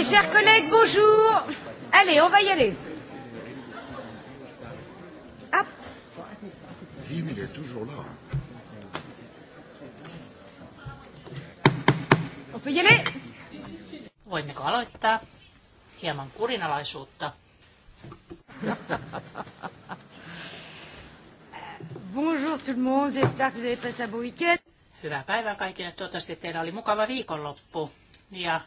Mes chers collègues, bonjour. Allez, on va y aller. Hop. Yves, il est toujours là. On peut y aller? Voimmeko aloittaa? Hieman kurinalaisuutta. Bonjour tout le monde, j'espère que vous avez passé un bon week-end. Hyvää päivää kaikille. Toivottavasti teillä oli mukava viikonloppu. Ja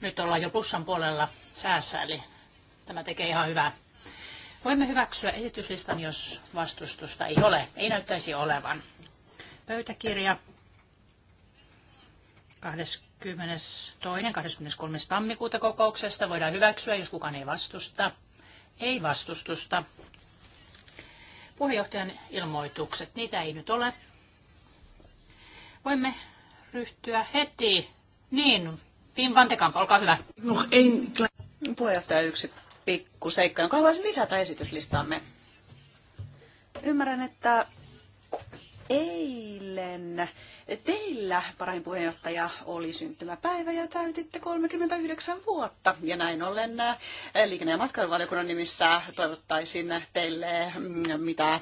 nyt ollaan jo plussan puolella säässä, eli tämä tekee ihan hyvää. Voimme hyväksyä esityslistan, jos vastustusta ei ole. Ei näyttäisi olevan. Pöytäkirja 22. 23. tammikuuta kokouksesta voidaan hyväksyä, jos kukaan ei vastusta. Ei vastustusta. Puheenjohtajan ilmoitukset, niitä ei nyt ole. Voimme ryhtyä heti. Niin, Finn van de Kamp, olkaa hyvä. No, en... Puheenjohtaja yksi pikku seikka, jonka haluaisin lisätä esityslistaamme. Ymmärrän, että eilen teillä, parain puheenjohtaja, oli syntymäpäivä ja täytitte 39 vuotta. Ja näin ollen eh, liikenne- ja matkailuvaliokunnan nimissä toivottaisin teille mm, mitä eh,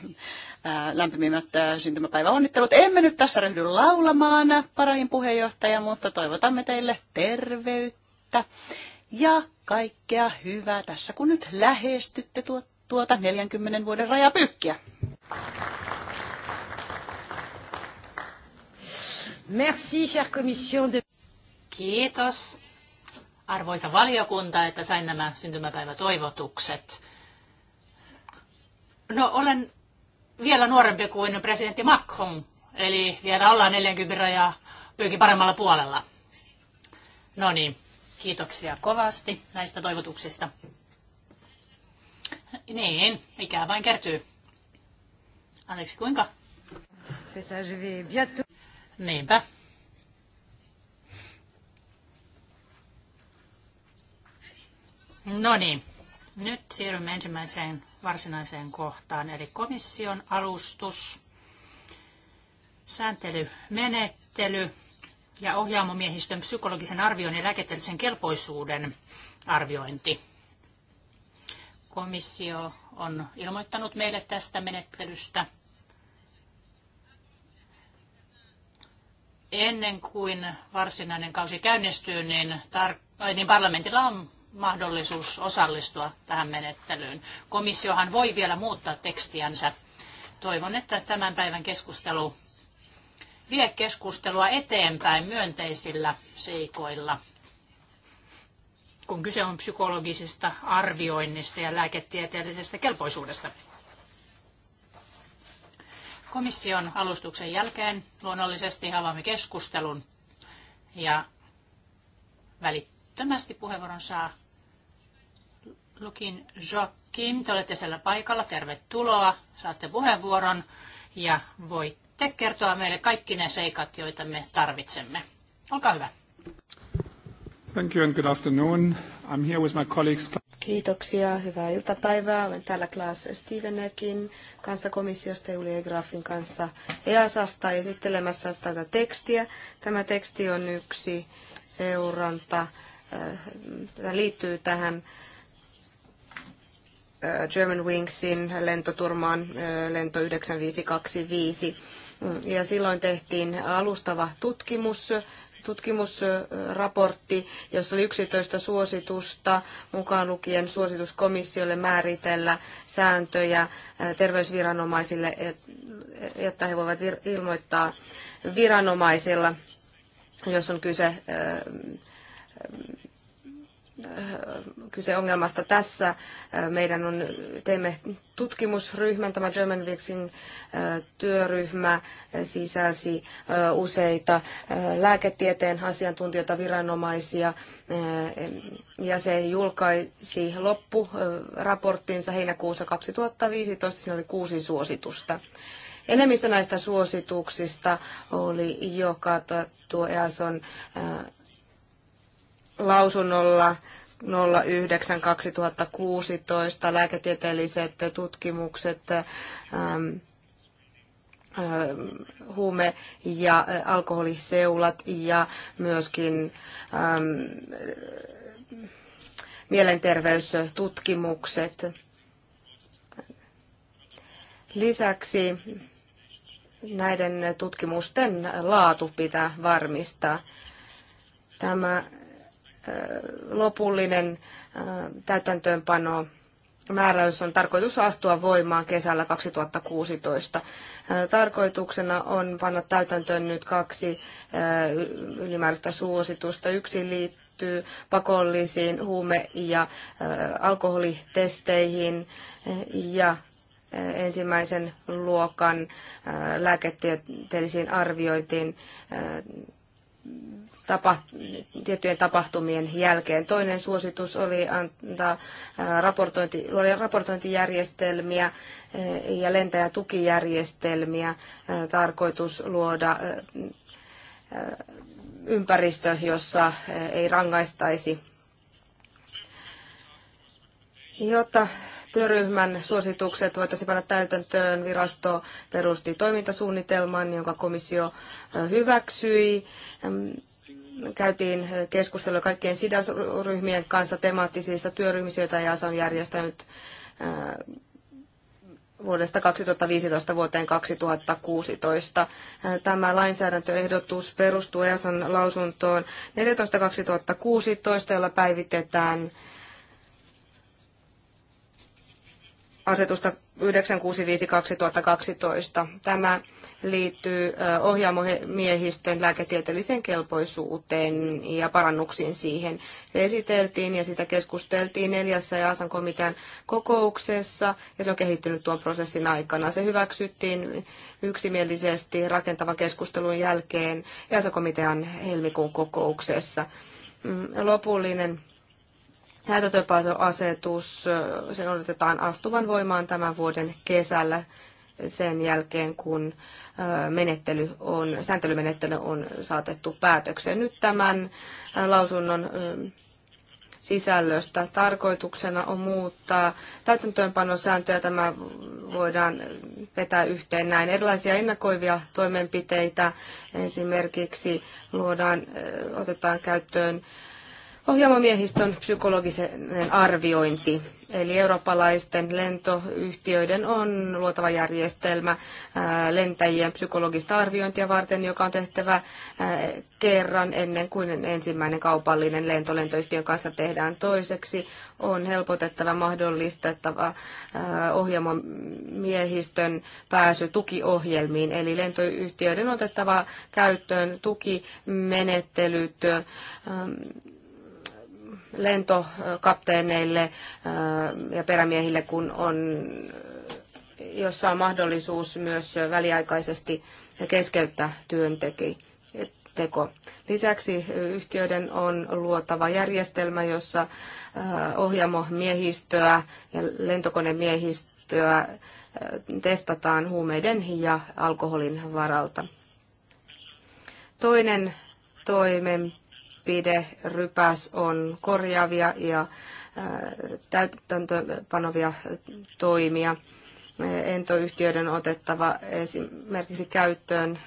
lämpimimmät eh, syntymäpäiväonnittelut. Emme nyt tässä ryhdy laulamaan, parain puheenjohtaja, mutta toivotamme teille terveyttä ja kaikkea hyvää tässä, kun nyt lähestytte tuota 40 vuoden rajapyykkiä. Merci, chère commission de... Kiitos, arvoisa valiokunta, että sain nämä syntymäpäivätoivotukset. No, olen vielä nuorempi kuin presidentti Macron, eli vielä ollaan 40 ja pyykin paremmalla puolella. No niin, kiitoksia kovasti näistä toivotuksista. Niin, ikää vain kertyy. Anteeksi, kuinka? Niinpä. No niin, nyt siirrymme ensimmäiseen varsinaiseen kohtaan, eli komission alustus, sääntelymenettely ja ohjaamomiehistön psykologisen arvion ja lääketieteellisen kelpoisuuden arviointi. Komissio on ilmoittanut meille tästä menettelystä – ennen kuin varsinainen kausi käynnistyy, niin, tar- niin parlamentilla on mahdollisuus osallistua tähän menettelyyn. Komissiohan voi vielä muuttaa tekstiänsä. Toivon, että tämän päivän keskustelu vie keskustelua eteenpäin myönteisillä seikoilla, kun kyse on psykologisesta arvioinnista ja lääketieteellisestä kelpoisuudesta. Komission alustuksen jälkeen luonnollisesti avaamme keskustelun ja välittömästi puheenvuoron saa Lukin Joakim. Te olette siellä paikalla. Tervetuloa. Saatte puheenvuoron ja voitte kertoa meille kaikki ne seikat, joita me tarvitsemme. Olkaa hyvä. Thank you and good afternoon. I'm here with my colleagues. Kiitoksia, hyvää iltapäivää. Olen täällä Klaas Stevenekin kanssa komissiosta Julia Grafin kanssa EASasta esittelemässä tätä tekstiä. Tämä teksti on yksi seuranta, eh, tämä liittyy tähän eh, German Wingsin lentoturmaan eh, lento 9525. Mm, ja silloin tehtiin alustava tutkimus tutkimusraportti, jossa oli 11 suositusta, mukaan lukien suositus komissiolle määritellä sääntöjä terveysviranomaisille, jotta he voivat ilmoittaa viranomaisilla, jos on kyse kyse ongelmasta tässä. Meidän on, teemme tutkimusryhmän, tämä German Vixin työryhmä sisälsi useita lääketieteen asiantuntijoita, viranomaisia ja se julkaisi loppuraporttinsa heinäkuussa 2015, siinä oli kuusi suositusta. Enemmistö näistä suosituksista oli joka tuo EASON lausunnolla 09-2016 lääketieteelliset tutkimukset ähm, äh, huume- ja äh, alkoholiseulat ja myöskin äm, mielenterveystutkimukset. Lisäksi näiden tutkimusten laatu pitää varmistaa. Tämä lopullinen täytäntöönpano määräys on tarkoitus astua voimaan kesällä 2016. Tarkoituksena on panna täytäntöön nyt kaksi ylimääräistä suositusta. Yksi liittyy pakollisiin huume- ja alkoholitesteihin ja ensimmäisen luokan lääketieteellisiin arviointiin tapaht- tiettyjen tapahtumien jälkeen. Toinen suositus oli antaa raportointi, luoda raportointijärjestelmiä ja lentäjätukijärjestelmiä. Tarkoitus luoda ympäristö, jossa ei rangaistaisi. Jotta työryhmän suositukset voitaisiin panna täytäntöön, virasto perusti toimintasuunnitelman, jonka komissio hyväksyi käytiin keskustelua kaikkien sidosryhmien kanssa temaattisissa työryhmissä, joita EASA on järjestänyt vuodesta 2015 vuoteen 2016. Tämä lainsäädäntöehdotus perustuu EASAn lausuntoon 14.2016, jolla päivitetään asetusta 965-2012. Tämä liittyy ohjaamomiehistön lääketieteelliseen kelpoisuuteen ja parannuksiin siihen. Se esiteltiin ja sitä keskusteltiin neljässä Jaasan komitean kokouksessa ja se on kehittynyt tuon prosessin aikana. Se hyväksyttiin yksimielisesti rakentavan keskustelun jälkeen Jaasan komitean helmikuun kokouksessa. Mm, lopullinen Häätötöpäätöasetus, sen odotetaan astuvan voimaan tämän vuoden kesällä sen jälkeen, kun menettely on, sääntelymenettely on saatettu päätökseen. Nyt tämän lausunnon sisällöstä. Tarkoituksena on muuttaa täytäntöönpanosääntöjä. Tämä voidaan vetää yhteen näin. Erilaisia ennakoivia toimenpiteitä esimerkiksi luodaan, otetaan käyttöön ohjelmamiehistön psykologisen arviointi Eli eurooppalaisten lentoyhtiöiden on luotava järjestelmä lentäjien psykologista arviointia varten, joka on tehtävä kerran ennen kuin ensimmäinen kaupallinen lento lentoyhtiön kanssa tehdään toiseksi. On helpotettava mahdollistettava ohjelman miehistön pääsy tukiohjelmiin, eli lentoyhtiöiden otettava käyttöön tukimenettelyt lentokapteeneille äh, ja perämiehille, kun on, jossa on mahdollisuus myös väliaikaisesti keskeyttää työnteko. Lisäksi yhtiöiden on luotava järjestelmä, jossa äh, miehistöä ja lentokonemiehistöä äh, testataan huumeiden ja alkoholin varalta. Toinen toimen rypäs on korjaavia ja äh, täytäntöpanovia toimia. Entoyhtiöiden otettava esimerkiksi käyttöön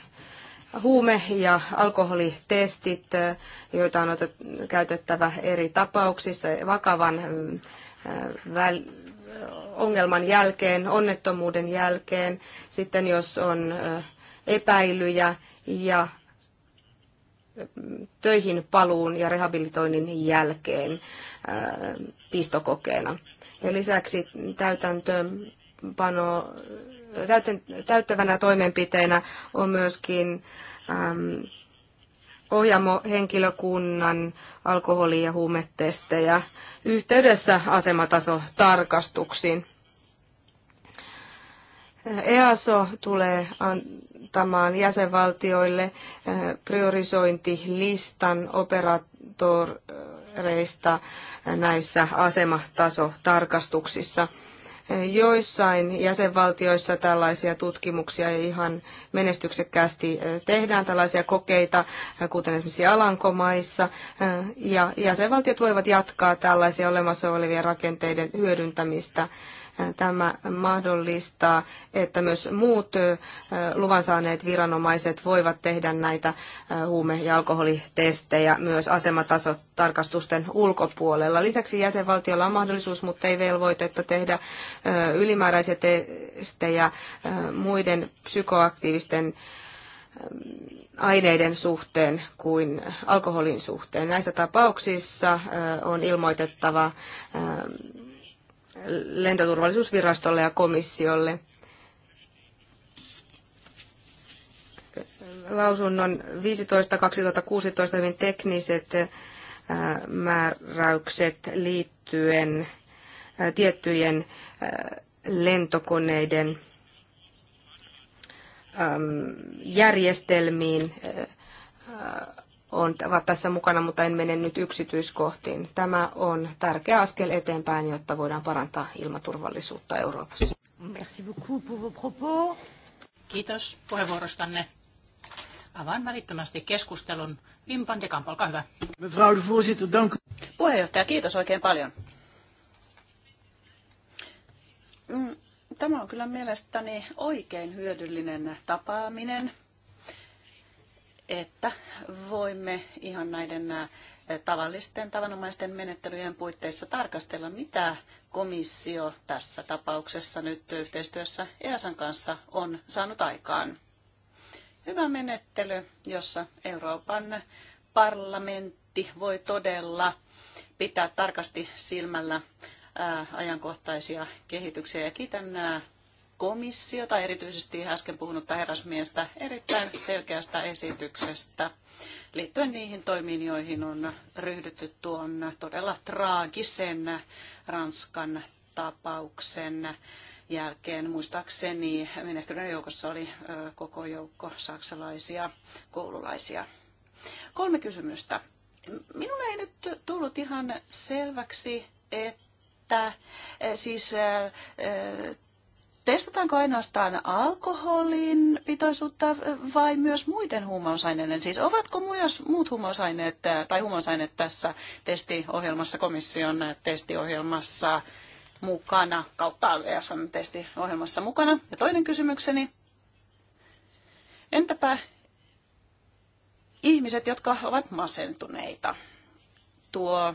huume- ja alkoholitestit, äh, joita on otet, käytettävä eri tapauksissa vakavan äh, väl, ongelman jälkeen, onnettomuuden jälkeen, sitten jos on epäilyjä ja töihin paluun ja rehabilitoinnin jälkeen äh, pistokokeena. Ja lisäksi täytäntöpano, täyten, täyttävänä toimenpiteenä on myöskin äm, ohjaamo henkilökunnan alkoholi- ja huumetestejä yhteydessä asematasotarkastuksiin. Äh, EASO tulee an- antamaan jäsenvaltioille eh, priorisointilistan operatoreista eh, näissä asematasotarkastuksissa. Eh, joissain jäsenvaltioissa tällaisia tutkimuksia ihan menestyksekkäästi tehdään, tällaisia kokeita, kuten esimerkiksi Alankomaissa, ja jäsenvaltiot voivat jatkaa tällaisia olemassa olevien rakenteiden hyödyntämistä Tämä mahdollistaa, että myös muut luvan saaneet viranomaiset voivat tehdä näitä huume- ja alkoholitestejä myös asemataso tarkastusten ulkopuolella. Lisäksi jäsenvaltiolla on mahdollisuus, mutta ei velvoitetta tehdä ylimääräisiä testejä muiden psykoaktiivisten aineiden suhteen kuin alkoholin suhteen. Näissä tapauksissa on ilmoitettava lentoturvallisuusvirastolle ja komissiolle. Lausunnon 15-2016 hyvin tekniset äh, määräykset liittyen äh, tiettyjen äh, lentokoneiden järjestelmiin on, ovat tässä mukana, mutta en mene nyt yksityiskohtiin. Tämä on tärkeä askel eteenpäin, jotta voidaan parantaa ilmaturvallisuutta Euroopassa. Merci beaucoup pour vos propos. Kiitos puheenvuorostanne. Avaan välittömästi keskustelun. Wim van de Kamp, olkaa hyvä. Mevrouw de voorzitter, dank. Puheenjohtaja, kiitos oikein paljon. Mm, tämä on kyllä mielestäni oikein hyödyllinen tapaaminen että voimme ihan näiden tavallisten tavanomaisten menettelyjen puitteissa tarkastella, mitä komissio tässä tapauksessa nyt yhteistyössä EASan kanssa on saanut aikaan. Hyvä menettely, jossa Euroopan parlamentti voi todella pitää tarkasti silmällä ajankohtaisia kehityksiä. Ja kiitän komissiota, erityisesti äsken puhunutta herrasmiestä, erittäin selkeästä esityksestä liittyen niihin toimiin, joihin on ryhdytty tuon todella traagisen Ranskan tapauksen jälkeen. Muistaakseni menehtyneen joukossa oli koko joukko saksalaisia koululaisia. Kolme kysymystä. Minulle ei nyt tullut ihan selväksi, että e, siis testataanko ainoastaan alkoholin pitoisuutta vai myös muiden huumausaineiden? Siis ovatko myös muut huumausaineet äh, tai huumausaineet tässä testiohjelmassa, komission testiohjelmassa mukana, kautta ESN testiohjelmassa mukana? Ja toinen kysymykseni, entäpä ihmiset, jotka ovat masentuneita? Tuo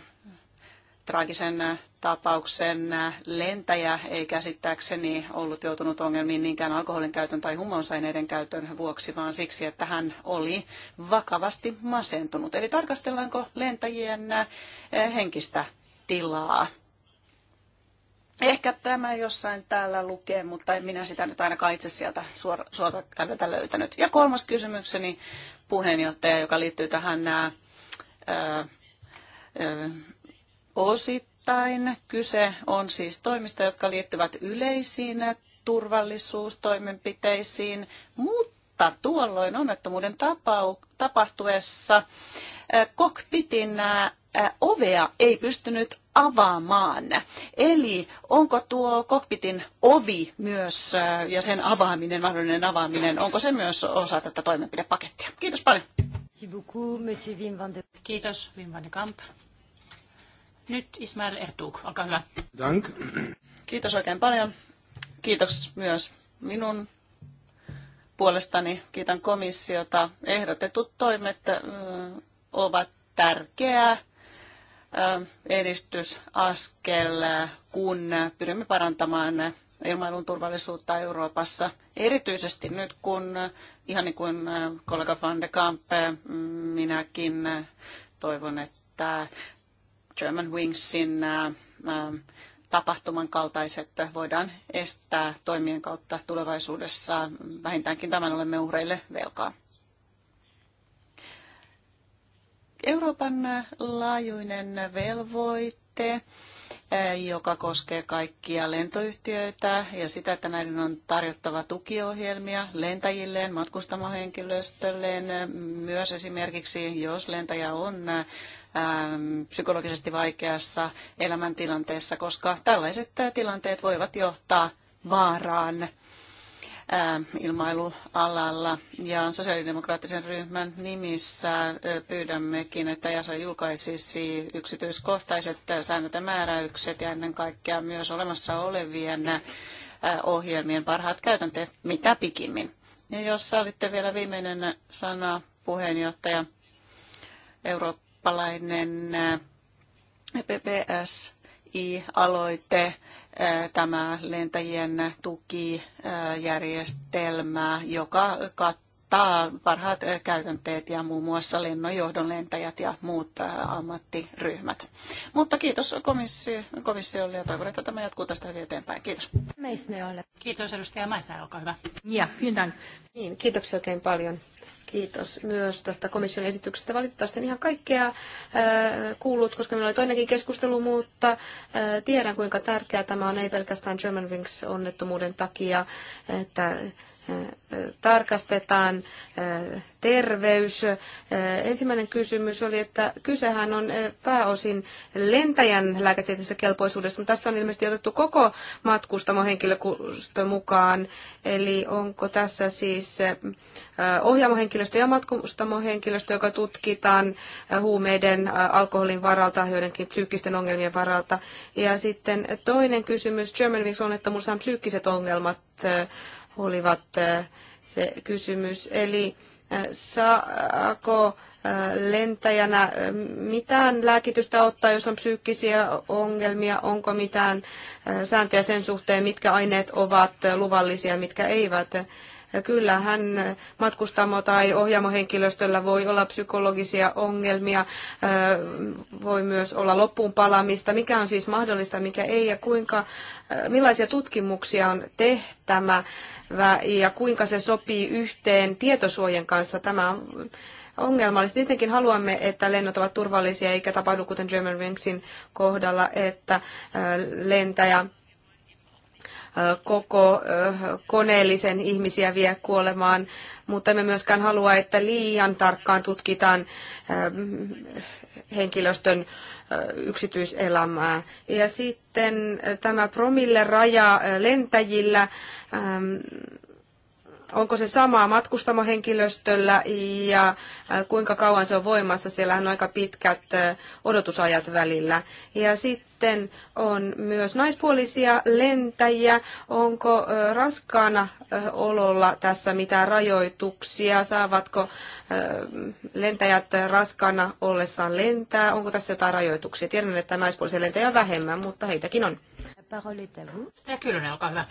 traagisen tapauksen lentäjä ei käsittääkseni ollut joutunut ongelmiin niinkään alkoholin käytön tai huumausaineiden käytön vuoksi, vaan siksi, että hän oli vakavasti masentunut. Eli tarkastellaanko lentäjien eh, henkistä tilaa? Ehkä tämä jossain täällä lukee, mutta en minä sitä nyt ainakaan itse sieltä suorta kädeltä löytänyt. Ja kolmas kysymykseni puheenjohtaja, joka liittyy tähän nämä, ö, ö, osittain Osittain kyse on siis toimista, jotka liittyvät yleisiin turvallisuustoimenpiteisiin, mutta tuolloin onnettomuuden tapau- tapahtuessa eh, kokpitin eh, ovea ei pystynyt avaamaan. Eli onko tuo kokpitin ovi myös eh, ja sen avaaminen, mahdollinen avaaminen, onko se myös osa tätä toimenpidepakettia? Kiitos paljon. Kiitos, Wim van de Kamp. Nyt Ismail Ertug, olkaa hyvä. Dank. Kiitos oikein paljon. Kiitos myös minun puolestani. Kiitän komissiota. Ehdotetut toimet ovat tärkeää edistysaskel, kun pyrimme parantamaan ilmailun turvallisuutta Euroopassa. Erityisesti nyt kun, ihan niin kuin kollega van de Kamp, minäkin toivon, että German Wingsin tapahtuman kaltaiset voidaan estää toimien kautta tulevaisuudessa. Vähintäänkin tämän olemme uhreille velkaa. Euroopan laajuinen velvoite, joka koskee kaikkia lentoyhtiöitä ja sitä, että näiden on tarjottava tukiohjelmia lentäjilleen, matkustamohenkilöstölleen, myös esimerkiksi jos lentäjä on Ähm, psykologisesti vaikeassa elämäntilanteessa, koska tällaiset äh, tilanteet voivat johtaa vaaraan ähm, ilmailualalla. Ja sosiaalidemokraattisen ryhmän nimissä pyydämmekin, että JASA e julkaisisi yksityiskohtaiset äh, säännöt ja määräykset ja ennen kaikkea myös olemassa olevien äh, ohjelmien parhaat käytänteet mitä pikimmin. Ja jos sallitte vielä viimeinen sana, puheenjohtaja, Eurooppa eurooppalainen äh, PPSI-aloite, äh, tämä lentäjien tukijärjestelmä, joka kattaa ottaa parhaat käytänteet ja muun muassa lennonjohdon lentäjät ja muut ammattiryhmät. Mutta kiitos komissio, komissiolle ja toivon, että tämä jatkuu tästä hyvin eteenpäin. Kiitos. Kiitos edustaja Maisner, olkaa hyvä. Ja, niin, kiitoksia oikein paljon. Kiitos myös tästä komission esityksestä. Valitettavasti en ihan kaikkea kuullut, koska meillä oli toinenkin keskustelu, mutta tiedän kuinka tärkeää tämä on ei pelkästään German Wings onnettomuuden takia, että tarkastetaan terveys. Ensimmäinen kysymys oli, että kysehän on pääosin lentäjän lääketieteellisestä kelpoisuudesta, mutta tässä on ilmeisesti otettu koko matkustamohenkilöstö mukaan. Eli onko tässä siis ohjaamohenkilöstö ja matkustamohenkilöstö, joka tutkitaan huumeiden, alkoholin varalta, joidenkin psyykkisten ongelmien varalta. Ja sitten toinen kysymys, German on, että minulla on psyykkiset ongelmat olivat äh, se kysymys. Eli äh, saako äh, lentäjänä mitään lääkitystä ottaa, jos on psyykkisiä ongelmia, onko mitään sääntöjä sen suhteen, mitkä aineet ovat luvallisia, mitkä eivät. Ja kyllähän matkustamo- tai ohjaamohenkilöstöllä voi olla psykologisia ongelmia, voi myös olla loppuun palaamista, mikä on siis mahdollista, mikä ei ja kuinka, millaisia tutkimuksia on tehtävä ja kuinka se sopii yhteen tietosuojen kanssa. Tämä on ongelmallista. Tietenkin haluamme, että lennot ovat turvallisia eikä tapahdu kuten German Wingsin kohdalla, että lentäjä koko koneellisen ihmisiä vie kuolemaan, mutta emme myöskään halua, että liian tarkkaan tutkitaan henkilöstön yksityiselämää. Ja sitten tämä promille raja lentäjillä onko se sama matkustamohenkilöstöllä ja äh, kuinka kauan se on voimassa. Siellähän on aika pitkät äh, odotusajat välillä. Ja sitten on myös naispuolisia lentäjiä. Onko äh, raskaana ololla tässä mitään rajoituksia? Saavatko lentäjät raskaana ollessaan lentää? Onko tässä jotain rajoituksia? Tiedän, että naispuolisia lentäjiä on vähemmän, mutta heitäkin on. Parole est à vous. olkaa hyvä.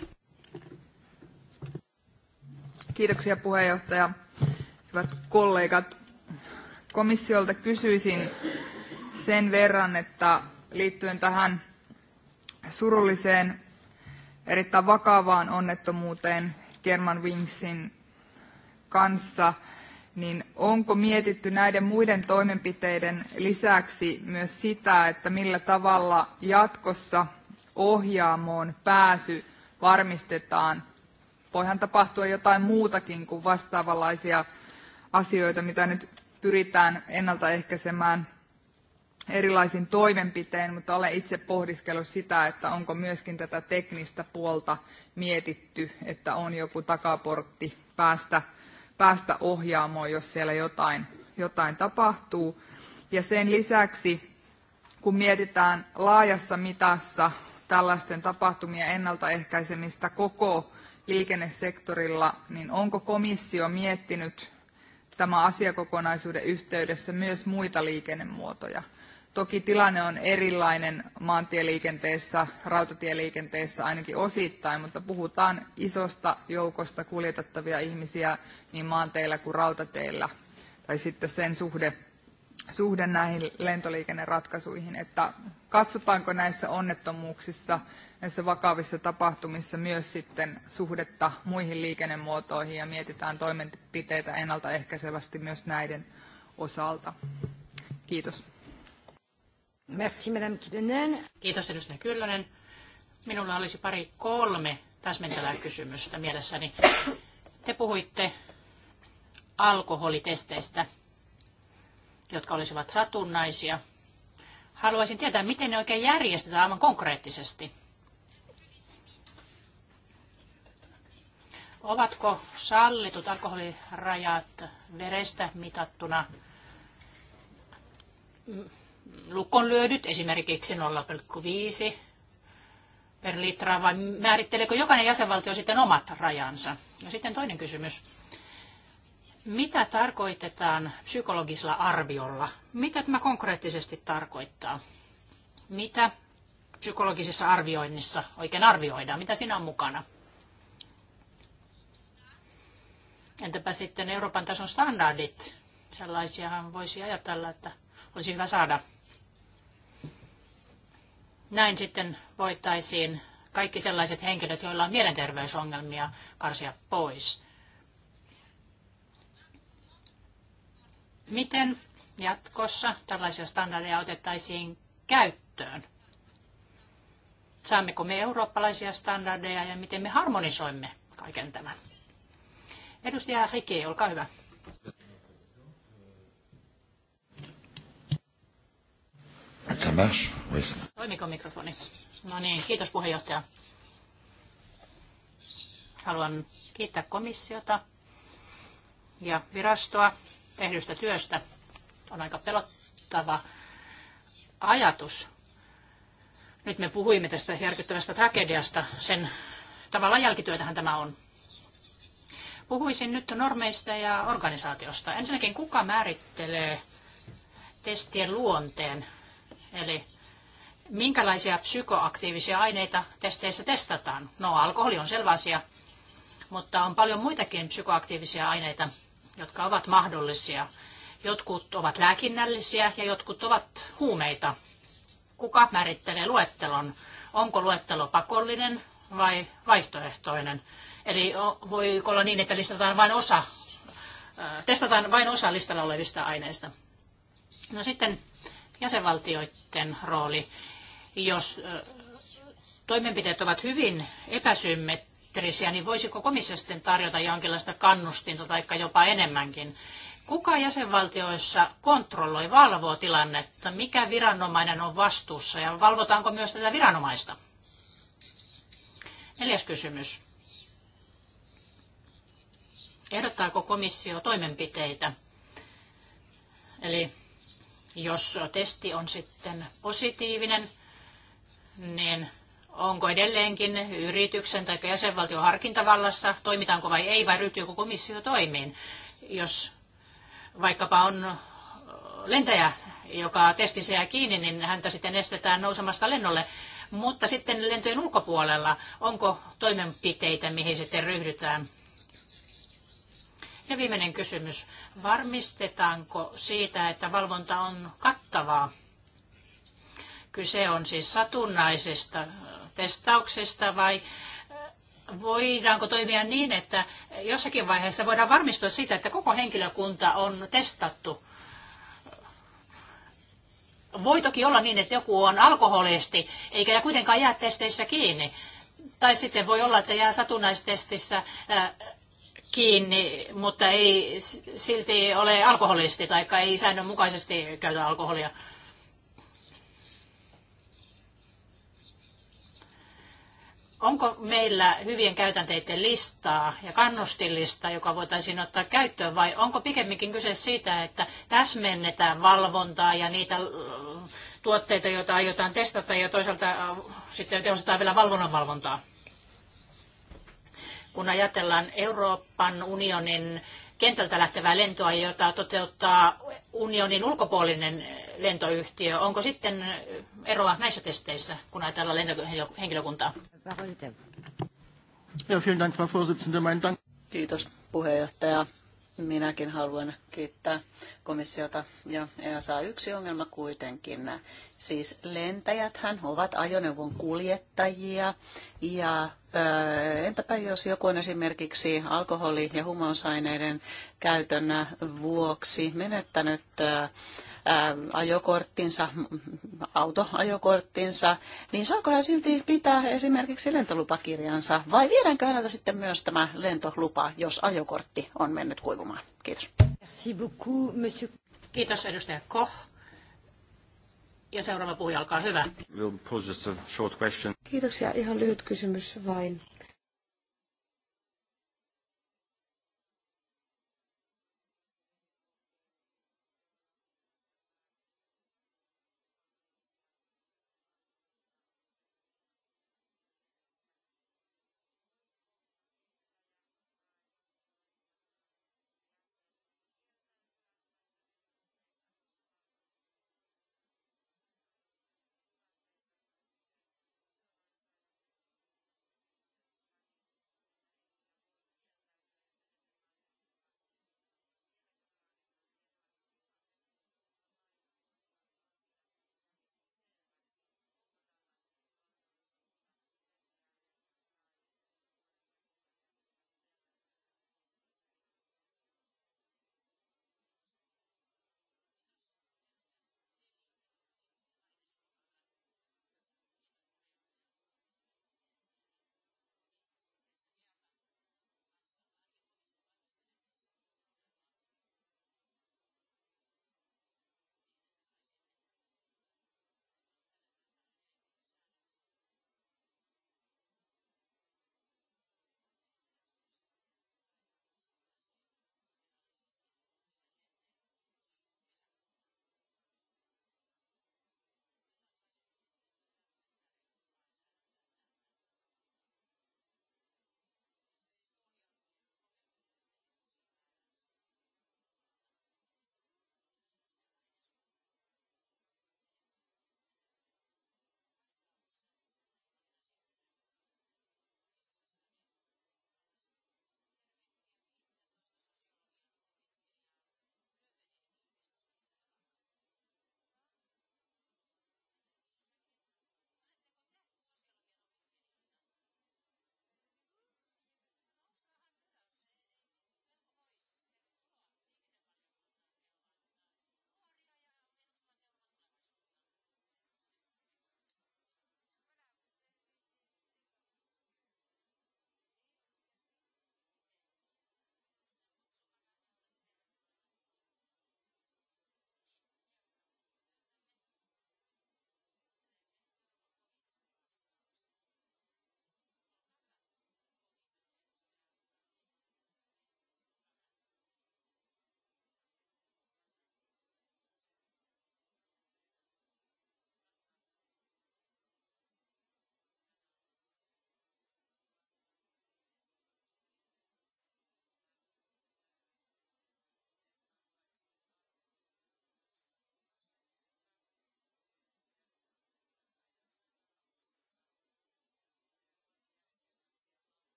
Kiitoksia puheenjohtaja. Hyvät kollegat, komissiolta kysyisin sen verran, että liittyen tähän surulliseen, erittäin vakavaan onnettomuuteen German Wingsin kanssa, niin onko mietitty näiden muiden toimenpiteiden lisäksi myös sitä, että millä tavalla jatkossa ohjaamoon pääsy varmistetaan voihan tapahtua jotain muutakin kuin vastaavanlaisia asioita, mitä nyt pyritään ennaltaehkäisemään erilaisin toimenpitein, mutta olen itse pohdiskellut sitä, että onko myöskin tätä teknistä puolta mietitty, että on joku takaportti päästä, päästä ohjaamoon, jos siellä jotain, jotain tapahtuu. Ja sen lisäksi, kun mietitään laajassa mitassa tällaisten tapahtumien ennaltaehkäisemistä koko liikennesektorilla, niin onko komissio miettinyt tämän asiakokonaisuuden yhteydessä myös muita liikennemuotoja? Toki tilanne on erilainen maantieliikenteessä, rautatieliikenteessä ainakin osittain, mutta puhutaan isosta joukosta kuljetettavia ihmisiä niin maanteillä kuin rautateillä, tai sitten sen suhde, suhde näihin lentoliikenneratkaisuihin, että katsotaanko näissä onnettomuuksissa näissä vakavissa tapahtumissa myös sitten suhdetta muihin liikennemuotoihin ja mietitään toimenpiteitä ennaltaehkäisevästi myös näiden osalta. Kiitos. Merci, Madame Kyllönen. Kiitos, edustaja Kyllönen. Minulla olisi pari kolme täsmentävää kysymystä mielessäni. Te puhuitte alkoholitesteistä, jotka olisivat satunnaisia. Haluaisin tietää, miten ne oikein järjestetään aivan konkreettisesti. Ovatko sallitut alkoholirajat verestä mitattuna mm, lukon lyödyt, esimerkiksi 0,5 per litra vai määritteleekö jokainen jäsenvaltio sitten omat rajansa? Ja sitten toinen kysymys. Mitä tarkoitetaan psykologisella arviolla? Mitä tämä konkreettisesti tarkoittaa? Mitä psykologisessa arvioinnissa oikein arvioidaan? Mitä siinä on mukana? Entäpä sitten Euroopan tason standardit? Sellaisiahan voisi ajatella, että olisi hyvä saada. Näin sitten voitaisiin kaikki sellaiset henkilöt, joilla on mielenterveysongelmia, karsia pois. Miten jatkossa tällaisia standardeja otettaisiin käyttöön? Saammeko me eurooppalaisia standardeja ja miten me harmonisoimme kaiken tämän? Edustaja Rike, olkaa hyvä. Toimiko mikrofoni? No niin, kiitos puheenjohtaja. Haluan kiittää komissiota ja virastoa tehdystä työstä. On aika pelottava ajatus. Nyt me puhuimme tästä järkyttävästä tragediasta. Sen tavallaan jälkityötähän tämä on. Puhuisin nyt normeista ja organisaatiosta. Ensinnäkin kuka määrittelee testien luonteen? Eli minkälaisia psykoaktiivisia aineita testeissä testataan? No, alkoholi on selvä asia, mutta on paljon muitakin psykoaktiivisia aineita, jotka ovat mahdollisia. Jotkut ovat lääkinnällisiä ja jotkut ovat huumeita. Kuka määrittelee luettelon? Onko luettelo pakollinen vai vaihtoehtoinen? Eli voi olla niin, että listataan vain osa, testataan vain osa listalla olevista aineista. No sitten jäsenvaltioiden rooli. Jos toimenpiteet ovat hyvin epäsymmetrisiä, niin voisiko komissio sitten tarjota jonkinlaista kannustinta tai jopa enemmänkin? Kuka jäsenvaltioissa kontrolloi, valvoo tilannetta? Mikä viranomainen on vastuussa ja valvotaanko myös tätä viranomaista? Neljäs kysymys. Ehdottaako komissio toimenpiteitä? Eli jos testi on sitten positiivinen, niin onko edelleenkin yrityksen tai jäsenvaltion harkintavallassa, toimitaanko vai ei, vai ryhtyykö komissio toimiin, jos vaikkapa on lentäjä, joka testissä jää kiinni, niin häntä sitten estetään nousemasta lennolle. Mutta sitten lentojen ulkopuolella, onko toimenpiteitä, mihin sitten ryhdytään? Ja viimeinen kysymys. Varmistetaanko siitä, että valvonta on kattavaa? Kyse on siis satunnaisesta äh, testauksesta vai äh, voidaanko toimia niin, että jossakin vaiheessa voidaan varmistua siitä, että koko henkilökunta on testattu? Voi toki olla niin, että joku on alkoholisti, eikä kuitenkaan jää testeissä kiinni. Tai sitten voi olla, että jää satunnaistestissä äh, kiinni, mutta ei silti ole alkoholisti tai ei säännönmukaisesti käytä alkoholia. Onko meillä hyvien käytänteiden listaa ja kannustilista, joka voitaisiin ottaa käyttöön, vai onko pikemminkin kyse siitä, että täsmennetään valvontaa ja niitä äh, tuotteita, joita aiotaan testata, ja toisaalta äh, sitten tehostetaan vielä valvonnan valvontaa? kun ajatellaan Euroopan unionin kentältä lähtevää lentoa, jota toteuttaa unionin ulkopuolinen lentoyhtiö. Onko sitten eroa näissä testeissä, kun ajatellaan lentohenkilökuntaa? Ja, Kiitos puheenjohtaja. Minäkin haluan kiittää komissiota ja EASA yksi ongelma kuitenkin. Siis lentäjäthän ovat ajoneuvon kuljettajia ja entäpä jos joku on esimerkiksi alkoholi- ja huumausaineiden käytön vuoksi menettänyt Ähm, ajokorttinsa, autoajokorttinsa, niin saako hän silti pitää esimerkiksi lentolupakirjansa vai viedäänkö häneltä sitten myös tämä lentolupa, jos ajokortti on mennyt kuivumaan? Kiitos. Merci beaucoup, monsieur. Kiitos edustaja Koch. Ja seuraava puhuja, olkaa hyvä. We'll pose just a short question. Kiitoksia. Ihan lyhyt kysymys vain.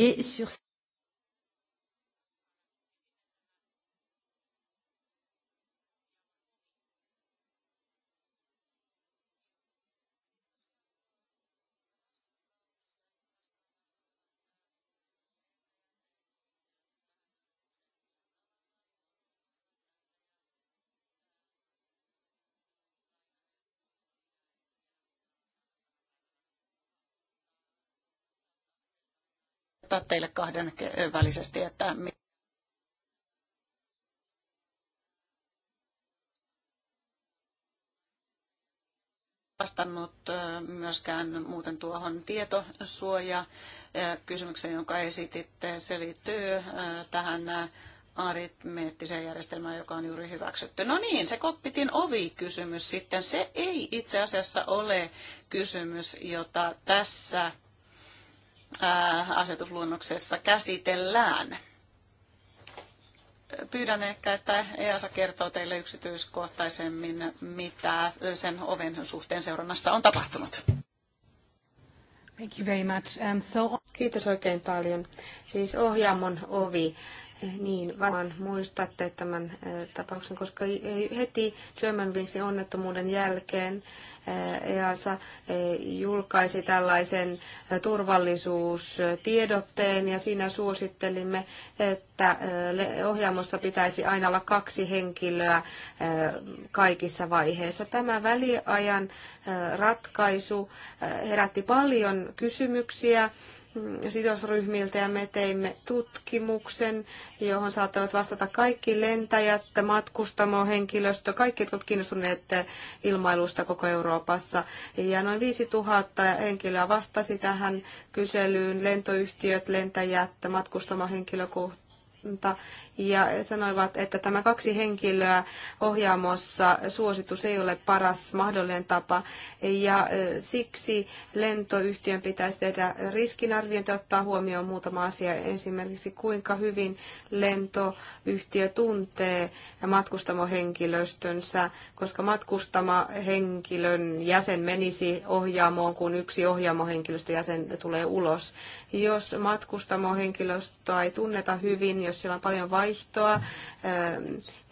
Et sur kertoa teille kahden välisesti, että vastannut myöskään muuten tuohon tietosuoja kysymykseen, jonka esititte. Se liittyy tähän aritmeettiseen järjestelmään, joka on juuri hyväksytty. No niin, se kokpitin ovi-kysymys sitten. Se ei itse asiassa ole kysymys, jota tässä Äh, asetusluonnoksessa käsitellään. Pyydän ehkä, että EASA kertoo teille yksityiskohtaisemmin, mitä sen oven suhteen seurannassa on tapahtunut. Thank you very much. Um, so... Kiitos oikein paljon. Siis ohjaamon ovi niin, varmaan muistatte tämän äh, tapauksen, koska heti Wingsin onnettomuuden jälkeen äh, EASA äh, julkaisi tällaisen turvallisuustiedotteen ja siinä suosittelimme, että ohjaamossa pitäisi aina olla kaksi henkilöä kaikissa vaiheissa. Tämä väliajan ratkaisu herätti paljon kysymyksiä sidosryhmiltä ja me teimme tutkimuksen, johon saattoivat vastata kaikki lentäjät, matkustamo, henkilöstö, kaikki, jotka ovat kiinnostuneet ilmailusta koko Euroopassa. Ja noin 5000 henkilöä vastasi tähän kyselyyn, lentoyhtiöt, lentäjät, henkilökohta ja sanoivat, että tämä kaksi henkilöä ohjaamossa suositus ei ole paras mahdollinen tapa ja siksi lentoyhtiön pitäisi tehdä riskinarviointi ottaa huomioon muutama asia, esimerkiksi kuinka hyvin lentoyhtiö tuntee matkustamohenkilöstönsä, koska matkustamohenkilön jäsen menisi ohjaamoon, kun yksi ohjaamohenkilöstöjäsen tulee ulos. Jos matkustamohenkilöstöä ei tunneta hyvin, jos siellä on paljon vaihtoa, ähm,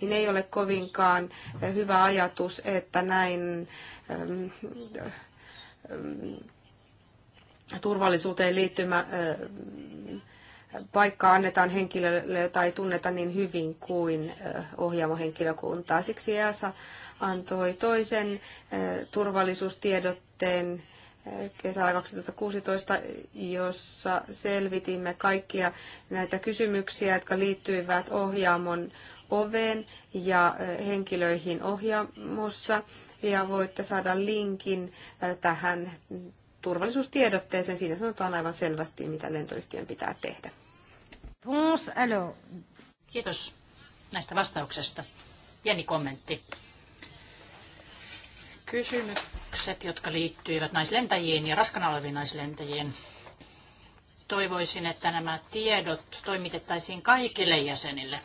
niin ei ole kovinkaan äh, hyvä ajatus, että näin ähm, turvallisuuteen liittymä äh, paikka annetaan henkilölle, jota ei tunneta niin hyvin kuin äh, ohjaamohenkilökuntaa. Siksi EASA antoi toisen turvallisuustiedotteen kesällä 2016, jossa selvitimme kaikkia näitä kysymyksiä, jotka liittyivät ohjaamon oveen ja eh, henkilöihin ohjaamossa. Ja voitte saada linkin eh, tähän turvallisuustiedotteeseen. Siinä sanotaan aivan selvästi, mitä lentoyhtiön pitää tehdä. Kiitos näistä vastauksesta. Pieni kommentti kysymykset, jotka liittyivät naislentäjiin ja raskana oleviin naislentäjiin. Toivoisin, että nämä tiedot toimitettaisiin kaikille jäsenille.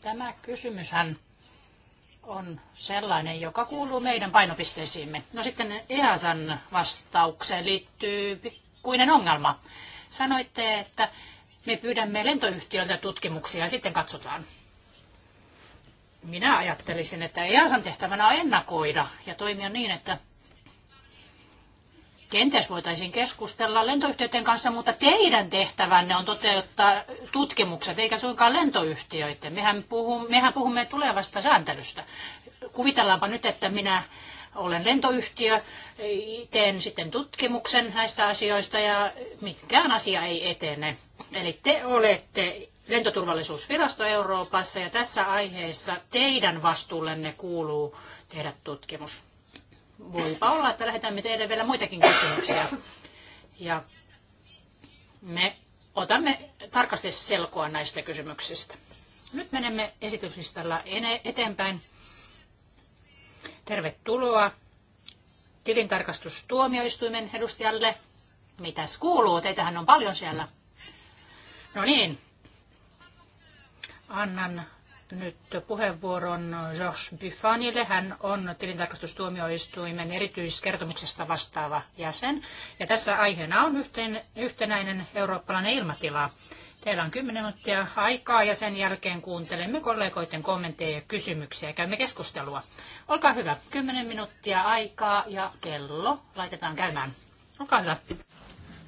Tämä kysymyshän on sellainen, joka kuuluu meidän painopisteisiimme. No sitten EASan vastaukseen liittyy pikkuinen ongelma. Sanoitte, että me pyydämme lentoyhtiöltä tutkimuksia ja sitten katsotaan. Minä ajattelisin, että EASan tehtävänä on ennakoida ja toimia niin, että Kenties voitaisiin keskustella lentoyhtiöiden kanssa, mutta teidän tehtävänne on toteuttaa tutkimukset, eikä suinkaan lentoyhtiöiden. Mehän puhumme, mehän puhumme tulevasta sääntelystä. Kuvitellaanpa nyt, että minä olen lentoyhtiö, teen sitten tutkimuksen näistä asioista ja mitkään asia ei etene. Eli te olette lentoturvallisuusvirasto Euroopassa ja tässä aiheessa teidän vastuullenne kuuluu tehdä tutkimus. Voipa olla, että lähetämme teille vielä muitakin kysymyksiä. Ja me otamme tarkasti selkoa näistä kysymyksistä. Nyt menemme esityslistalla eteenpäin. Tervetuloa tilintarkastustuomioistuimen edustajalle. Mitäs kuuluu? Teitähän on paljon siellä. No niin, Annan nyt puheenvuoron Josh Buffanille. Hän on tilintarkastustuomioistuimen erityiskertomuksesta vastaava jäsen. Ja tässä aiheena on yhteen, yhtenäinen eurooppalainen ilmatila. Teillä on 10 minuuttia aikaa ja sen jälkeen kuuntelemme kollegoiden kommentteja ja kysymyksiä. Käymme keskustelua. Olkaa hyvä. 10 minuuttia aikaa ja kello laitetaan käymään. Olkaa hyvä.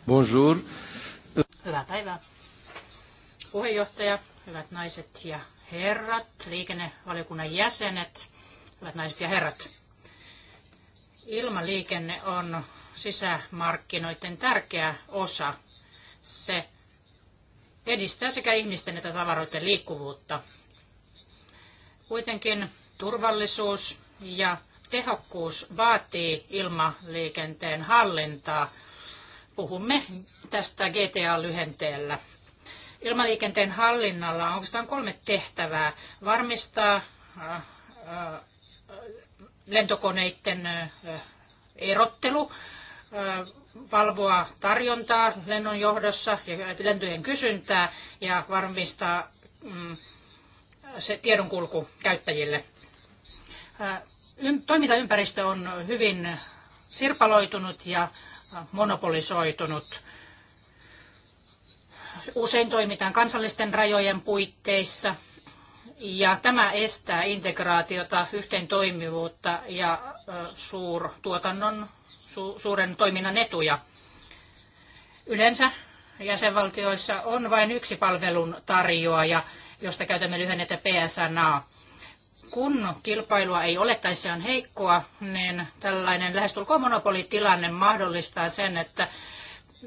Bonjour. Hyvää päivää. Puheenjohtaja, hyvät naiset ja herrat, liikennevaliokunnan jäsenet, hyvät naiset ja herrat. Ilmaliikenne on sisämarkkinoiden tärkeä osa. Se edistää sekä ihmisten että tavaroiden liikkuvuutta. Kuitenkin turvallisuus ja tehokkuus vaatii ilmaliikenteen hallintaa. Puhumme tästä GTA-lyhenteellä. Ilmaliikenteen hallinnalla on oikeastaan kolme tehtävää. Varmistaa äh, äh, lentokoneiden äh, erottelu, valvoa tarjontaa lennon johdossa ja lentojen kysyntää ja varmistaa mm, se tiedonkulku käyttäjille. Toimintaympäristö on hyvin sirpaloitunut ja monopolisoitunut. Usein toimitaan kansallisten rajojen puitteissa ja tämä estää integraatiota, yhteen toimivuutta ja suurtuotannon, su, suuren toiminnan etuja. Yleensä jäsenvaltioissa on vain yksi palvelun tarjoaja, josta käytämme lyhennettä PSNA. Kun kilpailua ei ole tai se on heikkoa, niin tällainen lähestulkoon monopolitilanne mahdollistaa sen, että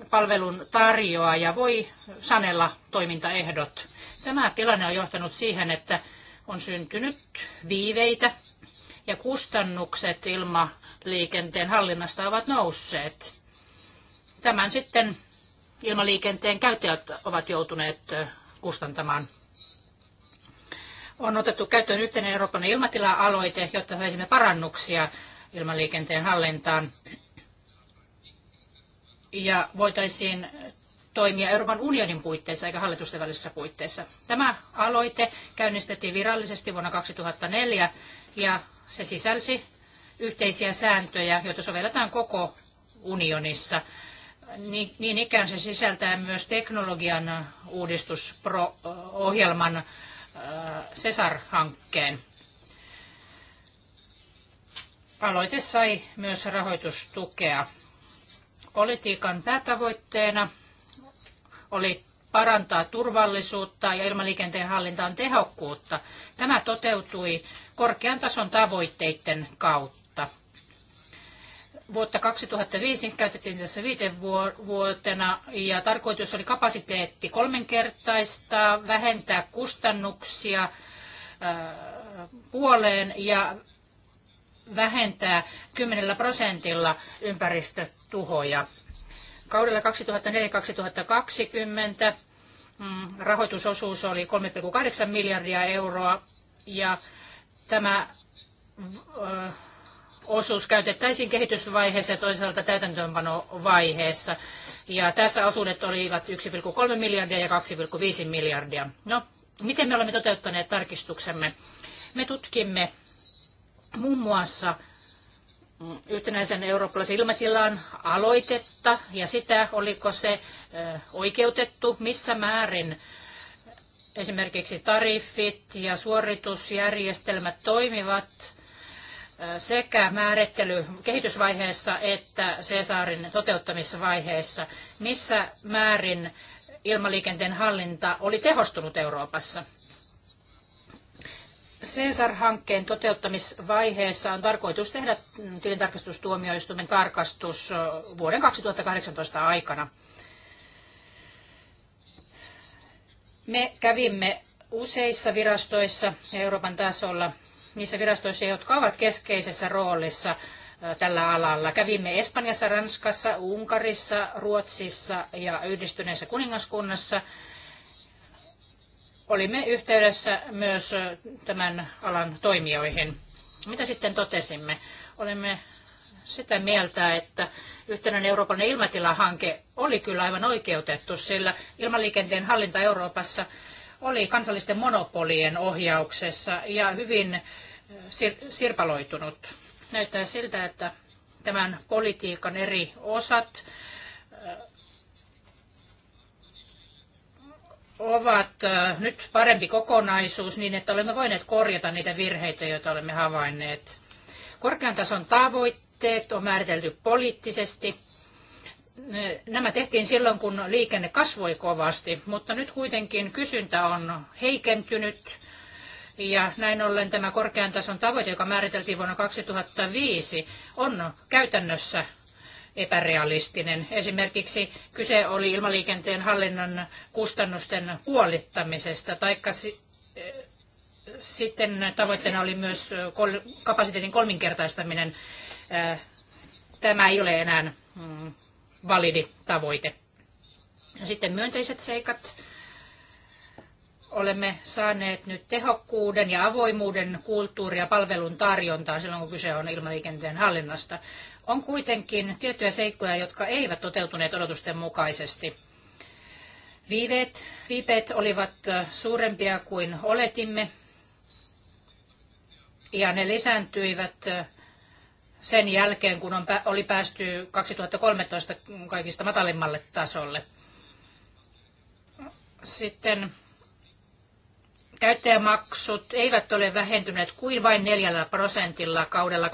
palvelun tarjoaja voi sanella toimintaehdot. Tämä tilanne on johtanut siihen, että on syntynyt viiveitä ja kustannukset ilmaliikenteen hallinnasta ovat nousseet. Tämän sitten ilmaliikenteen käyttäjät ovat joutuneet kustantamaan. On otettu käyttöön yhteinen Euroopan ilmatila-aloite, jotta saisimme parannuksia ilmaliikenteen hallintaan ja voitaisiin toimia Euroopan unionin puitteissa eikä hallitusten välisissä puitteissa. Tämä aloite käynnistettiin virallisesti vuonna 2004 ja se sisälsi yhteisiä sääntöjä, joita sovelletaan koko unionissa. Niin ikään se sisältää myös teknologian uudistusohjelman äh, CESAR-hankkeen. Aloite sai myös rahoitustukea Politiikan päätavoitteena oli parantaa turvallisuutta ja ilmaliikenteen hallintaan tehokkuutta. Tämä toteutui korkean tason tavoitteiden kautta. Vuotta 2005 käytettiin tässä viiten vuotena ja tarkoitus oli kapasiteetti kolmenkertaistaa, vähentää kustannuksia puoleen ja vähentää 10 prosentilla ympäristötuhoja. Kaudella 2004-2020 mm, rahoitusosuus oli 3,8 miljardia euroa ja tämä osuus käytettäisiin kehitysvaiheessa ja toisaalta täytäntöönpanovaiheessa. Ja tässä osuudet olivat 1,3 miljardia ja 2,5 miljardia. No, miten me olemme toteuttaneet tarkistuksemme? Me tutkimme muun muassa mm, yhtenäisen eurooppalaisen ilmatilan aloitetta ja sitä, oliko se oikeutettu, missä määrin esimerkiksi tariffit ja suoritusjärjestelmät toimivat sekä määrittely kehitysvaiheessa että Cesarin toteuttamisvaiheessa, missä määrin ilmaliikenteen hallinta oli tehostunut Euroopassa. CESAR-hankkeen toteuttamisvaiheessa on tarkoitus tehdä tilintarkastustuomioistuimen tarkastus vuoden 2018 aikana. Me kävimme useissa virastoissa Euroopan tasolla, niissä virastoissa, jotka ovat keskeisessä roolissa tällä alalla. Kävimme Espanjassa, Ranskassa, Unkarissa, Ruotsissa ja Yhdistyneessä kuningaskunnassa – olimme yhteydessä myös tämän alan toimijoihin. Mitä sitten totesimme? Olemme sitä mieltä, että yhtenäinen Euroopan ilmatilahanke oli kyllä aivan oikeutettu, sillä ilmaliikenteen hallinta Euroopassa oli kansallisten monopolien ohjauksessa ja hyvin sir- sirpaloitunut. Näyttää siltä, että tämän politiikan eri osat ovat nyt parempi kokonaisuus niin, että olemme voineet korjata niitä virheitä, joita olemme havainneet. Korkean tason tavoitteet on määritelty poliittisesti. Nämä tehtiin silloin, kun liikenne kasvoi kovasti, mutta nyt kuitenkin kysyntä on heikentynyt. Ja näin ollen tämä korkean tason tavoite, joka määriteltiin vuonna 2005, on käytännössä epärealistinen. Esimerkiksi kyse oli ilmaliikenteen hallinnon kustannusten puolittamisesta, taikka eh, sitten tavoitteena oli myös kapasiteetin kolminkertaistaminen. Eh, tämä ei ole enää mm, validi tavoite. Sitten myönteiset seikat. Olemme saaneet nyt tehokkuuden ja avoimuuden kulttuuri- ja palvelun tarjontaa silloin, kun kyse on ilmaliikenteen hallinnasta. On kuitenkin tiettyjä seikkoja, jotka eivät toteutuneet odotusten mukaisesti. Viiveet, viipeet olivat suurempia kuin oletimme ja ne lisääntyivät sen jälkeen, kun on, oli päästy 2013 kaikista matalimmalle tasolle. Sitten Käyttäjämaksut eivät ole vähentyneet kuin vain neljällä prosentilla kaudella 2011-2016.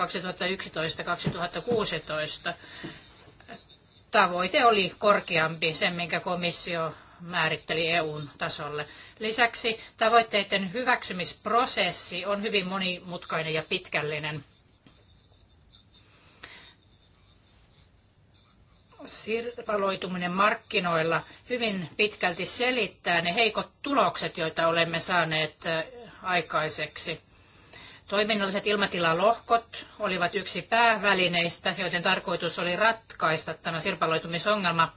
Tavoite oli korkeampi, sen minkä komissio määritteli EUn tasolle. Lisäksi tavoitteiden hyväksymisprosessi on hyvin monimutkainen ja pitkällinen. sirpaloituminen markkinoilla hyvin pitkälti selittää ne heikot tulokset, joita olemme saaneet aikaiseksi. Toiminnalliset ilmatilalohkot olivat yksi päävälineistä, joiden tarkoitus oli ratkaista tämä sirpaloitumisongelma,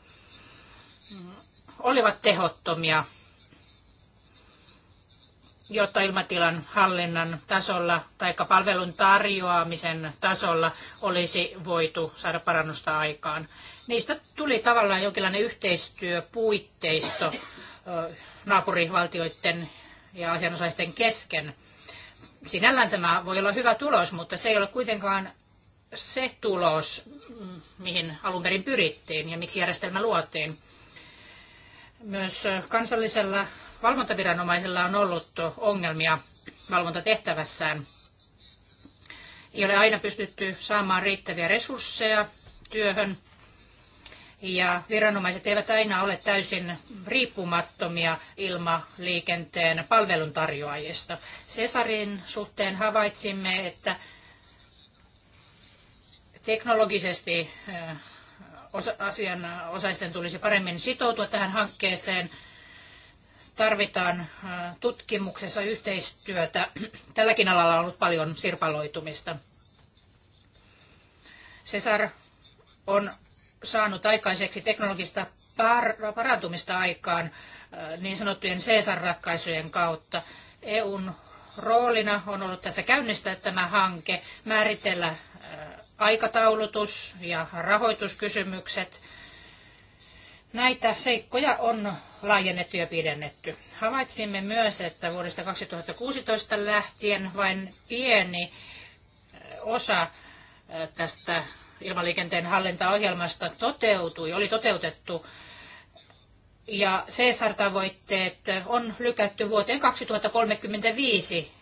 olivat tehottomia, jotta ilmatilan hallinnan tasolla tai palvelun tarjoamisen tasolla olisi voitu saada parannusta aikaan. Niistä tuli tavallaan jonkinlainen yhteistyöpuitteisto naapurivaltioiden ja asianosaisten kesken. Sinällään tämä voi olla hyvä tulos, mutta se ei ole kuitenkaan se tulos, mihin alun perin pyrittiin ja miksi järjestelmä luotiin. Myös kansallisella valvontaviranomaisella on ollut ongelmia valvontatehtävässään. Ei ole aina pystytty saamaan riittäviä resursseja työhön ja viranomaiset eivät aina ole täysin riippumattomia ilmaliikenteen palveluntarjoajista. Cesarin suhteen havaitsimme, että teknologisesti eh, asianosaisten tulisi paremmin sitoutua tähän hankkeeseen. Tarvitaan eh, tutkimuksessa yhteistyötä. Tälläkin alalla on ollut paljon sirpaloitumista. Cesar on saanut aikaiseksi teknologista parantumista aikaan äh, niin sanottujen CESAR-ratkaisujen kautta. EUn roolina on ollut tässä käynnistää tämä hanke, määritellä äh, aikataulutus ja rahoituskysymykset. Näitä seikkoja on laajennettu ja pidennetty. Havaitsimme myös, että vuodesta 2016 lähtien vain pieni äh, osa tästä ilmaliikenteen hallintaohjelmasta toteutui, oli toteutettu. Ja CSR-tavoitteet on lykätty vuoteen 2035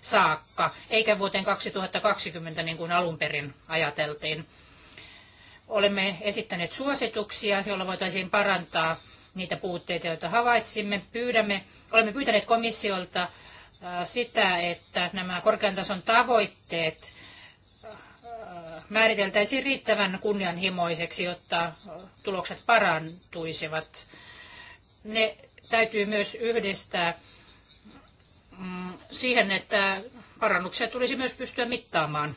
saakka, eikä vuoteen 2020 niin kuin alun perin ajateltiin. Olemme esittäneet suosituksia, joilla voitaisiin parantaa niitä puutteita, joita havaitsimme. Pyydämme, olemme pyytäneet komissiolta sitä, että nämä korkean tason tavoitteet määriteltäisiin riittävän kunnianhimoiseksi, jotta tulokset parantuisivat. Ne täytyy myös yhdistää mm, siihen, että parannuksia tulisi myös pystyä mittaamaan.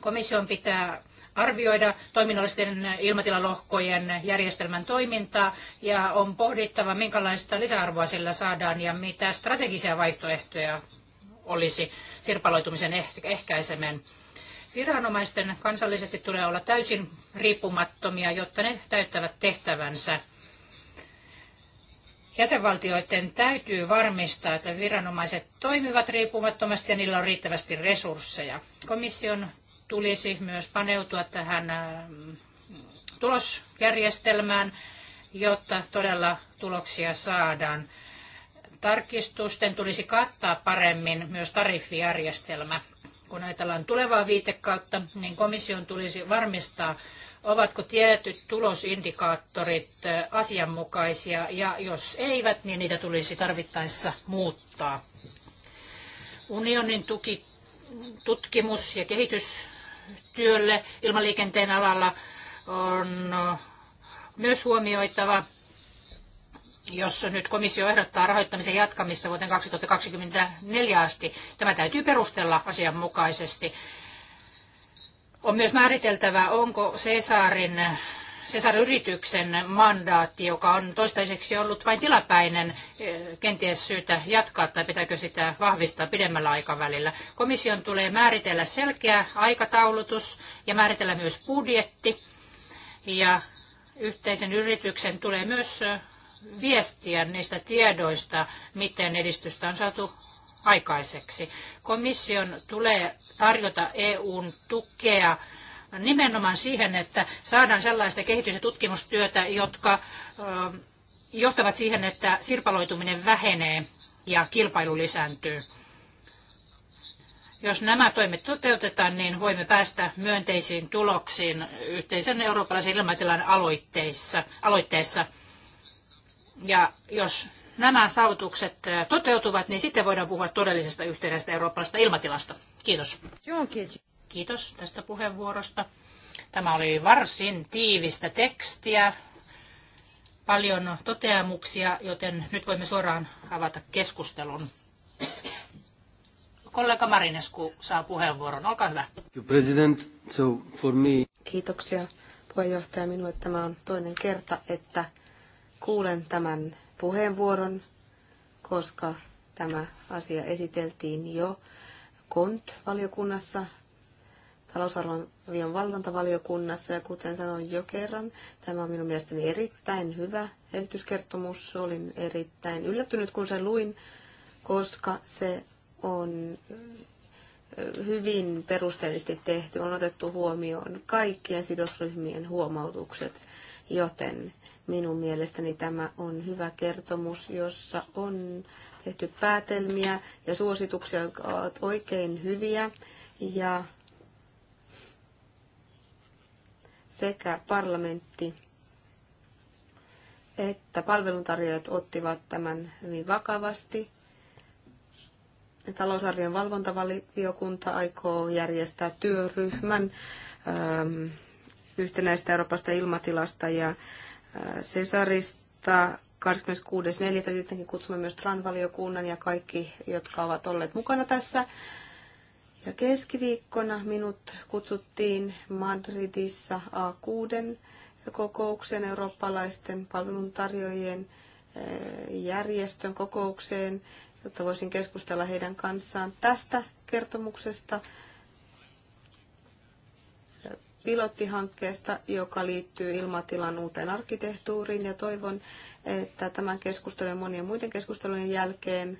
Komission pitää arvioida toiminnallisten ilmatilalohkojen järjestelmän toimintaa ja on pohdittava, minkälaista lisäarvoa sillä saadaan ja mitä strategisia vaihtoehtoja olisi sirpaloitumisen ehkäisemään. Viranomaisten kansallisesti tulee olla täysin riippumattomia, jotta ne täyttävät tehtävänsä. Jäsenvaltioiden täytyy varmistaa, että viranomaiset toimivat riippumattomasti ja niillä on riittävästi resursseja. Komission tulisi myös paneutua tähän ähm, tulosjärjestelmään, jotta todella tuloksia saadaan. Tarkistusten tulisi kattaa paremmin myös tariffijärjestelmä kun ajatellaan tulevaa viitekautta, niin komission tulisi varmistaa, ovatko tietyt tulosindikaattorit asianmukaisia ja jos eivät, niin niitä tulisi tarvittaessa muuttaa. Unionin tuki, tutkimus- ja kehitystyölle ilmaliikenteen alalla on myös huomioitava jos nyt komissio ehdottaa rahoittamisen jatkamista vuoteen 2024 asti, tämä täytyy perustella asianmukaisesti. On myös määriteltävä, onko Cesarin Cesarin yrityksen mandaatti, joka on toistaiseksi ollut vain tilapäinen, kenties syytä jatkaa tai pitääkö sitä vahvistaa pidemmällä aikavälillä. Komission tulee määritellä selkeä aikataulutus ja määritellä myös budjetti. Ja yhteisen yrityksen tulee myös viestiä niistä tiedoista, miten edistystä on saatu aikaiseksi. Komission tulee tarjota EUn tukea nimenomaan siihen, että saadaan sellaista kehitys- ja tutkimustyötä, jotka johtavat siihen, että sirpaloituminen vähenee ja kilpailu lisääntyy. Jos nämä toimet toteutetaan, niin voimme päästä myönteisiin tuloksiin yhteisen eurooppalaisen ilmatilan aloitteissa, aloitteessa. Ja jos nämä saavutukset äh, toteutuvat, niin sitten voidaan puhua todellisesta yhteydestä eurooppalaisesta ilmatilasta. Kiitos. kiitos. tästä puheenvuorosta. Tämä oli varsin tiivistä tekstiä, paljon toteamuksia, joten nyt voimme suoraan avata keskustelun. Kollega Marinesku saa puheenvuoron. Olkaa hyvä. President, so for me... Kiitoksia puheenjohtaja. Minulle tämä on toinen kerta, että kuulen tämän puheenvuoron, koska tämä asia esiteltiin jo KONT-valiokunnassa, talousarvion valvontavaliokunnassa, ja kuten sanoin jo kerran, tämä on minun mielestäni erittäin hyvä erityiskertomus. Olin erittäin yllättynyt, kun sen luin, koska se on hyvin perusteellisesti tehty. On otettu huomioon kaikkien sidosryhmien huomautukset, joten Minun mielestäni tämä on hyvä kertomus, jossa on tehty päätelmiä ja suosituksia, jotka ovat oikein hyviä. Ja sekä parlamentti että palveluntarjoajat ottivat tämän hyvin vakavasti. Talousarvion valvontavaliokunta aikoo järjestää työryhmän ähm, yhtenäistä Euroopasta ilmatilasta ja Cesarista 26.4. Tietenkin kutsumme myös TRAN-valiokunnan ja kaikki, jotka ovat olleet mukana tässä. Ja keskiviikkona minut kutsuttiin Madridissa A6 kokoukseen eurooppalaisten palveluntarjoajien eh, järjestön kokoukseen, jotta voisin keskustella heidän kanssaan tästä kertomuksesta pilottihankkeesta, joka liittyy ilmatilan uuteen arkkitehtuuriin ja toivon, että tämän keskustelun ja monien muiden keskustelujen jälkeen,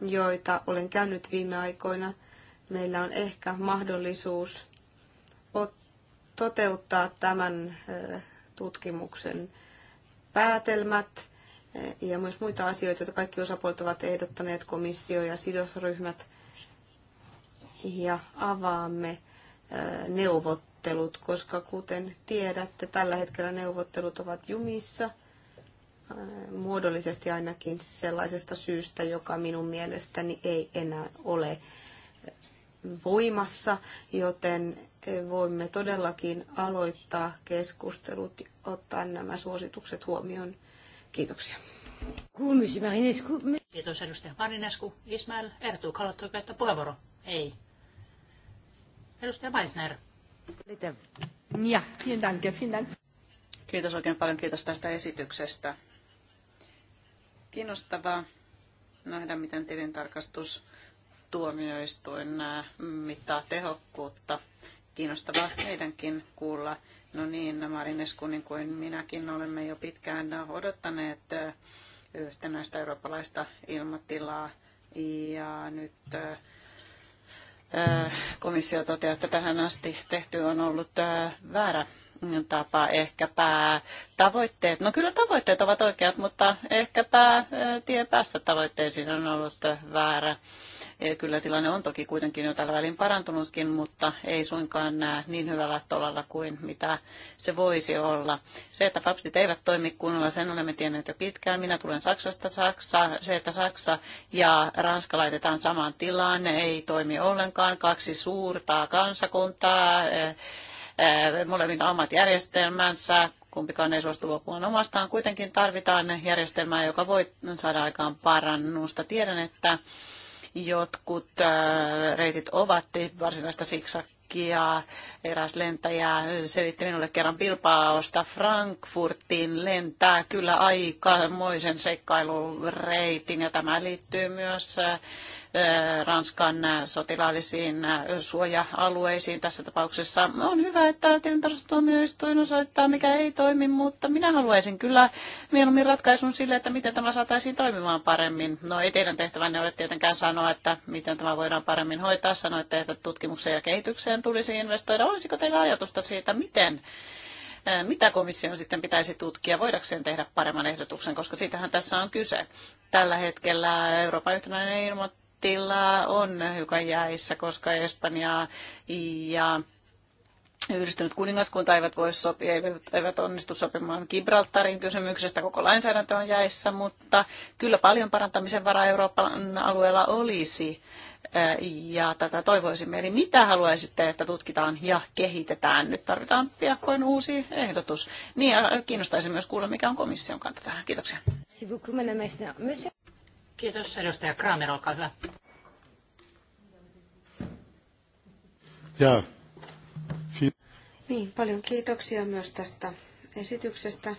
joita olen käynyt viime aikoina, meillä on ehkä mahdollisuus toteuttaa tämän tutkimuksen päätelmät ja myös muita asioita, joita kaikki osapuolet ovat ehdottaneet, komissio ja sidosryhmät – ja avaamme neuvottelut, koska kuten tiedätte, tällä hetkellä neuvottelut ovat jumissa muodollisesti ainakin sellaisesta syystä, joka minun mielestäni ei enää ole voimassa, joten voimme todellakin aloittaa keskustelut ja ottaa nämä suositukset huomioon. Kiitoksia. Kiitos edustaja Marinescu. Ismail Ertu, haluatko käyttää puheenvuoro? Ei. Edustaja Weisner. Ja, vielen dank, vielen dank. Kiitos oikein paljon, kiitos tästä esityksestä. Kiinnostavaa nähdä, miten tilintarkastus tuomioistuin äh, mittaa tehokkuutta. Kiinnostavaa meidänkin kuulla. No niin, Marinesku, niin kuin minäkin olemme jo pitkään odottaneet äh, yhtenäistä eurooppalaista ilmatilaa. Ja nyt äh, komissio toteaa, että tähän asti tehty on ollut väärä tapa, ehkäpä tavoitteet. No kyllä tavoitteet ovat oikeat, mutta ehkäpä tie päästä tavoitteisiin on ollut väärä. Kyllä tilanne on toki kuitenkin jo tällä välin parantunutkin, mutta ei suinkaan näe niin hyvällä tolalla kuin mitä se voisi olla. Se, että papsit eivät toimi kunnolla, sen olemme tienneet jo pitkään. Minä tulen Saksasta Saksa. Se, että Saksa ja Ranska laitetaan samaan tilaan, ne ei toimi ollenkaan. Kaksi suurta kansakuntaa, eh, eh, molemmin omat järjestelmänsä, kumpikaan ei suostu luopumaan omastaan. Kuitenkin tarvitaan järjestelmää, joka voi saada aikaan parannusta. Tiedän, että jotkut äh, reitit ovat varsinaista siksakkia. Eräs lentäjä selitti minulle kerran Bilbaosta Frankfurtiin lentää kyllä aikamoisen seikkailureitin ja tämä liittyy myös äh, Eh, Ranskan eh, sotilaallisiin eh, suoja-alueisiin tässä tapauksessa. On hyvä, että tilintarkastustuomioistuin osoittaa, mikä ei toimi, mutta minä haluaisin kyllä mieluummin ratkaisun sille, että miten tämä saataisiin toimimaan paremmin. No ei teidän tehtävänne ole tietenkään sanoa, että miten tämä voidaan paremmin hoitaa. Sanoitte, että tutkimukseen ja kehitykseen tulisi investoida. Olisiko teillä ajatusta siitä, miten mitä komissio sitten pitäisi tutkia, voidakseen tehdä paremman ehdotuksen, koska siitähän tässä on kyse. Tällä hetkellä Euroopan yhtenäinen ilmoittaa tilaa on hiukan jäissä, koska Espanja ja Yhdistynyt kuningaskunta eivät voi sopia, eivät, eivät onnistu sopimaan Gibraltarin kysymyksestä, koko lainsäädäntö on jäissä, mutta kyllä paljon parantamisen varaa Euroopan alueella olisi eh, ja tätä toivoisimme. Eli mitä haluaisitte, että tutkitaan ja kehitetään? Nyt tarvitaan piakkoin uusi ehdotus. Niin, ja kiinnostaisi myös kuulla, mikä on komission kanta tähän. Kiitoksia. Kiitos. Edustaja Kramer, olkaa hyvä. Ja. Niin, paljon kiitoksia myös tästä esityksestä.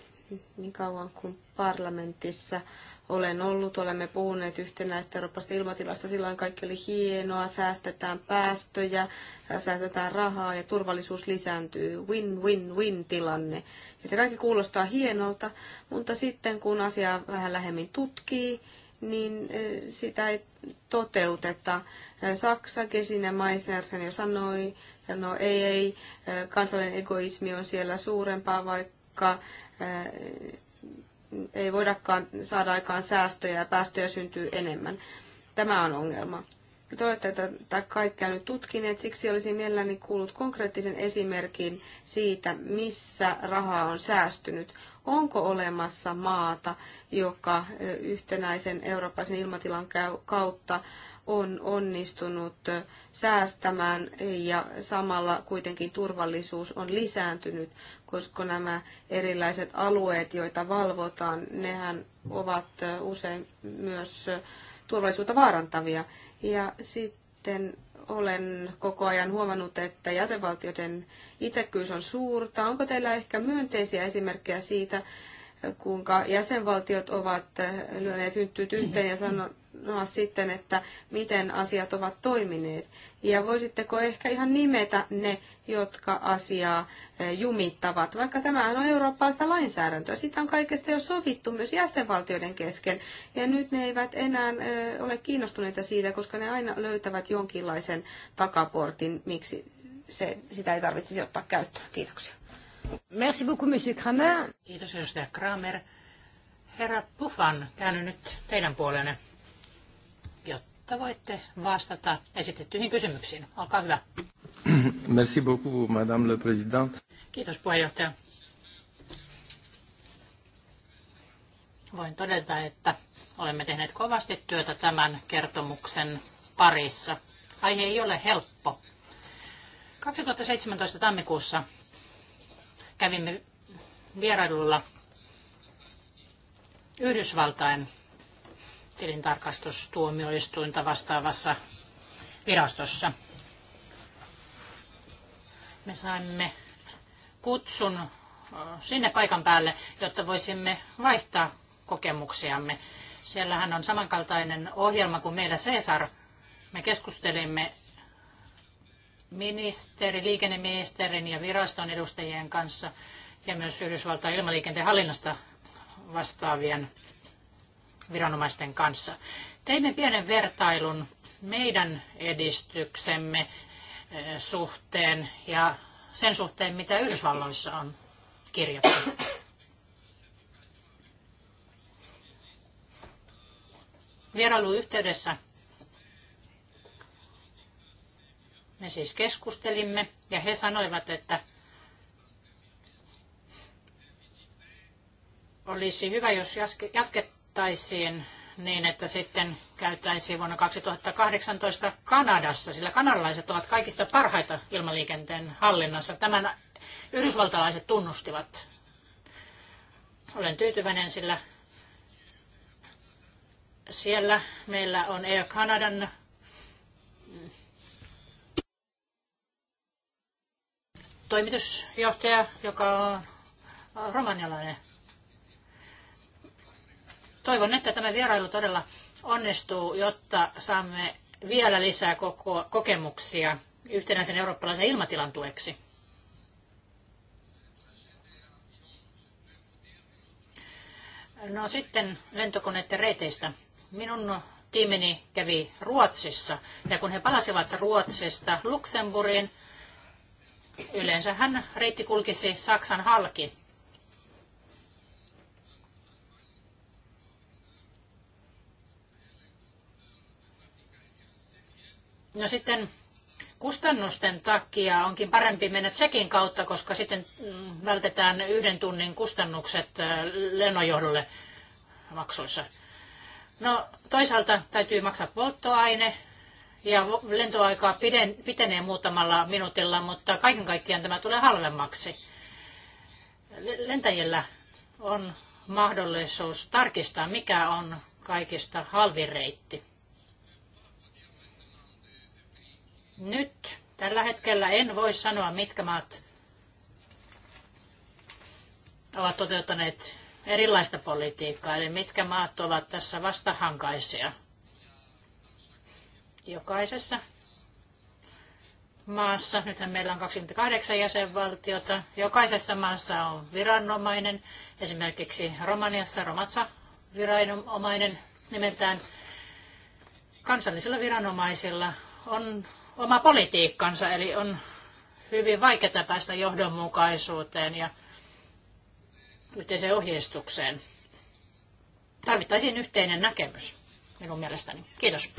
Niin kauan kuin parlamentissa olen ollut, olemme puhuneet yhtenäistä Euroopasta ilmatilasta. Silloin kaikki oli hienoa, säästetään päästöjä, säästetään rahaa ja turvallisuus lisääntyy. Win-win-win tilanne. Ja se kaikki kuulostaa hienolta, mutta sitten kun asiaa vähän lähemmin tutkii, niin sitä ei toteuteta. Saksakin sinne Meissnersen jo sanoi, no ei, ei, kansallinen egoismi on siellä suurempaa, vaikka ei voidakaan saada aikaan säästöjä ja päästöjä syntyy enemmän. Tämä on ongelma. Te olette tätä kaikkea nyt tutkineet, siksi olisin mielelläni kuullut konkreettisen esimerkin siitä, missä rahaa on säästynyt onko olemassa maata, joka yhtenäisen Euroopan ilmatilan kautta on onnistunut säästämään ja samalla kuitenkin turvallisuus on lisääntynyt, koska nämä erilaiset alueet, joita valvotaan, nehän ovat usein myös turvallisuutta vaarantavia. Ja sitten olen koko ajan huomannut, että jäsenvaltioiden itsekkyys on suurta. Onko teillä ehkä myönteisiä esimerkkejä siitä, kuinka jäsenvaltiot ovat lyöneet hynttyt yhteen ja sanoneet, sanoa sitten, että miten asiat ovat toimineet. Ja voisitteko ehkä ihan nimetä ne, jotka asiaa e, jumittavat, vaikka tämähän on eurooppalaista lainsäädäntöä. Sitä on kaikesta jo sovittu myös jäsenvaltioiden kesken. Ja nyt ne eivät enää e, ole kiinnostuneita siitä, koska ne aina löytävät jonkinlaisen takaportin, miksi se, sitä ei tarvitsisi ottaa käyttöön. Kiitoksia. Merci beaucoup, monsieur Kramer. Kiitos, edustaja Kramer. Herra Puffan, käyn nyt teidän puolenne jotta voitte vastata esitettyihin kysymyksiin. Olkaa hyvä. Merci beaucoup, Madame le Président. Kiitos puheenjohtaja. Voin todeta, että olemme tehneet kovasti työtä tämän kertomuksen parissa. Aihe ei ole helppo. 2017 tammikuussa kävimme vierailulla Yhdysvaltain tilintarkastustuomioistuinta vastaavassa virastossa. Me saimme kutsun sinne paikan päälle, jotta voisimme vaihtaa kokemuksiamme. Siellähän on samankaltainen ohjelma kuin meillä Cesar. Me keskustelimme ministeri, liikenneministerin ja viraston edustajien kanssa ja myös Yhdysvaltain ilmaliikenteen hallinnasta vastaavien viranomaisten kanssa. Teimme pienen vertailun meidän edistyksemme eh, suhteen ja sen suhteen, mitä Yhdysvalloissa on kirjattu. Vierailuyhteydessä me siis keskustelimme ja he sanoivat, että olisi hyvä, jos jatket, muutettaisiin niin, että sitten käytäisiin vuonna 2018 Kanadassa, sillä kanadalaiset ovat kaikista parhaita ilmaliikenteen hallinnassa. Tämän yhdysvaltalaiset tunnustivat. Olen tyytyväinen, sillä siellä meillä on Air Canadan toimitusjohtaja, joka on romanialainen Toivon, että tämä vierailu todella onnistuu, jotta saamme vielä lisää koko, kokemuksia yhtenäisen eurooppalaisen ilmatilan tueksi. No sitten lentokoneiden reiteistä. Minun tiimini kävi Ruotsissa ja kun he palasivat Ruotsista Luxemburgiin, hän reitti kulkisi Saksan halki. No sitten kustannusten takia onkin parempi mennä sekin kautta, koska sitten mm, vältetään yhden tunnin kustannukset lennonjohdolle maksuissa. No toisaalta täytyy maksaa polttoaine ja lentoaikaa piden, pitenee muutamalla minuutilla, mutta kaiken kaikkiaan tämä tulee halvemmaksi. Lentäjillä on mahdollisuus tarkistaa, mikä on kaikista halvin reitti. Nyt tällä hetkellä en voi sanoa, mitkä maat ovat toteuttaneet erilaista politiikkaa, eli mitkä maat ovat tässä vastahankaisia. Jokaisessa maassa, nythän meillä on 28 jäsenvaltiota, jokaisessa maassa on viranomainen, esimerkiksi Romaniassa Romatsa viranomainen nimeltään. Kansallisilla viranomaisilla on oma politiikkansa, eli on hyvin vaikeaa päästä johdonmukaisuuteen ja yhteiseen ohjeistukseen. Tarvittaisiin yhteinen näkemys minun mielestäni. Kiitos.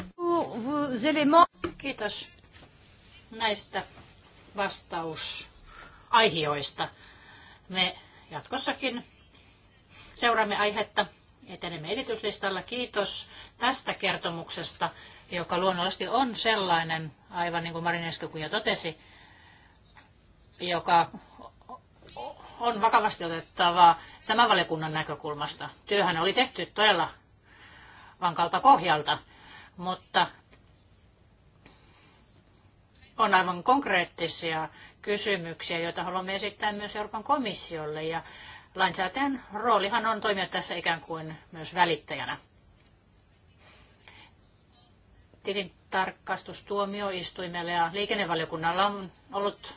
Kiitos näistä vastausaihioista. Me jatkossakin seuraamme aihetta, etenemme edityslistalla. Kiitos tästä kertomuksesta joka luonnollisesti on sellainen, aivan niin kuin Marinesku jo totesi, joka on vakavasti otettavaa tämän valiokunnan näkökulmasta. Työhän oli tehty todella vankalta pohjalta, mutta on aivan konkreettisia kysymyksiä, joita haluamme esittää myös Euroopan komissiolle. Ja lainsäätäjän roolihan on toimia tässä ikään kuin myös välittäjänä tilintarkastustuomioistuimella ja liikennevaliokunnalla on ollut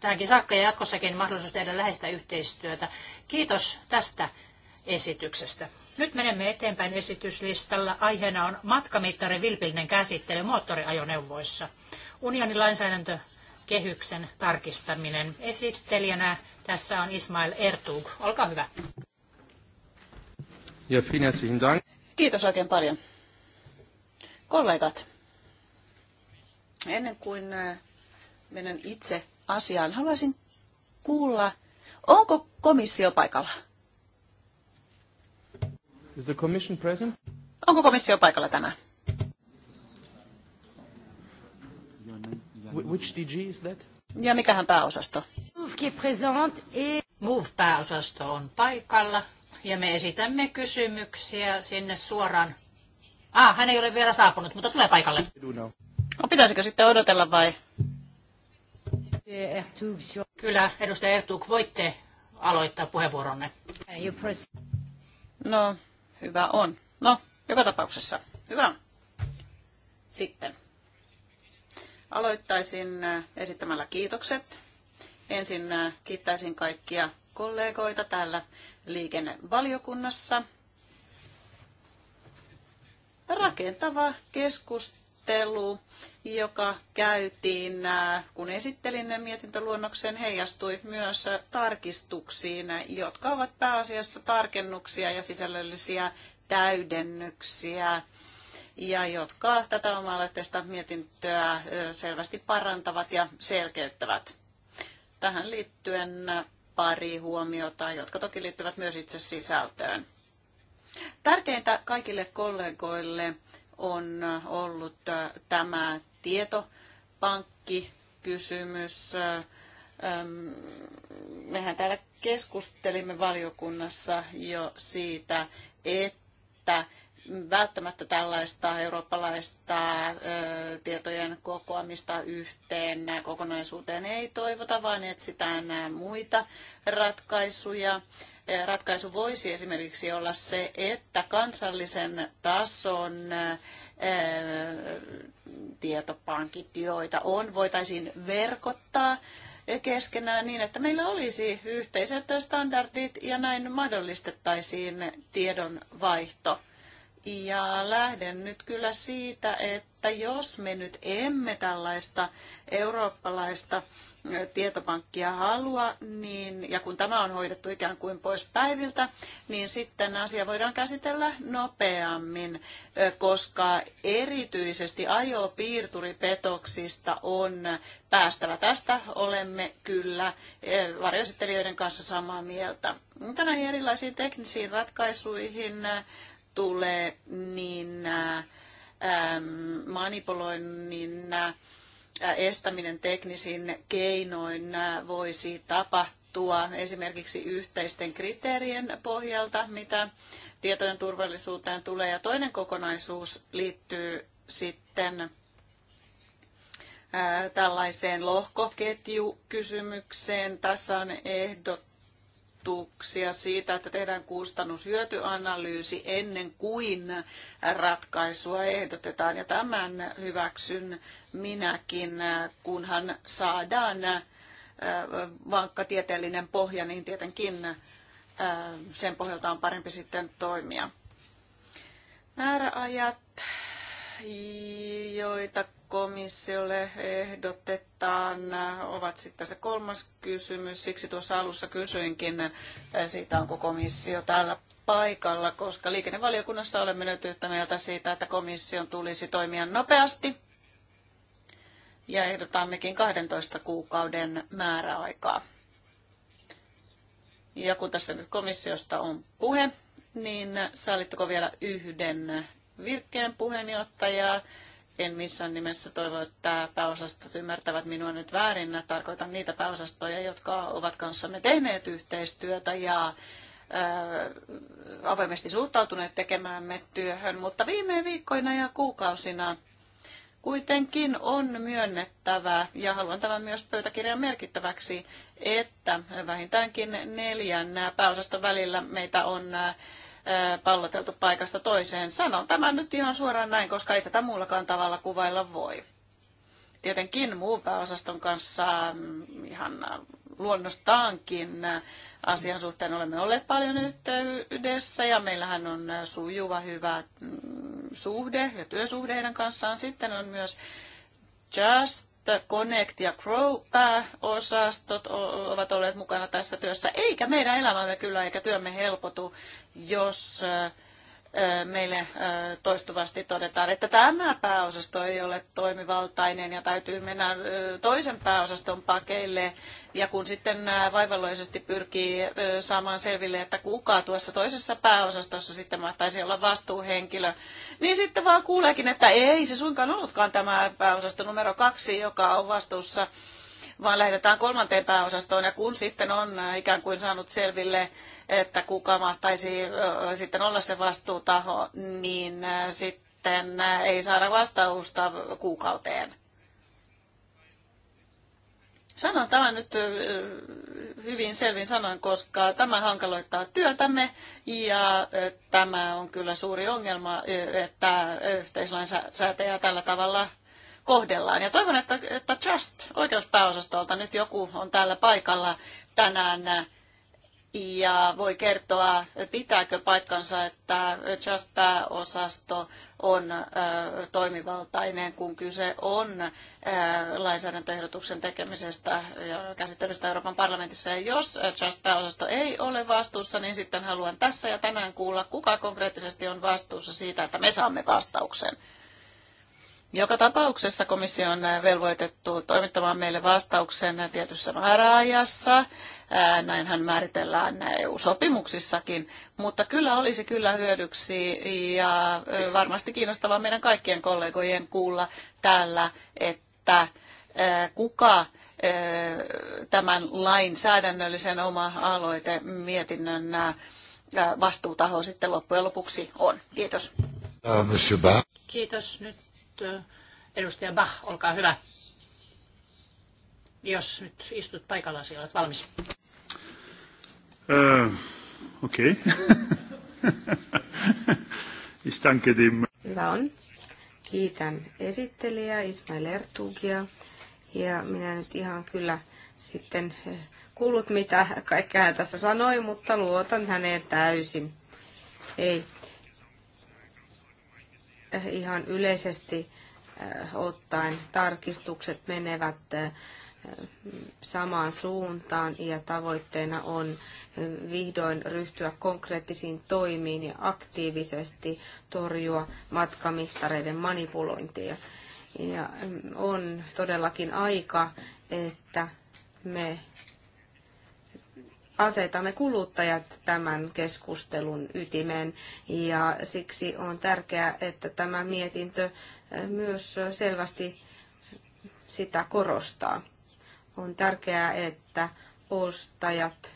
tähänkin saakka ja jatkossakin mahdollisuus tehdä läheistä yhteistyötä. Kiitos tästä esityksestä. Nyt menemme eteenpäin esityslistalla. Aiheena on matkamittarin vilpillinen käsittely moottoriajoneuvoissa. Unionin lainsäädäntökehyksen tarkistaminen. Esittelijänä tässä on Ismail Ertug. Olkaa hyvä. Ja Kiitos oikein paljon. Kollegat, ennen kuin menen itse asiaan, haluaisin kuulla, onko komissio paikalla? Is the commission present? Onko komissio paikalla tänään? Which DG is that? Ja mikähän pääosasto? MOVE-pääosasto e- on paikalla ja me esitämme kysymyksiä sinne suoraan Ah, hän ei ole vielä saapunut, mutta tulee paikalle. No, pitäisikö sitten odotella vai? Kyllä, edustaja Ertug, voitte aloittaa puheenvuoronne. No, hyvä on. No, joka tapauksessa. Hyvä. Sitten. Aloittaisin äh, esittämällä kiitokset. Ensin äh, kiittäisin kaikkia kollegoita täällä liikennevaliokunnassa rakentava keskustelu, joka käytiin, kun esittelin mietintöluonnoksen, heijastui myös tarkistuksiin, jotka ovat pääasiassa tarkennuksia ja sisällöllisiä täydennyksiä ja jotka tätä oma-aloitteista mietintöä selvästi parantavat ja selkeyttävät. Tähän liittyen pari huomiota, jotka toki liittyvät myös itse sisältöön. Tärkeintä kaikille kollegoille on ollut äh, tämä tietopankkikysymys. Ähm, mehän täällä keskustelimme valiokunnassa jo siitä, että välttämättä tällaista eurooppalaista ö, tietojen kokoamista yhteen kokonaisuuteen ei toivota, vaan etsitään muita ratkaisuja. Ratkaisu voisi esimerkiksi olla se, että kansallisen tason ö, tietopankit, joita on, voitaisiin verkottaa keskenään niin, että meillä olisi yhteiset standardit ja näin mahdollistettaisiin tiedonvaihto ja lähden nyt kyllä siitä, että jos me nyt emme tällaista eurooppalaista tietopankkia halua, niin, ja kun tämä on hoidettu ikään kuin pois päiviltä, niin sitten asia voidaan käsitellä nopeammin, koska erityisesti ajopiirturipetoksista on päästävä. Tästä olemme kyllä varjoesittelijöiden kanssa samaa mieltä. Mutta näihin erilaisiin teknisiin ratkaisuihin tulee, niin ähm, manipuloinnin äh, estäminen teknisin keinoin äh, voisi tapahtua esimerkiksi yhteisten kriteerien pohjalta, mitä tietojen turvallisuuteen tulee. Ja toinen kokonaisuus liittyy sitten äh, tällaiseen lohkoketjukysymykseen. Tässä on ehdot ehdotuksia siitä, että tehdään kustannushyötyanalyysi ennen kuin ratkaisua ehdotetaan. Ja tämän hyväksyn minäkin, kunhan saadaan äh, vankka tieteellinen pohja, niin tietenkin äh, sen pohjalta on parempi sitten toimia. Määräajat, joita komissiolle ehdotetaan, ovat sitten se kolmas kysymys. Siksi tuossa alussa kysyinkin siitä, onko komissio täällä paikalla, koska liikennevaliokunnassa olemme nyt yhtä mieltä siitä, että komission tulisi toimia nopeasti ja ehdotammekin 12 kuukauden määräaikaa. Ja kun tässä nyt komissiosta on puhe, niin sallitteko vielä yhden virkkeen puheenjohtajaa? en missään nimessä toivo, että pääosastot ymmärtävät minua nyt väärin. Tarkoitan niitä pääosastoja, jotka ovat kanssamme tehneet yhteistyötä ja äh, avoimesti suhtautuneet tekemäämme työhön, mutta viime viikkoina ja kuukausina kuitenkin on myönnettävä, ja haluan tämän myös pöytäkirjan merkittäväksi, että vähintäänkin neljän pääosaston välillä meitä on äh, palloteltu paikasta toiseen. Sanon tämän nyt ihan suoraan näin, koska ei tätä muullakaan tavalla kuvailla voi. Tietenkin muun pääosaston kanssa mm, ihan luonnostaankin asian suhteen olemme olleet paljon yhteydessä ja meillähän on sujuva hyvä mm, suhde ja työsuhde heidän kanssaan. Sitten on myös Just Connect ja Grow pääosastot ovat olleet mukana tässä työssä, eikä meidän elämämme kyllä eikä työmme helpotu, jos äh, meille toistuvasti todetaan, että tämä pääosasto ei ole toimivaltainen ja täytyy mennä toisen pääosaston pakeille. Ja kun sitten vaivalloisesti pyrkii saamaan selville, että kuka tuossa toisessa pääosastossa sitten mahtaisi olla vastuuhenkilö, niin sitten vaan kuuleekin, että ei se suinkaan ollutkaan tämä pääosasto numero kaksi, joka on vastuussa vaan lähetetään kolmanteen pääosastoon. Ja kun sitten on äh, ikään kuin saanut selville, että kuka mahtaisi äh, sitten olla se vastuutaho, niin äh, sitten ei saada vastausta kuukauteen. Sanon tämän nyt hyvin selvin sanoin, koska tämä hankaloittaa työtämme ja tämä on kyllä suuri ongelma, että yhteislainsäätäjä tällä tavalla kohdellaan. Ja toivon, että, että Just oikeuspääosastolta nyt joku on täällä paikalla tänään äh, ja voi kertoa, pitääkö paikkansa, että Just pääosasto on äh, toimivaltainen, kun kyse on äh, lainsäädäntöehdotuksen tekemisestä ja käsittelystä Euroopan parlamentissa. Ja jos Just pääosasto ei ole vastuussa, niin sitten haluan tässä ja tänään kuulla, kuka konkreettisesti on vastuussa siitä, että me saamme vastauksen. Joka tapauksessa komissio on äh, velvoitettu toimittamaan meille vastauksen tietyssä määräajassa. Äh, näinhän määritellään äh, EU-sopimuksissakin, mutta kyllä olisi kyllä hyödyksi ja varmasti kiinnostavaa meidän kaikkien kollegojen kuulla täällä, että kuka tämän lainsäädännöllisen oma-aloite mietinnön vastuutaho sitten loppujen lopuksi on. Kiitos. Uh, Kiitos. Nyt Eh, edustaja Bach, olkaa hyvä. Jos nyt istut paikallasi, olet valmis. Uh, Okei. Okay. hyvä on. Kiitän esittelijä Ismail Ertugia. Ja minä nyt ihan kyllä sitten eh, kuullut, mitä kaikkea hän tässä sanoi, mutta luotan häneen täysin. Ei ihan yleisesti äh, ottaen tarkistukset menevät äh, samaan suuntaan ja tavoitteena on äh, vihdoin ryhtyä konkreettisiin toimiin ja aktiivisesti torjua matkamittareiden manipulointia. Ja mm, on todellakin aika, että me asetamme kuluttajat tämän keskustelun ytimeen ja siksi on tärkeää, että tämä mietintö eh, myös selvästi sitä korostaa. On tärkeää, että ostajat,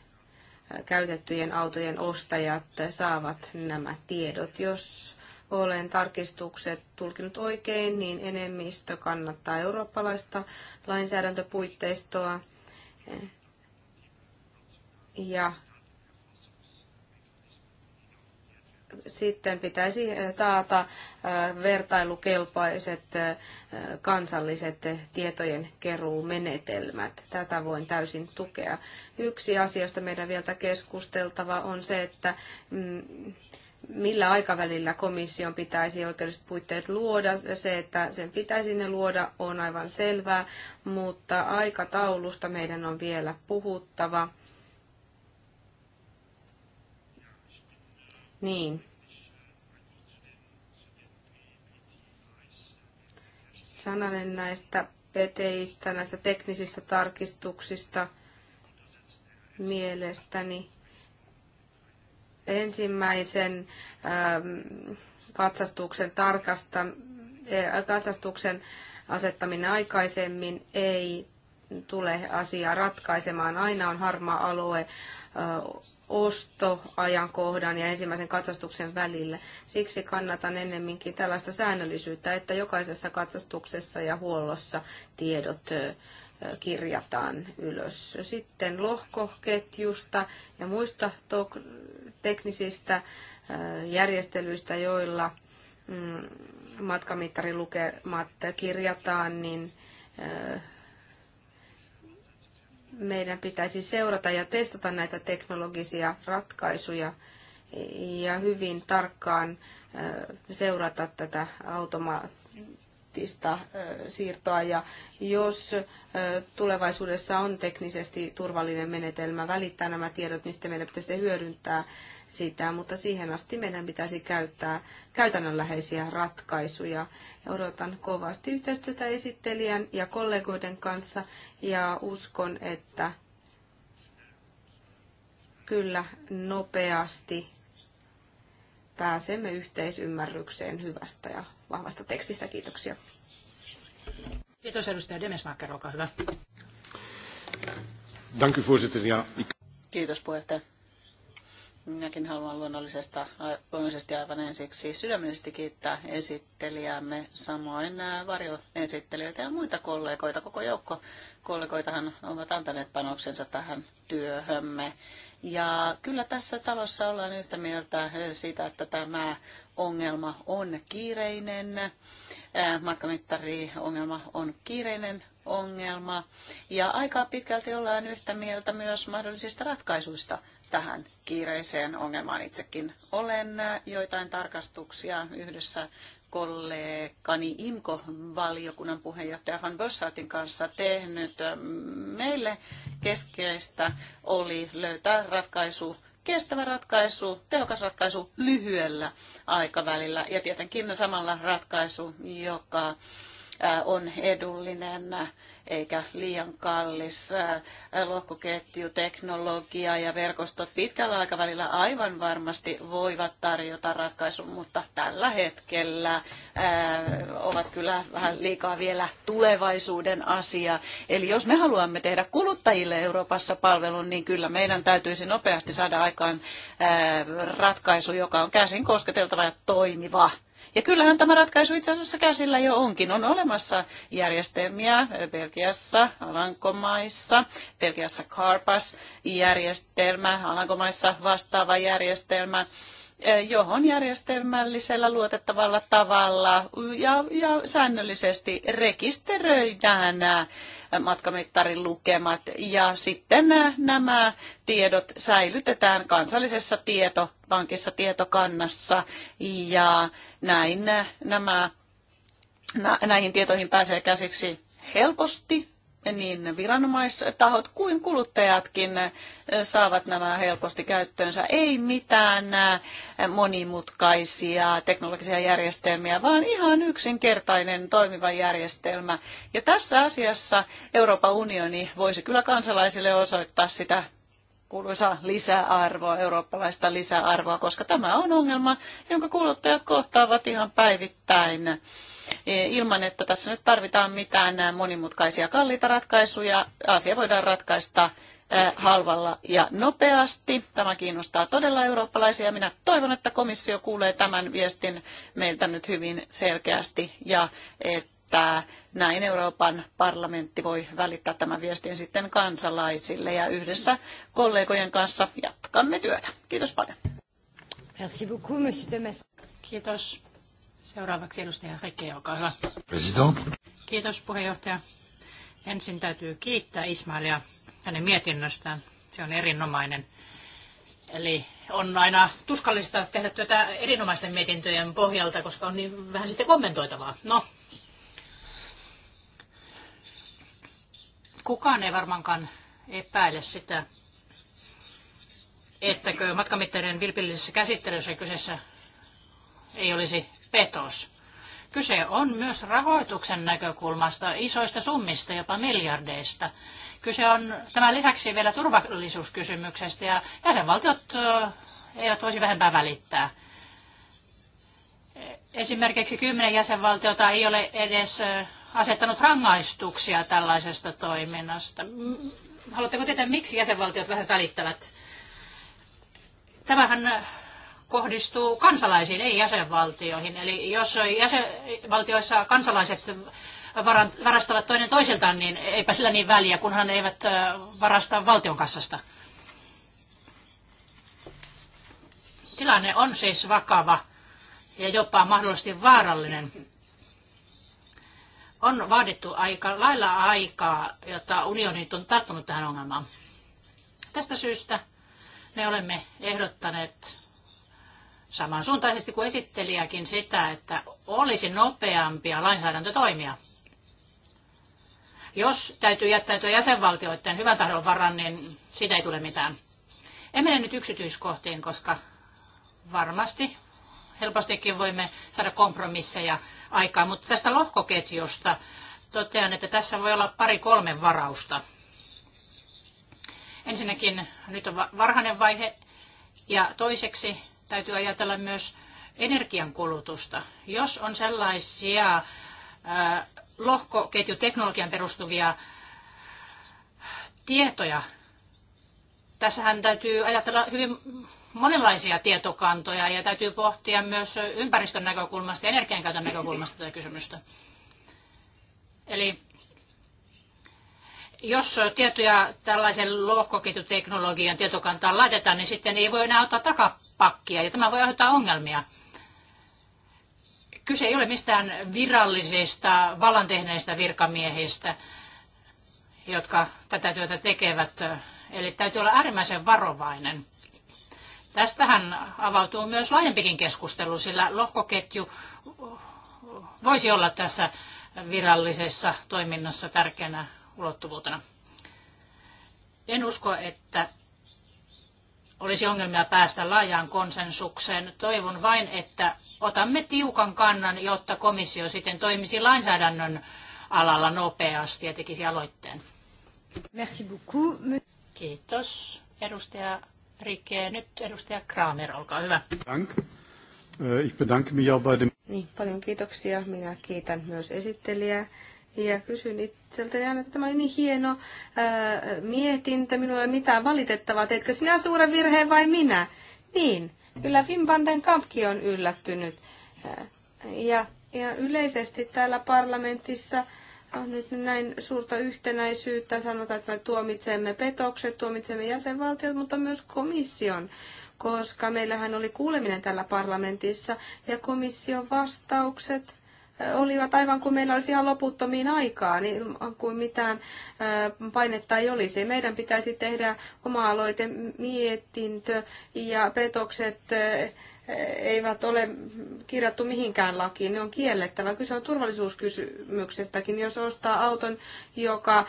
eh, käytettyjen autojen ostajat saavat nämä tiedot. Jos olen tarkistukset tulkinut oikein, niin enemmistö kannattaa eurooppalaista lainsäädäntöpuitteistoa eh, ja sitten pitäisi eh, taata eh, vertailukelpoiset eh, kansalliset tietojen keruumenetelmät. Tätä voin täysin tukea. Yksi asia, josta meidän vielä keskusteltava, on se, että mm, millä aikavälillä komission pitäisi oikeudelliset puitteet luoda. Se, että sen pitäisi ne luoda, on aivan selvää, mutta aikataulusta meidän on vielä puhuttava Niin. Sananen näistä peteistä, näistä teknisistä tarkistuksista mielestäni. Ensimmäisen ähm, katsastuksen tarkasta, äh, katsastuksen asettaminen aikaisemmin ei tule asiaa ratkaisemaan. Aina on harmaa alue äh, ostoajankohdan ja ensimmäisen katsastuksen välillä. Siksi kannatan ennemminkin tällaista säännöllisyyttä, että jokaisessa katsastuksessa ja huollossa tiedot kirjataan ylös. Sitten lohkoketjusta ja muista teknisistä järjestelyistä, joilla mm, matkamittarilukemat kirjataan, niin meidän pitäisi seurata ja testata näitä teknologisia ratkaisuja ja hyvin tarkkaan seurata tätä automaattista siirtoa. Ja jos tulevaisuudessa on teknisesti turvallinen menetelmä välittää nämä tiedot, niin sitten meidän pitäisi hyödyntää sitä, mutta siihen asti meidän pitäisi käyttää käytännönläheisiä ratkaisuja Odotan kovasti yhteistyötä esittelijän ja kollegoiden kanssa ja uskon, että kyllä nopeasti pääsemme yhteisymmärrykseen hyvästä ja vahvasta tekstistä. Kiitoksia. Kiitos edustaja Demesmaker, olkaa hyvä. Dank u voorzitter. Ja, Kiitos puheenjohtaja. Minäkin haluan luonnollisesta, luonnollisesti aivan ensiksi sydämellisesti kiittää esittelijäämme, samoin varjoesittelijöitä ja muita kollegoita. Koko joukko kollegoitahan ovat antaneet panoksensa tähän työhömme. Ja kyllä tässä talossa ollaan yhtä mieltä siitä, että tämä ongelma on kiireinen. Matkamittariongelma on kiireinen ongelma. Ja aika pitkälti ollaan yhtä mieltä myös mahdollisista ratkaisuista tähän kiireiseen ongelmaan. Itsekin olen joitain tarkastuksia yhdessä kollegani IMKO-valiokunnan puheenjohtaja Van Bossaatin kanssa tehnyt. Meille keskeistä oli löytää ratkaisu kestävä ratkaisu, tehokas ratkaisu lyhyellä aikavälillä ja tietenkin samalla ratkaisu, joka on edullinen eikä liian kallis lohkoketjuteknologia ja verkostot pitkällä aikavälillä aivan varmasti voivat tarjota ratkaisun, mutta tällä hetkellä ovat kyllä vähän liikaa vielä tulevaisuuden asia. Eli jos me haluamme tehdä kuluttajille Euroopassa palvelun, niin kyllä meidän täytyisi nopeasti saada aikaan ratkaisu, joka on käsin kosketeltava ja toimiva. Ja kyllähän tämä ratkaisu itse asiassa käsillä jo onkin. On olemassa järjestelmiä Belgiassa, Alankomaissa, Belgiassa Carpas-järjestelmä, Alankomaissa vastaava järjestelmä eh, johon järjestelmällisellä luotettavalla tavalla ja, ja säännöllisesti rekisteröidään matkamittarin lukemat ja sitten nämä tiedot säilytetään kansallisessa tietopankissa tietokannassa ja näin äh, nämä, näihin tietoihin pääsee käsiksi helposti, niin viranomaistahot kuin kuluttajatkin äh, saavat nämä helposti käyttöönsä. Ei mitään äh, monimutkaisia teknologisia järjestelmiä, vaan ihan yksinkertainen toimiva järjestelmä. Ja tässä asiassa Euroopan unioni voisi kyllä kansalaisille osoittaa sitä kuuluisa lisäarvoa, eurooppalaista lisäarvoa, koska tämä on ongelma, jonka kuluttajat kohtaavat ihan päivittäin. E, ilman, että tässä nyt tarvitaan mitään monimutkaisia kalliita ratkaisuja, asia voidaan ratkaista e, halvalla ja nopeasti. Tämä kiinnostaa todella eurooppalaisia. Minä toivon, että komissio kuulee tämän viestin meiltä nyt hyvin selkeästi ja että että näin Euroopan parlamentti voi välittää tämän viestin sitten kansalaisille ja yhdessä kollegojen kanssa jatkamme työtä. Kiitos paljon. Merci beaucoup, monsieur de Kiitos. Seuraavaksi edustaja Rikki, olkaa hyvä. President. Kiitos puheenjohtaja. Ensin täytyy kiittää Ismailia hänen mietinnöstään. Se on erinomainen. Eli on aina tuskallista tehdä työtä erinomaisten mietintöjen pohjalta, koska on niin vähän sitten kommentoitavaa. No, kukaan ei varmaankaan epäile sitä, ettäkö matkamittarien vilpillisessä käsittelyssä kyseessä ei olisi petos. Kyse on myös rahoituksen näkökulmasta isoista summista, jopa miljardeista. Kyse on tämän lisäksi vielä turvallisuuskysymyksestä ja jäsenvaltiot eivät voisi vähempää välittää. Esimerkiksi kymmenen jäsenvaltiota ei ole edes asettanut rangaistuksia tällaisesta toiminnasta. Haluatteko tietää, miksi jäsenvaltiot vähän välittävät? Tämähän kohdistuu kansalaisiin, ei jäsenvaltioihin. Eli jos jäsenvaltioissa kansalaiset varastavat toinen toisiltaan, niin eipä sillä niin väliä, kunhan eivät varasta valtion kassasta. Tilanne on siis vakava ja jopa mahdollisesti vaarallinen. On vaadittu aika lailla aikaa, jotta unionit on tarttunut tähän ongelmaan. Tästä syystä me olemme ehdottaneet samansuuntaisesti kuin esittelijäkin sitä, että olisi nopeampia lainsäädäntötoimia. Jos täytyy jättäytyä jäsenvaltioiden hyvän tahdon varan, niin siitä ei tule mitään. En mene nyt yksityiskohtiin, koska varmasti helpostikin voimme saada kompromisseja aikaan. Mutta tästä lohkoketjusta totean, että tässä voi olla pari-kolme varausta. Ensinnäkin nyt on varhainen vaihe ja toiseksi täytyy ajatella myös energiankulutusta. Jos on sellaisia ää, lohkoketjuteknologian perustuvia tietoja, tässähän täytyy ajatella hyvin monenlaisia tietokantoja ja täytyy pohtia myös ympäristön näkökulmasta ja energiankäytön näkökulmasta tätä kysymystä. Eli jos tietoja tällaisen lohkoketjuteknologian tietokantaan laitetaan, niin sitten ei voi enää ottaa takapakkia ja tämä voi aiheuttaa ongelmia. Kyse ei ole mistään virallisista vallan tehneistä virkamiehistä, jotka tätä työtä tekevät. Eli täytyy olla äärimmäisen varovainen. Tästähän avautuu myös laajempikin keskustelu, sillä lohkoketju voisi olla tässä virallisessa toiminnassa tärkeänä ulottuvuutena. En usko, että olisi ongelmia päästä laajaan konsensukseen. Toivon vain, että otamme tiukan kannan, jotta komissio sitten toimisi lainsäädännön alalla nopeasti ja tekisi aloitteen. Merci beaucoup. Kiitos. Edustaja Rikke. nyt edustaja Kramer, olkaa hyvä. Dank. Äh, ich bedanke mich auch bei dem... Niin, paljon kiitoksia. Minä kiitän myös esittelijää. Ja kysyn itseltäni aina, että tämä oli niin hieno ää, äh, mietintö, minulla ei ole mitään valitettavaa, teitkö sinä suuren virheen vai minä? Niin, kyllä Wim kampki on yllättynyt. Ää, äh, ja ihan yleisesti täällä parlamentissa on ah, nyt näin suurta yhtenäisyyttä. Sanotaan, että me tuomitsemme petokset, tuomitsemme jäsenvaltiot, mutta myös komission koska meillähän oli kuuleminen tällä parlamentissa ja komission vastaukset eh, olivat aivan kuin meillä olisi ihan loputtomiin aikaa, niin kuin mitään eh, painetta ei olisi. Meidän pitäisi tehdä oma-aloite mietintö ja petokset eh, eivät ole kirjattu mihinkään lakiin, ne on kiellettävä. Kyse on turvallisuuskysymyksestäkin. Jos ostaa auton, joka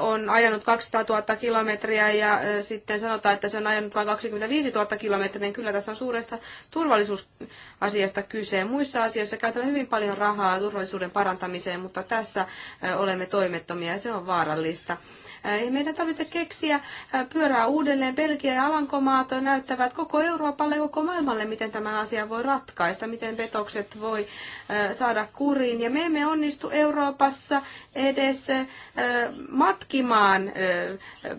on ajanut 200 000 kilometriä ja sitten sanotaan, että se on ajanut vain 25 000 kilometriä, niin kyllä tässä on suuresta turvallisuusasiasta kyse. Muissa asioissa käytämme hyvin paljon rahaa turvallisuuden parantamiseen, mutta tässä olemme toimettomia ja se on vaarallista. Ei meidän tarvitse keksiä pyörää uudelleen. Belgia ja Alankomaat näyttävät koko Euroopalle, koko maailmalle, miten tämä asia voi ratkaista, miten petokset voi saada kuriin. Ja me emme onnistu Euroopassa edes matkimaan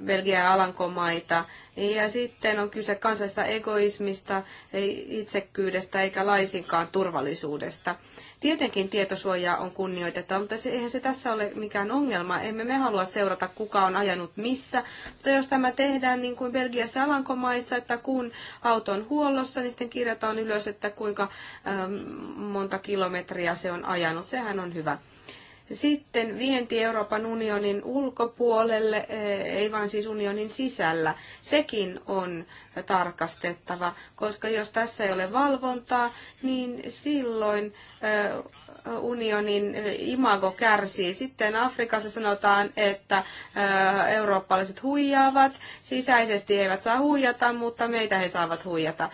Belgia ja Alankomaita. Ja sitten on kyse kansallisesta egoismista, itsekkyydestä eikä laisinkaan turvallisuudesta. Tietenkin tietosuojaa on kunnioitettava, mutta se, eihän se tässä ole mikään ongelma. Emme me halua seurata, kuka on ajanut missä. Mutta jos tämä tehdään niin kuin Belgiassa ja Alankomaissa, että kun auto on huollossa, niin sitten kirjataan ylös, että kuinka ähm, monta kilometriä se on ajanut. Sehän on hyvä. Sitten vienti Euroopan unionin ulkopuolelle, eh, ei vaan siis unionin sisällä. Sekin on tarkastettava, koska jos tässä ei ole valvontaa, niin silloin unionin imago kärsii. Sitten Afrikassa sanotaan, että eurooppalaiset huijaavat, sisäisesti eivät saa huijata, mutta meitä he saavat huijata.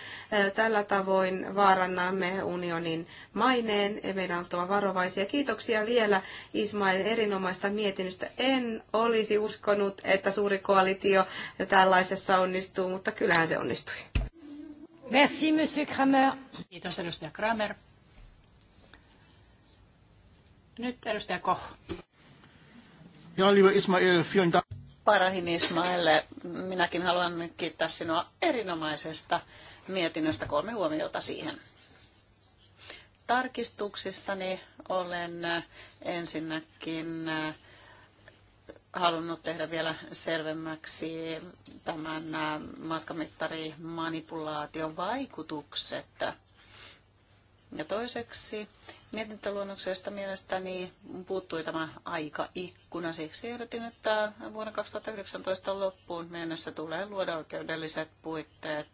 Tällä tavoin vaarannamme unionin maineen ja e, meidän on oltava varovaisia. Kiitoksia vielä Ismail erinomaista mietinnöstä. En olisi uskonut, että suuri koalitio tällaisessa onnistuu, mutta kyllähän se se onnistui. Merci, Monsieur Kramer. Kiitos, edustaja Kramer. Nyt edustaja Koch. Ja, liebe Ismail, vielen Dank. Parahin Ismail, minäkin haluan kiittää sinua erinomaisesta mietinnöstä. Kolme huomiota siihen. Tarkistuksissani olen ensinnäkin halunnut tehdä vielä selvemmäksi tämän äh, matkamittarimanipulaation vaikutukset. Ja toiseksi mietintöluonnoksesta mielestäni puuttui tämä aikaikkuna. Siksi ehdotin, että vuonna 2019 loppuun mennessä tulee luoda oikeudelliset puitteet,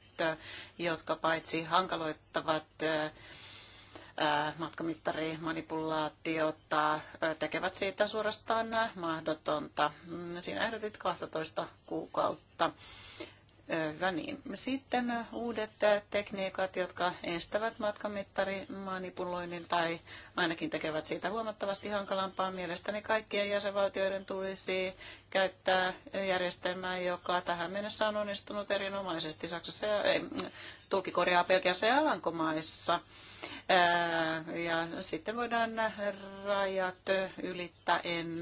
jotka paitsi hankaloittavat äh, matkamittarimanipulaatiota, tekevät siitä suorastaan mahdotonta. Mm, Siinä ehdotit 12 kuukautta. Hyvä niin. Sitten uudet tekniikat, jotka estävät matkamittarimanipuloinnin tai ainakin tekevät siitä huomattavasti hankalampaa. Mielestäni kaikkien jäsenvaltioiden tulisi käyttää järjestelmää, joka tähän mennessä on onnistunut erinomaisesti Saksassa ja ei, tulkikorjaa Belgiassa ja Alankomaissa. Ja sitten voidaan rajat ylittäen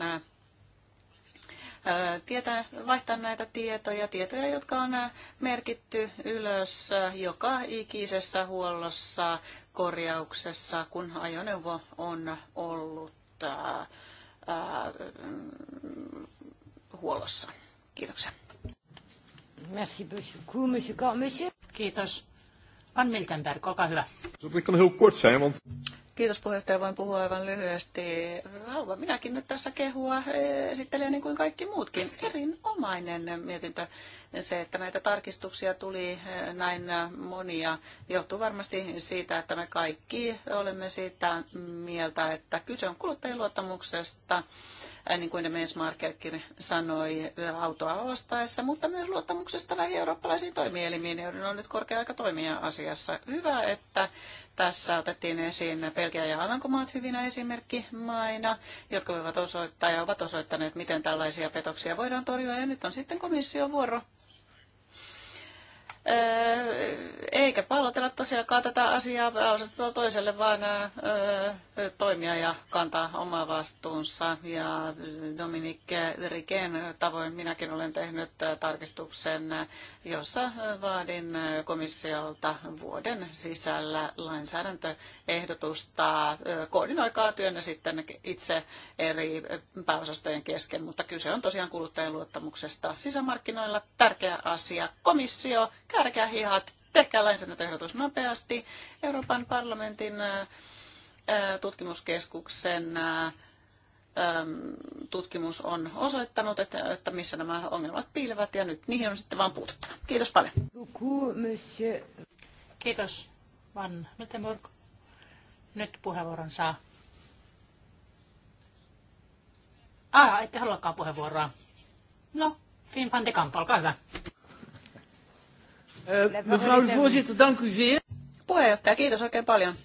tietää, vaihtaa näitä tietoja, tietoja, jotka on merkitty ylös joka ikisessä huollossa, korjauksessa, kun ajoneuvo on ollut huollossa. Kiitoksia. Merci beaucoup, Monsieur. Kiitos. Van Miltenberg, olkaa hyvä. Kiitos puheenjohtaja, voin puhua aivan lyhyesti. Haluan minäkin nyt tässä kehua eh, esittelijä niin kuin kaikki muutkin. Erinomainen mietintö. Se, että näitä tarkistuksia tuli eh, näin eh, monia, johtuu varmasti siitä, että me kaikki olemme siitä mieltä, että kyse on kuluttajien luottamuksesta, eh, niin kuin Demens Markerkin sanoi autoa ostaessa, mutta myös luottamuksesta näihin eurooppalaisiin toimielimiin, joiden on nyt korkea aika toimia asiassa. Hyvä, että tässä otettiin esiin Belgia ja Alankomaat hyvinä esimerkkimaina, jotka voivat osoittaa ja ovat osoittaneet, miten tällaisia petoksia voidaan torjua. Ja nyt on sitten komission vuoro eikä pallotella tosiaankaan tätä asiaa osasta toiselle, vaan toimia ja kantaa omaa vastuunsa. Ja Dominik Riken tavoin minäkin olen tehnyt tarkistuksen, jossa vaadin komissiolta vuoden sisällä lainsäädäntöehdotusta. Koordinoikaa työnne sitten itse eri pääosastojen kesken, mutta kyse on tosiaan kuluttajien luottamuksesta sisämarkkinoilla. Tärkeä asia. Komissio, härkää hihat, tehkää lainsäädäntöehdotus nopeasti. Euroopan parlamentin tutkimuskeskuksen tutkimus on osoittanut, että, että missä nämä ongelmat piilevät ja nyt niihin on sitten vaan puututtava. Kiitos paljon. Kiitos, Van Miltenburg. Nyt puheenvuoron saa. Ah, ette haluakaan puheenvuoroa. No, Finn olkaa hyvä. Eh, mevrouw de voorzitter, dank u zeer. Puheenjohtaja, kiitos oikein paljon.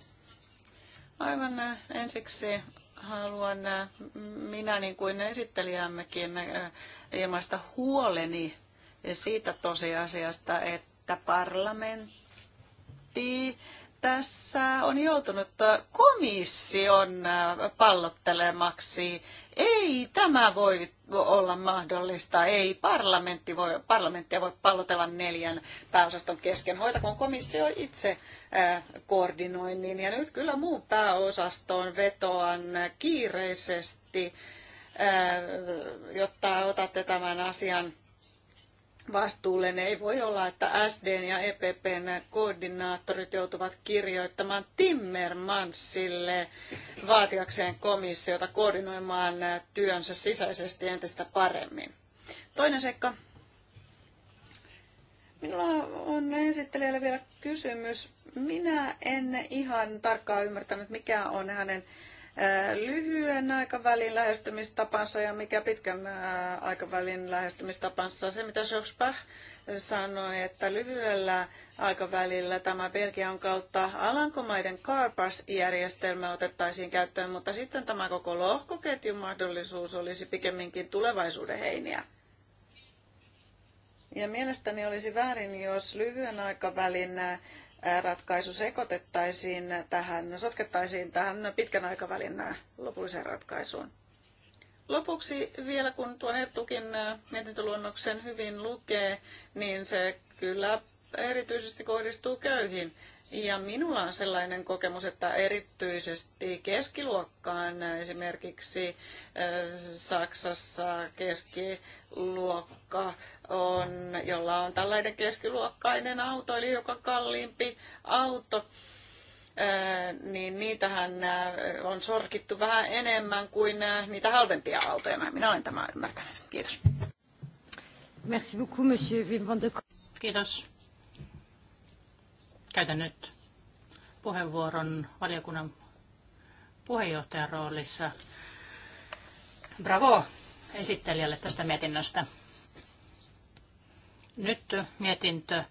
Aivan eh, ensiksi haluan eh, minä niin kuin esittelijämmekin ilmaista huoleni siitä tosiasiasta, että parlamentti tässä on joutunut komission pallottelemaksi. Ei tämä voi olla mahdollista. Ei parlamentti voi, parlamenttia voi pallotella neljän pääosaston kesken. Hoitakoon komissio itse äh, koordinoinnin. Ja nyt kyllä muun pääosastoon vetoan kiireisesti, äh, jotta otatte tämän asian Vastuullinen Ei voi olla, että SDn ja EPPn koordinaattorit joutuvat kirjoittamaan Timmermansille vaatiakseen komissiota koordinoimaan työnsä sisäisesti entistä paremmin. Toinen seikka. Minulla on esittelijälle vielä kysymys. Minä en ihan tarkkaan ymmärtänyt, mikä on hänen lyhyen aikavälin lähestymistapansa ja mikä pitkän aikavälin lähestymistapansa. Se, mitä Jospah sanoi, että lyhyellä aikavälillä tämä Belgian kautta Alankomaiden carpas järjestelmä otettaisiin käyttöön, mutta sitten tämä koko lohkoketjun mahdollisuus olisi pikemminkin tulevaisuuden heiniä. Ja mielestäni olisi väärin, jos lyhyen aikavälin ratkaisu sekoitettaisiin tähän, sotkettaisiin tähän pitkän aikavälin lopulliseen ratkaisuun. Lopuksi vielä kun tuon Ertukin mietintöluonnoksen hyvin lukee, niin se kyllä erityisesti kohdistuu köyhiin. Ja minulla on sellainen kokemus, että erityisesti keskiluokkaan esimerkiksi äh, Saksassa keski luokka on, jolla on tällainen keskiluokkainen auto, eli joka kalliimpi auto, niin niitähän on sorkittu vähän enemmän kuin niitä halvempia autoja. minä olen tämä ymmärtänyt. Kiitos. Merci beaucoup, monsieur de... Kiitos. Käytän nyt puheenvuoron valiokunnan puheenjohtajan roolissa. Bravo! esittelijälle tästä mietinnöstä. Nyt mietintö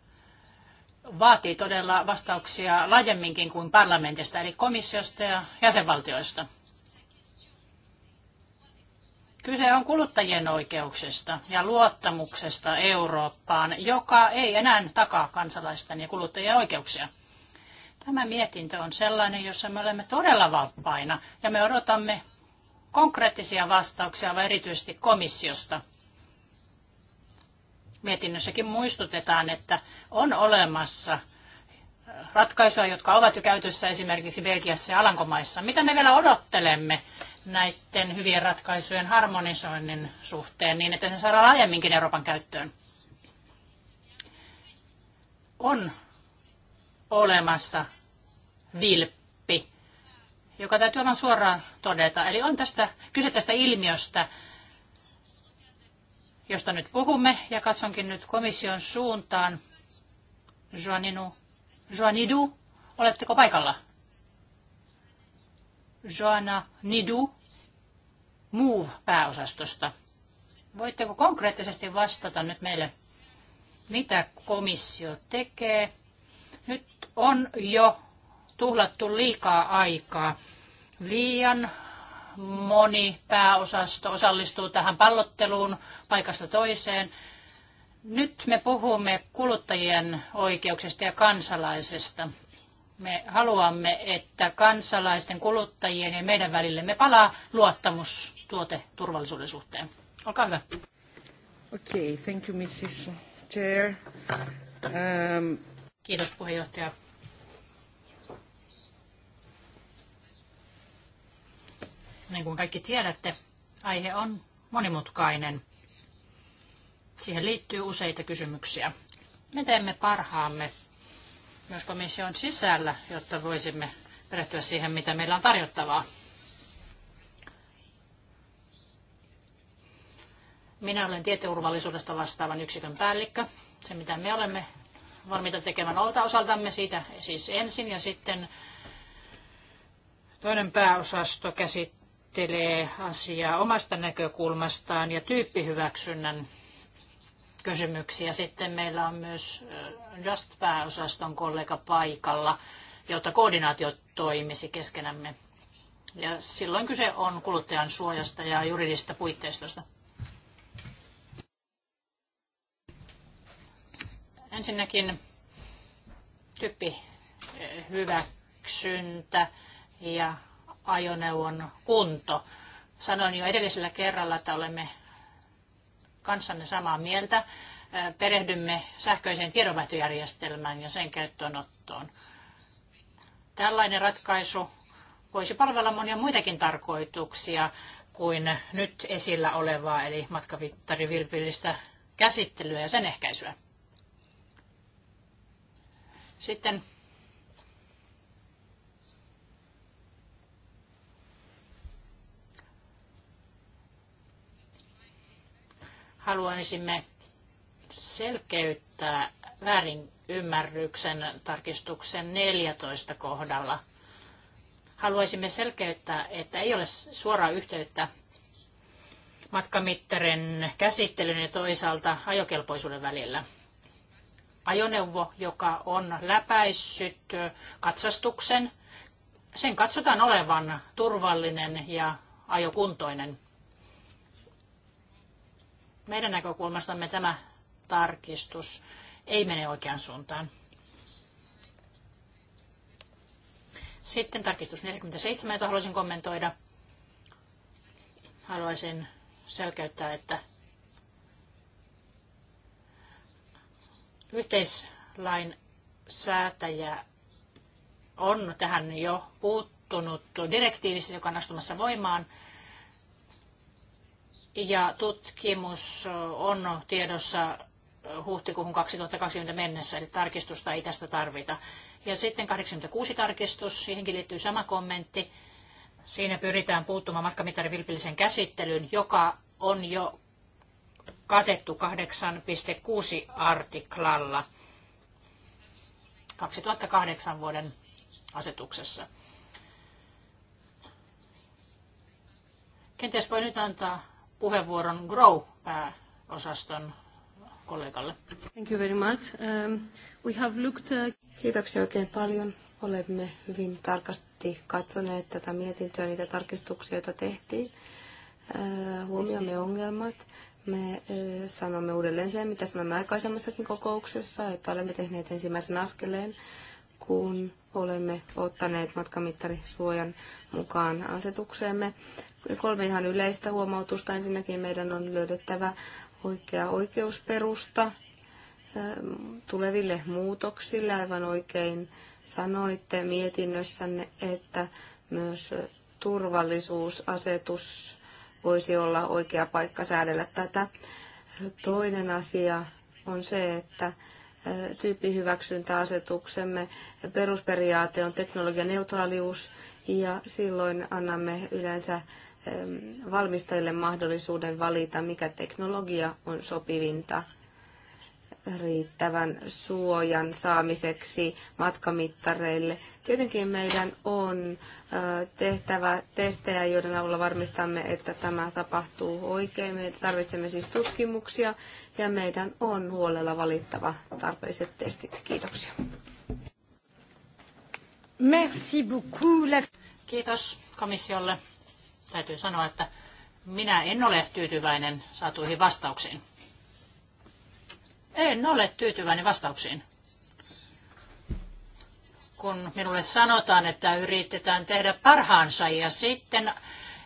vaatii todella vastauksia laajemminkin kuin parlamentista, eli komissiosta ja jäsenvaltioista. Kyse on kuluttajien oikeuksista ja luottamuksesta Eurooppaan, joka ei enää takaa kansalaisten ja kuluttajien oikeuksia. Tämä mietintö on sellainen, jossa me olemme todella vapaina ja me odotamme konkreettisia vastauksia, vai erityisesti komissiosta. Mietinnössäkin muistutetaan, että on olemassa äh, ratkaisuja, jotka ovat jo käytössä esimerkiksi Belgiassa ja Alankomaissa. Mitä me vielä odottelemme näiden hyvien ratkaisujen harmonisoinnin suhteen niin, että ne saadaan laajemminkin Euroopan käyttöön? On olemassa vilppi joka täytyy aivan suoraan todeta. Eli on tästä, kyse tästä ilmiöstä, josta nyt puhumme, ja katsonkin nyt komission suuntaan. Joaninu, Joanidu, oletteko paikalla? Joana Nidu, Move-pääosastosta. Voitteko konkreettisesti vastata nyt meille, mitä komissio tekee? Nyt on jo tuhlattu liikaa aikaa. Liian moni pääosasto osallistuu tähän pallotteluun paikasta toiseen. Nyt me puhumme kuluttajien oikeuksista ja kansalaisesta. Me haluamme, että kansalaisten, kuluttajien ja meidän välille me palaa luottamus tuoteturvallisuuden suhteen. Olkaa hyvä. Okay, thank you, Mrs. Chair. Um... Kiitos puheenjohtaja. Niin kuin kaikki tiedätte, aihe on monimutkainen. Siihen liittyy useita kysymyksiä. Me teemme parhaamme myös komission sisällä, jotta voisimme perehtyä siihen, mitä meillä on tarjottavaa. Minä olen tieteurvallisuudesta vastaavan yksikön päällikkö. Se, mitä me olemme valmiita tekemään olta osaltamme siitä siis ensin ja sitten toinen pääosasto käsittää käsittelee asiaa omasta näkökulmastaan ja tyyppihyväksynnän kysymyksiä. Sitten meillä on myös Just-pääosaston kollega paikalla, jotta koordinaatio toimisi keskenämme. Ja silloin kyse on kuluttajan suojasta ja juridisesta puitteistosta. Ensinnäkin tyyppi hyväksyntä ja ajoneuvon kunto. Sanoin jo edellisellä kerralla, että olemme kanssanne samaa mieltä. Perehdymme sähköiseen tiedonvaihtojärjestelmään ja sen käyttöönottoon. Tällainen ratkaisu voisi palvella monia muitakin tarkoituksia kuin nyt esillä olevaa, eli matkavittarivilpillistä käsittelyä ja sen ehkäisyä. Sitten haluaisimme selkeyttää väärin ymmärryksen tarkistuksen 14 kohdalla. Haluaisimme selkeyttää, että ei ole suoraa yhteyttä matkamittaren käsittelyn ja toisaalta ajokelpoisuuden välillä. Ajoneuvo, joka on läpäissyt katsastuksen, sen katsotaan olevan turvallinen ja ajokuntoinen. Meidän näkökulmastamme tämä tarkistus ei mene oikeaan suuntaan. Sitten tarkistus 47, jota haluaisin kommentoida. Haluaisin selkeyttää, että yhteislain säätäjä on tähän jo puuttunut direktiivissä, joka on astumassa voimaan – ja tutkimus on tiedossa huhtikuuhun 2020 mennessä, eli tarkistusta ei tästä tarvita. Ja sitten 86 tarkistus, siihenkin liittyy sama kommentti. Siinä pyritään puuttumaan matkamittarin vilpillisen käsittelyyn, joka on jo katettu 8.6 artiklalla 2008 vuoden asetuksessa. Kenties voi nyt antaa puheenvuoron Grow-pääosaston kollegalle. Thank you very much. Um, we have looked, uh... Kiitoksia oikein paljon. Olemme hyvin tarkasti katsoneet tätä mietintöä, niitä tarkistuksia, joita tehtiin. Uh, huomioimme ongelmat. Me uh, sanomme uudelleen sen, mitä sanomme aikaisemmassakin kokouksessa, että olemme tehneet ensimmäisen askeleen, kun olemme ottaneet matkamittarisuojan mukaan asetukseemme kolme ihan yleistä huomautusta. Ensinnäkin meidän on löydettävä oikea oikeusperusta ähm, tuleville muutoksille. Aivan oikein sanoitte mietinnössänne, että myös turvallisuusasetus voisi olla oikea paikka säädellä tätä. Toinen asia on se, että äh, tyyppihyväksyntäasetuksemme perusperiaate on teknologianeutraalius ja silloin annamme yleensä Ehm, valmistajille mahdollisuuden valita, mikä teknologia on sopivinta riittävän suojan saamiseksi matkamittareille. Tietenkin meidän on tehtävä testejä, joiden avulla varmistamme, että tämä tapahtuu oikein. Me tarvitsemme siis tutkimuksia ja meidän on huolella valittava tarpeelliset testit. Kiitoksia. Merci beaucoup. Kiitos komissiolle Täytyy sanoa, että minä en ole tyytyväinen saatuihin vastauksiin. En ole tyytyväinen vastauksiin. Kun minulle sanotaan, että yritetään tehdä parhaansa ja sitten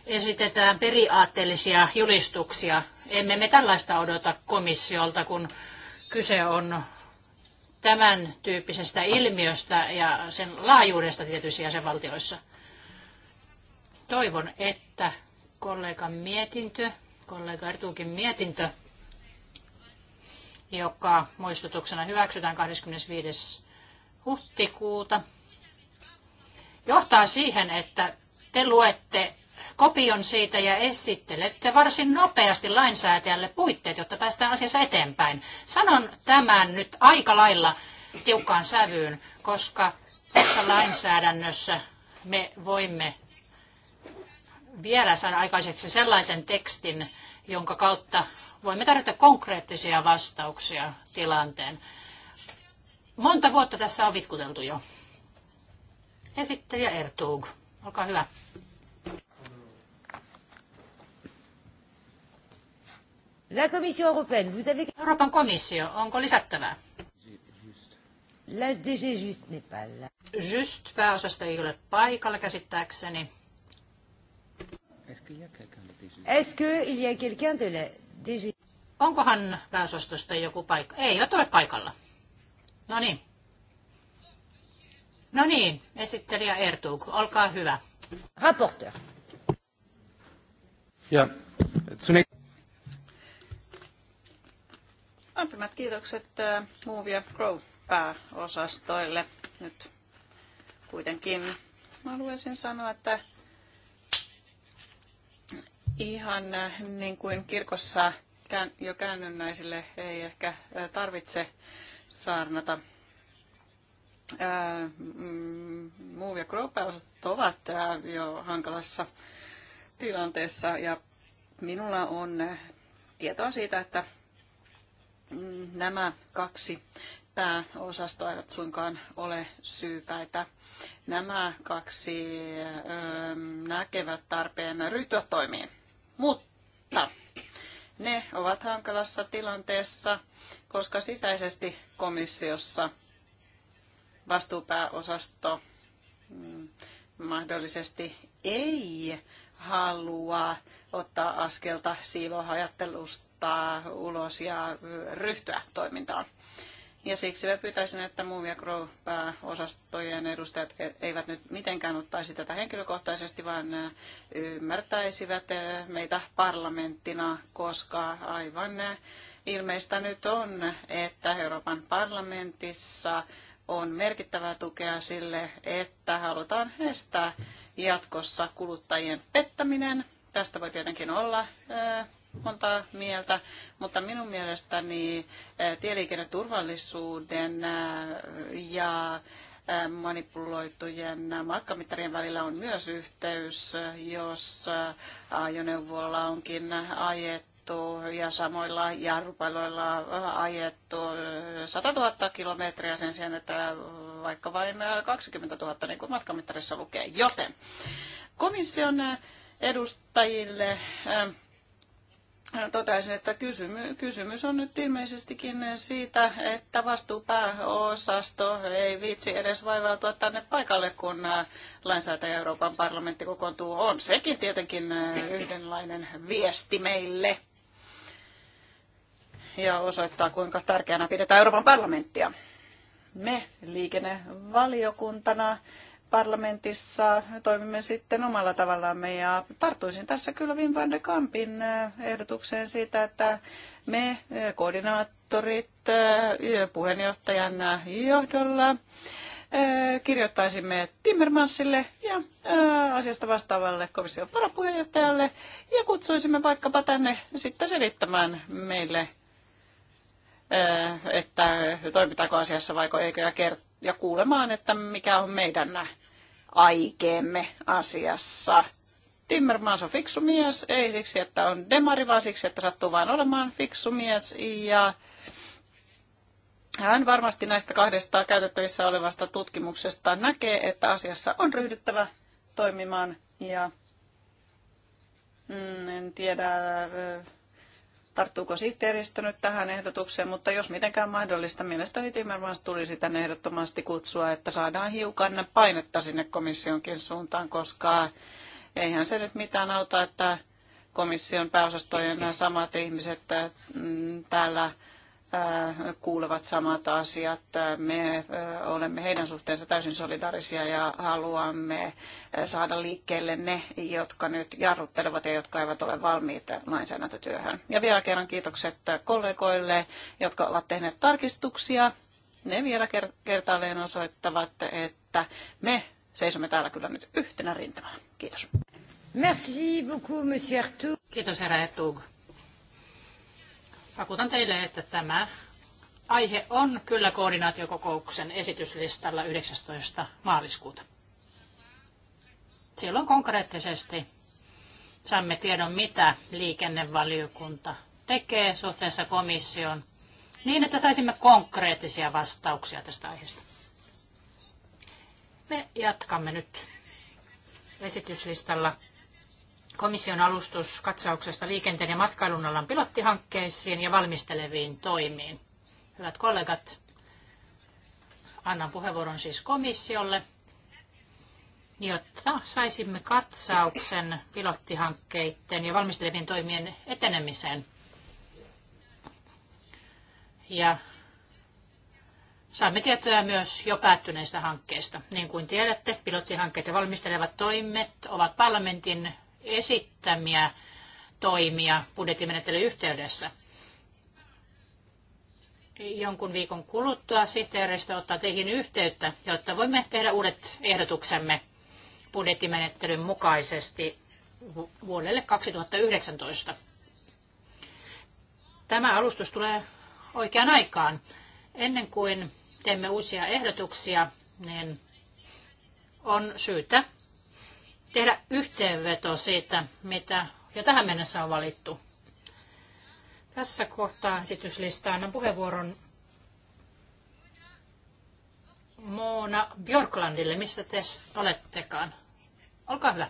esitetään periaatteellisia julistuksia. Emme me tällaista odota komissiolta, kun kyse on tämän tyyppisestä ilmiöstä ja sen laajuudesta tietyissä jäsenvaltioissa. Toivon, että kollegan mietintö, kollega Artuukin mietintö, joka muistutuksena hyväksytään 25. huhtikuuta, johtaa siihen, että te luette kopion siitä ja esittelette varsin nopeasti lainsäätäjälle puitteet, jotta päästään asiassa eteenpäin. Sanon tämän nyt aika lailla tiukkaan sävyyn, koska tässä lainsäädännössä me voimme vielä saan aikaiseksi sellaisen tekstin, jonka kautta voimme tarjota konkreettisia vastauksia tilanteen. Monta vuotta tässä on vitkuteltu jo. Esittelijä Ertug, olkaa hyvä. La Commission européenne, vous avez... Euroopan komissio, onko lisättävää? La DG Just n'est pas là. Just pääosasta ei ole paikalla käsittääkseni. Onkohan pääosastosta joku paikka? Ei, ole paikalla. No niin. No niin, esittelijä Ertug, olkaa hyvä. Raporteur. Ja, zunächst Lämpimät kiitokset äh, Move ja Grow pääosastoille. Nyt kuitenkin haluaisin sanoa, että Ihan äh, niin kuin kirkossa jo käännynnäisille ei ehkä äh, tarvitse saarnata. Äh, mm, Move ja Grow-pääosat ovat jo hankalassa tilanteessa ja minulla on tietoa siitä, että mm, nämä kaksi pääosastoa eivät suinkaan ole syypäitä. Nämä kaksi näkevät tarpeen ryhtyä toimiin mutta ne ovat hankalassa tilanteessa, koska sisäisesti komissiossa vastuupääosasto mm, mahdollisesti ei halua ottaa askelta siivohajattelusta ulos ja ryhtyä toimintaan. Ja siksi mä pyytäisin, että Move ja Grow-osastojen edustajat e- eivät nyt mitenkään ottaisi tätä henkilökohtaisesti, vaan ymmärtäisivät meitä parlamenttina, koska aivan ilmeistä nyt on, että Euroopan parlamentissa on merkittävää tukea sille, että halutaan estää jatkossa kuluttajien pettäminen. Tästä voi tietenkin olla montaa mieltä, mutta minun mielestäni eh, tieliikenneturvallisuuden eh, ja eh, manipuloitujen matkamittarien välillä on myös yhteys, jos ajoneuvolla onkin ajettu ajettu ja samoilla jarrupaloilla ajettu 100 000 kilometriä sen sijaan, että vaikka vain 20 000, niin kuin matkamittarissa lukee. Joten komission edustajille totesin, että kysymy, kysymys on nyt ilmeisestikin siitä, että vastuupääosasto ei viitsi edes vaivautua tänne paikalle, kun äh, lainsäätäjä Euroopan parlamentti kokoontuu. On sekin tietenkin äh, yhdenlainen viesti meille ja osoittaa, kuinka tärkeänä pidetään Euroopan parlamenttia. Me liikennevaliokuntana parlamentissa toimimme sitten omalla tavallamme. Ja tarttuisin tässä kyllä Wim van de Kampin eh, ehdotukseen siitä, että me eh, koordinaattorit eh, puheenjohtajan johdolla kirjoittaisimme Timmermansille ja asiasta vastaavalle komission varapuheenjohtajalle ja kutsuisimme vaikkapa tänne sitten selittämään meille että toimitaanko asiassa vai eikö ja, ja kuulemaan, että mikä on meidän aikeemme asiassa. Timmermans on fiksu mies, ei siksi, että on demari, vaan siksi, että sattuu vain olemaan fiksu mies. Ja hän varmasti näistä kahdesta käytettävissä olevasta tutkimuksesta näkee, että asiassa on ryhdyttävä toimimaan. Ja mm, en tiedä, tarttuuko sihteeristö nyt tähän ehdotukseen, mutta jos mitenkään mahdollista, mielestäni Timmermans tulisi tänne ehdottomasti kutsua, että saadaan hiukan painetta sinne komissionkin suuntaan, koska eihän se nyt mitään auta, että komission pääosastojen nämä samat ihmiset mm, täällä Äh, kuulevat samat asiat. Me äh, olemme heidän suhteensa täysin solidarisia ja haluamme äh, saada liikkeelle ne, jotka nyt jarruttelevat ja jotka eivät ole valmiita lainsäädäntötyöhön. Ja vielä kerran kiitokset kollegoille, jotka ovat tehneet tarkistuksia. Ne vielä kertaalleen osoittavat, että me seisomme täällä kyllä nyt yhtenä rintamana. Kiitos. Merci beaucoup, monsieur Kiitos, herra Ertug. Vakuutan teille, että tämä aihe on kyllä koordinaatiokokouksen esityslistalla 19. maaliskuuta. Silloin konkreettisesti saamme tiedon, mitä liikennevaliokunta tekee suhteessa komissioon, niin että saisimme konkreettisia vastauksia tästä aiheesta. Me jatkamme nyt esityslistalla komission alustuskatsauksesta liikenteen ja matkailun alan pilottihankkeisiin ja valmisteleviin toimiin. Hyvät kollegat, annan puheenvuoron siis komissiolle, jotta saisimme katsauksen pilottihankkeiden ja valmistelevien toimien etenemiseen. Ja Saamme tietoja myös jo päättyneistä hankkeista. Niin kuin tiedätte, pilottihankkeet ja valmistelevat toimet ovat parlamentin esittämiä toimia budjettimenettelyn yhteydessä. Jonkun viikon kuluttua sihteeristö ottaa teihin yhteyttä, jotta voimme tehdä uudet ehdotuksemme budjettimenettelyn mukaisesti vuodelle 2019. Tämä alustus tulee oikeaan aikaan. Ennen kuin teemme uusia ehdotuksia, niin on syytä tehdä yhteenveto siitä, mitä jo tähän mennessä on valittu. Tässä kohtaa esityslistaa annan puheenvuoron Moona Björklandille. Missä te olettekaan? Olkaa hyvä.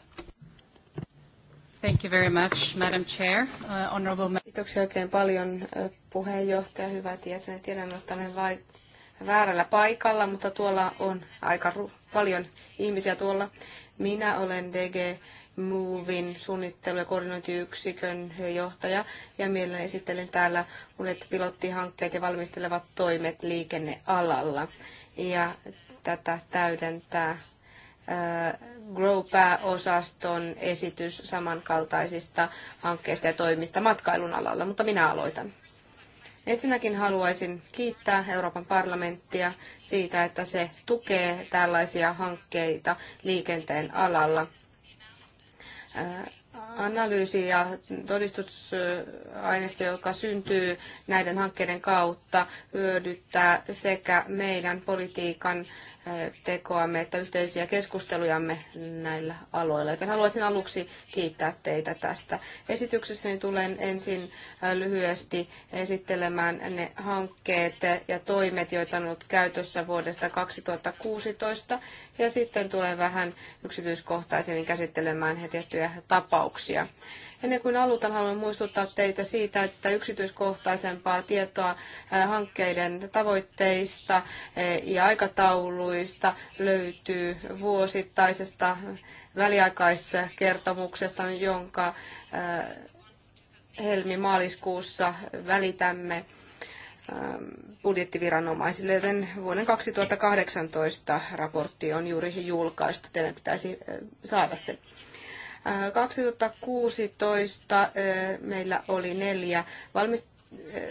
Thank you very much, Madam Chair. Uh, honorable... Kiitoksia oikein paljon uh, puheenjohtaja. Hyvät jäsenet, tiedän, että olen vai... väärällä paikalla, mutta tuolla on aika paljon ihmisiä tuolla. Minä olen DG Movin suunnittelu- ja koordinointiyksikön johtaja ja mielelläni esittelen täällä uudet pilottihankkeet ja valmistelevat toimet liikennealalla. Ja tätä täydentää Grow-pääosaston esitys samankaltaisista hankkeista ja toimista matkailun alalla, mutta minä aloitan. Ensinnäkin haluaisin kiittää Euroopan parlamenttia siitä, että se tukee tällaisia hankkeita liikenteen alalla. Analyysi ja todistusaineisto, joka syntyy näiden hankkeiden kautta, hyödyttää sekä meidän politiikan tekoamme että yhteisiä keskustelujamme näillä aloilla. Joten haluaisin aluksi kiittää teitä tästä. Esityksessäni tulen ensin äh, lyhyesti esittelemään ne hankkeet ja toimet, joita on ollut käytössä vuodesta 2016, ja sitten tulen vähän yksityiskohtaisemmin käsittelemään he tiettyjä tapauksia. Ennen kuin aloitan, haluan muistuttaa teitä siitä, että yksityiskohtaisempaa tietoa hankkeiden tavoitteista ja aikatauluista löytyy vuosittaisesta väliaikaiskertomuksesta, jonka helmi-maaliskuussa välitämme budjettiviranomaisille, joten vuoden 2018 raportti on juuri julkaistu. Teidän pitäisi saada se. 2016 äh, äh, meillä oli neljä valmist- äh,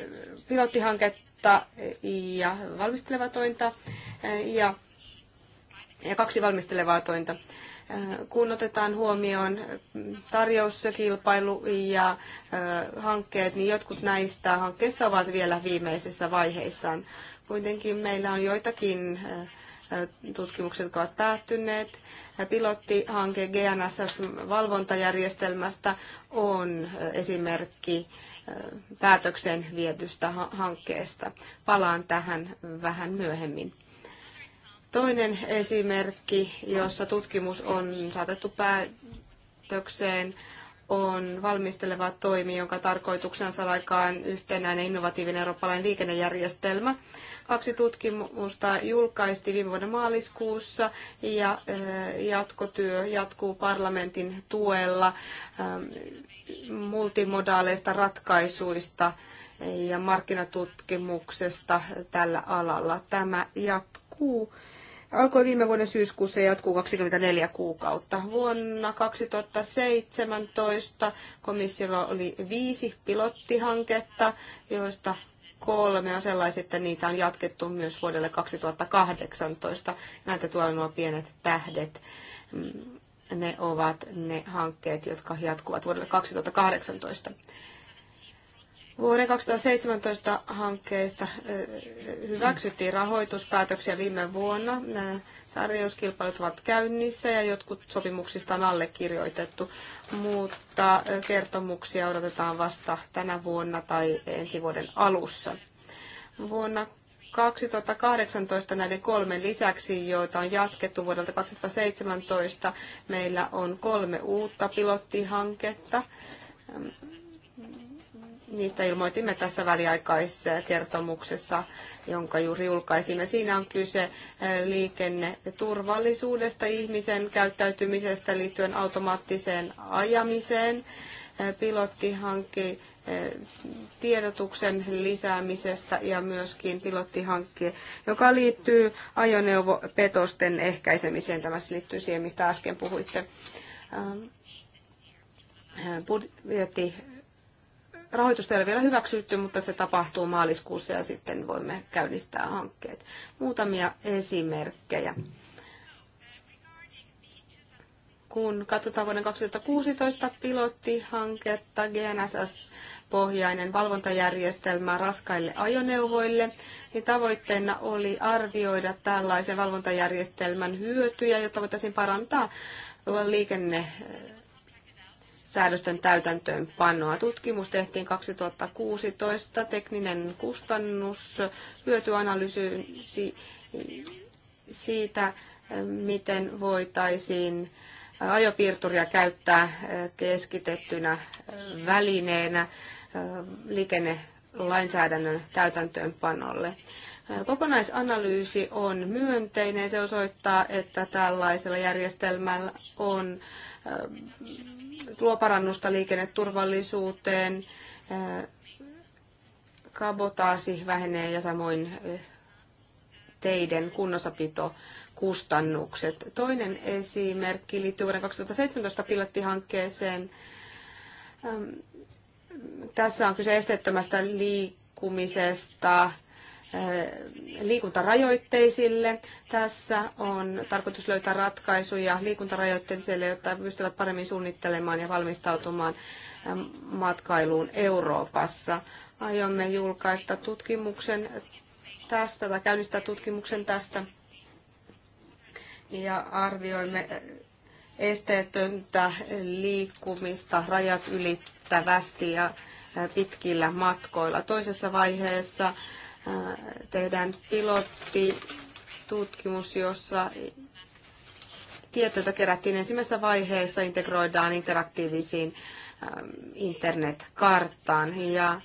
pilottihanketta ja valmistelevaa tointa ja, ja kaksi valmistelevaa tointa. Kun otetaan huomioon tarjouskilpailu ja hankkeet, niin jotkut näistä hankkeista ovat vielä viimeisessä vaiheissaan. Kuitenkin meillä on joitakin äh, tutkimukset, jotka ovat päättyneet. Pilottihanke GNSS-valvontajärjestelmästä on eh, esimerkki eh, päätöksen vietystä hankkeesta. Palaan tähän vähän myöhemmin. Toinen esimerkki, jossa tutkimus on saatettu päätökseen, on valmisteleva toimi, jonka tarkoituksena on saada aikaan yhtenäinen innovatiivinen eurooppalainen liikennejärjestelmä. Kaksi tutkimusta julkaisti viime vuoden maaliskuussa ja eh, jatkotyö jatkuu parlamentin tuella eh, multimodaaleista ratkaisuista ja markkinatutkimuksesta tällä alalla. Tämä jatkuu alkoi viime vuoden syyskuussa ja jatkuu 24 kuukautta. Vuonna 2017 komissiolla oli viisi pilottihanketta, joista kolme ja sellaisia, että niitä on jatkettu myös vuodelle 2018. Näitä tuolla nuo pienet tähdet, mm, ne ovat ne hankkeet, jotka jatkuvat vuodelle 2018. Vuoden 2017 hankkeista hyväksyttiin rahoituspäätöksiä viime vuonna. Nämä tarjouskilpailut ovat käynnissä ja jotkut sopimuksista on allekirjoitettu mutta kertomuksia odotetaan vasta tänä vuonna tai ensi vuoden alussa. Vuonna 2018 näiden kolmen lisäksi, joita on jatkettu vuodelta 2017, meillä on kolme uutta pilottihanketta. Niistä ilmoitimme tässä väliaikaiskertomuksessa. kertomuksessa jonka juuri julkaisimme. Siinä on kyse eh, liikenneturvallisuudesta, ihmisen käyttäytymisestä liittyen automaattiseen ajamiseen. Eh, pilottihanke eh, tiedotuksen lisäämisestä ja myöskin pilottihankkeen, joka liittyy ajoneuvopetosten ehkäisemiseen. Tämä siis liittyy siihen, mistä äsken puhuitte. Ähm, budjetti Rahoitusta ei ole vielä hyväksytty, mutta se tapahtuu maaliskuussa ja sitten voimme käynnistää hankkeet. Muutamia esimerkkejä. Kun katsotaan vuoden 2016 pilottihanketta GNSS pohjainen valvontajärjestelmä raskaille ajoneuvoille, niin tavoitteena oli arvioida tällaisen valvontajärjestelmän hyötyjä, jotta voitaisiin parantaa liikenne säädösten täytäntöönpanoa. Tutkimus tehtiin 2016, tekninen kustannus, hyötyanalyysi siitä, miten voitaisiin ajopiirturia käyttää keskitettynä välineenä liikennelainsäädännön täytäntöönpanolle. Kokonaisanalyysi on myönteinen. Se osoittaa, että tällaisella järjestelmällä on luo parannusta liikenneturvallisuuteen, kabotaasi vähenee ja samoin teiden kunnossapito kustannukset. Toinen esimerkki liittyy vuoden 2017 pilottihankkeeseen. Tässä on kyse esteettömästä liikkumisesta liikuntarajoitteisille. Tässä on tarkoitus löytää ratkaisuja liikuntarajoitteisille, jotta pystyvät paremmin suunnittelemaan ja valmistautumaan matkailuun Euroopassa. Aiomme julkaista tutkimuksen tästä tai käynnistää tutkimuksen tästä ja arvioimme esteetöntä liikkumista rajat ylittävästi ja pitkillä matkoilla. Toisessa vaiheessa Äh, tehdään pilottitutkimus, jossa tietoja kerättiin ensimmäisessä vaiheessa integroidaan interaktiivisiin ähm, internetkarttaan. Ja äh,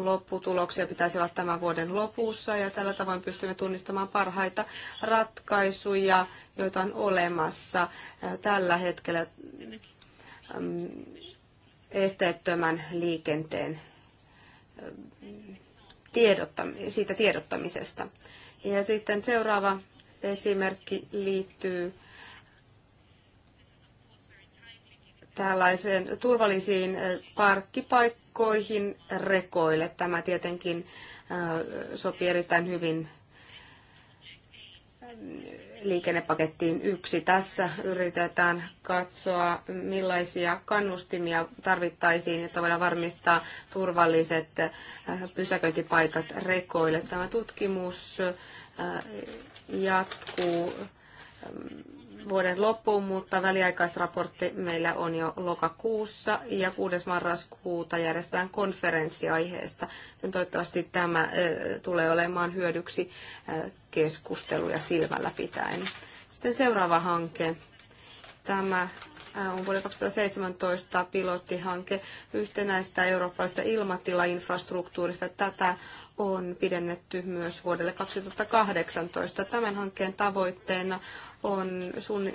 lopputuloksia pitäisi olla tämän vuoden lopussa ja tällä tavoin pystymme tunnistamaan parhaita ratkaisuja, joita on olemassa äh, tällä hetkellä ähm, esteettömän liikenteen ähm, tiedottam- siitä tiedottamisesta. Ja sitten seuraava esimerkki liittyy tällaiseen turvallisiin parkkipaikkoihin rekoille. Tämä tietenkin sopii erittäin hyvin liikennepakettiin yksi. Tässä yritetään katsoa, millaisia kannustimia tarvittaisiin, jotta voidaan varmistaa turvalliset äh, pysäköintipaikat rekoille. Tämä tutkimus äh, jatkuu vuoden loppuun, mutta väliaikaisraportti meillä on jo lokakuussa ja 6. marraskuuta järjestetään konferenssi aiheesta. Toivottavasti tämä tulee olemaan hyödyksi keskusteluja silmällä pitäen. Sitten seuraava hanke. Tämä on vuoden 2017 pilottihanke yhtenäistä eurooppalaisesta ilmatilainfrastruktuurista. Tätä on pidennetty myös vuodelle 2018. Tämän hankkeen tavoitteena on sun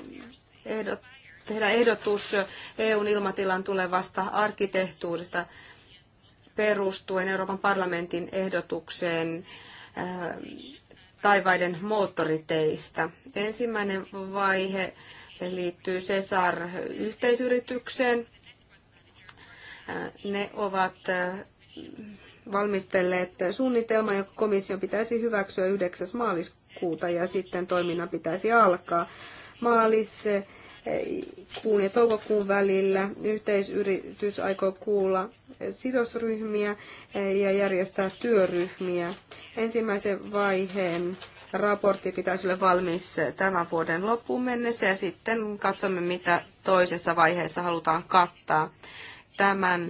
ehdot, tehdä ehdotus EUn ilmatilan tulevasta arkkitehtuurista perustuen Euroopan parlamentin ehdotukseen äh, taivaiden moottoriteistä. Ensimmäinen vaihe liittyy Cesar-yhteisyritykseen. Äh, ne ovat äh, valmistelleet suunnitelman, joka komission pitäisi hyväksyä 9. maaliskuuta ja sitten toiminnan pitäisi alkaa. maaliskuun eh, kuun ja toukokuun välillä yhteisyritys aikoo kuulla sidosryhmiä eh, ja järjestää työryhmiä. Ensimmäisen vaiheen raportti pitäisi olla valmis tämän vuoden loppuun mennessä ja sitten katsomme, mitä toisessa vaiheessa halutaan kattaa tämän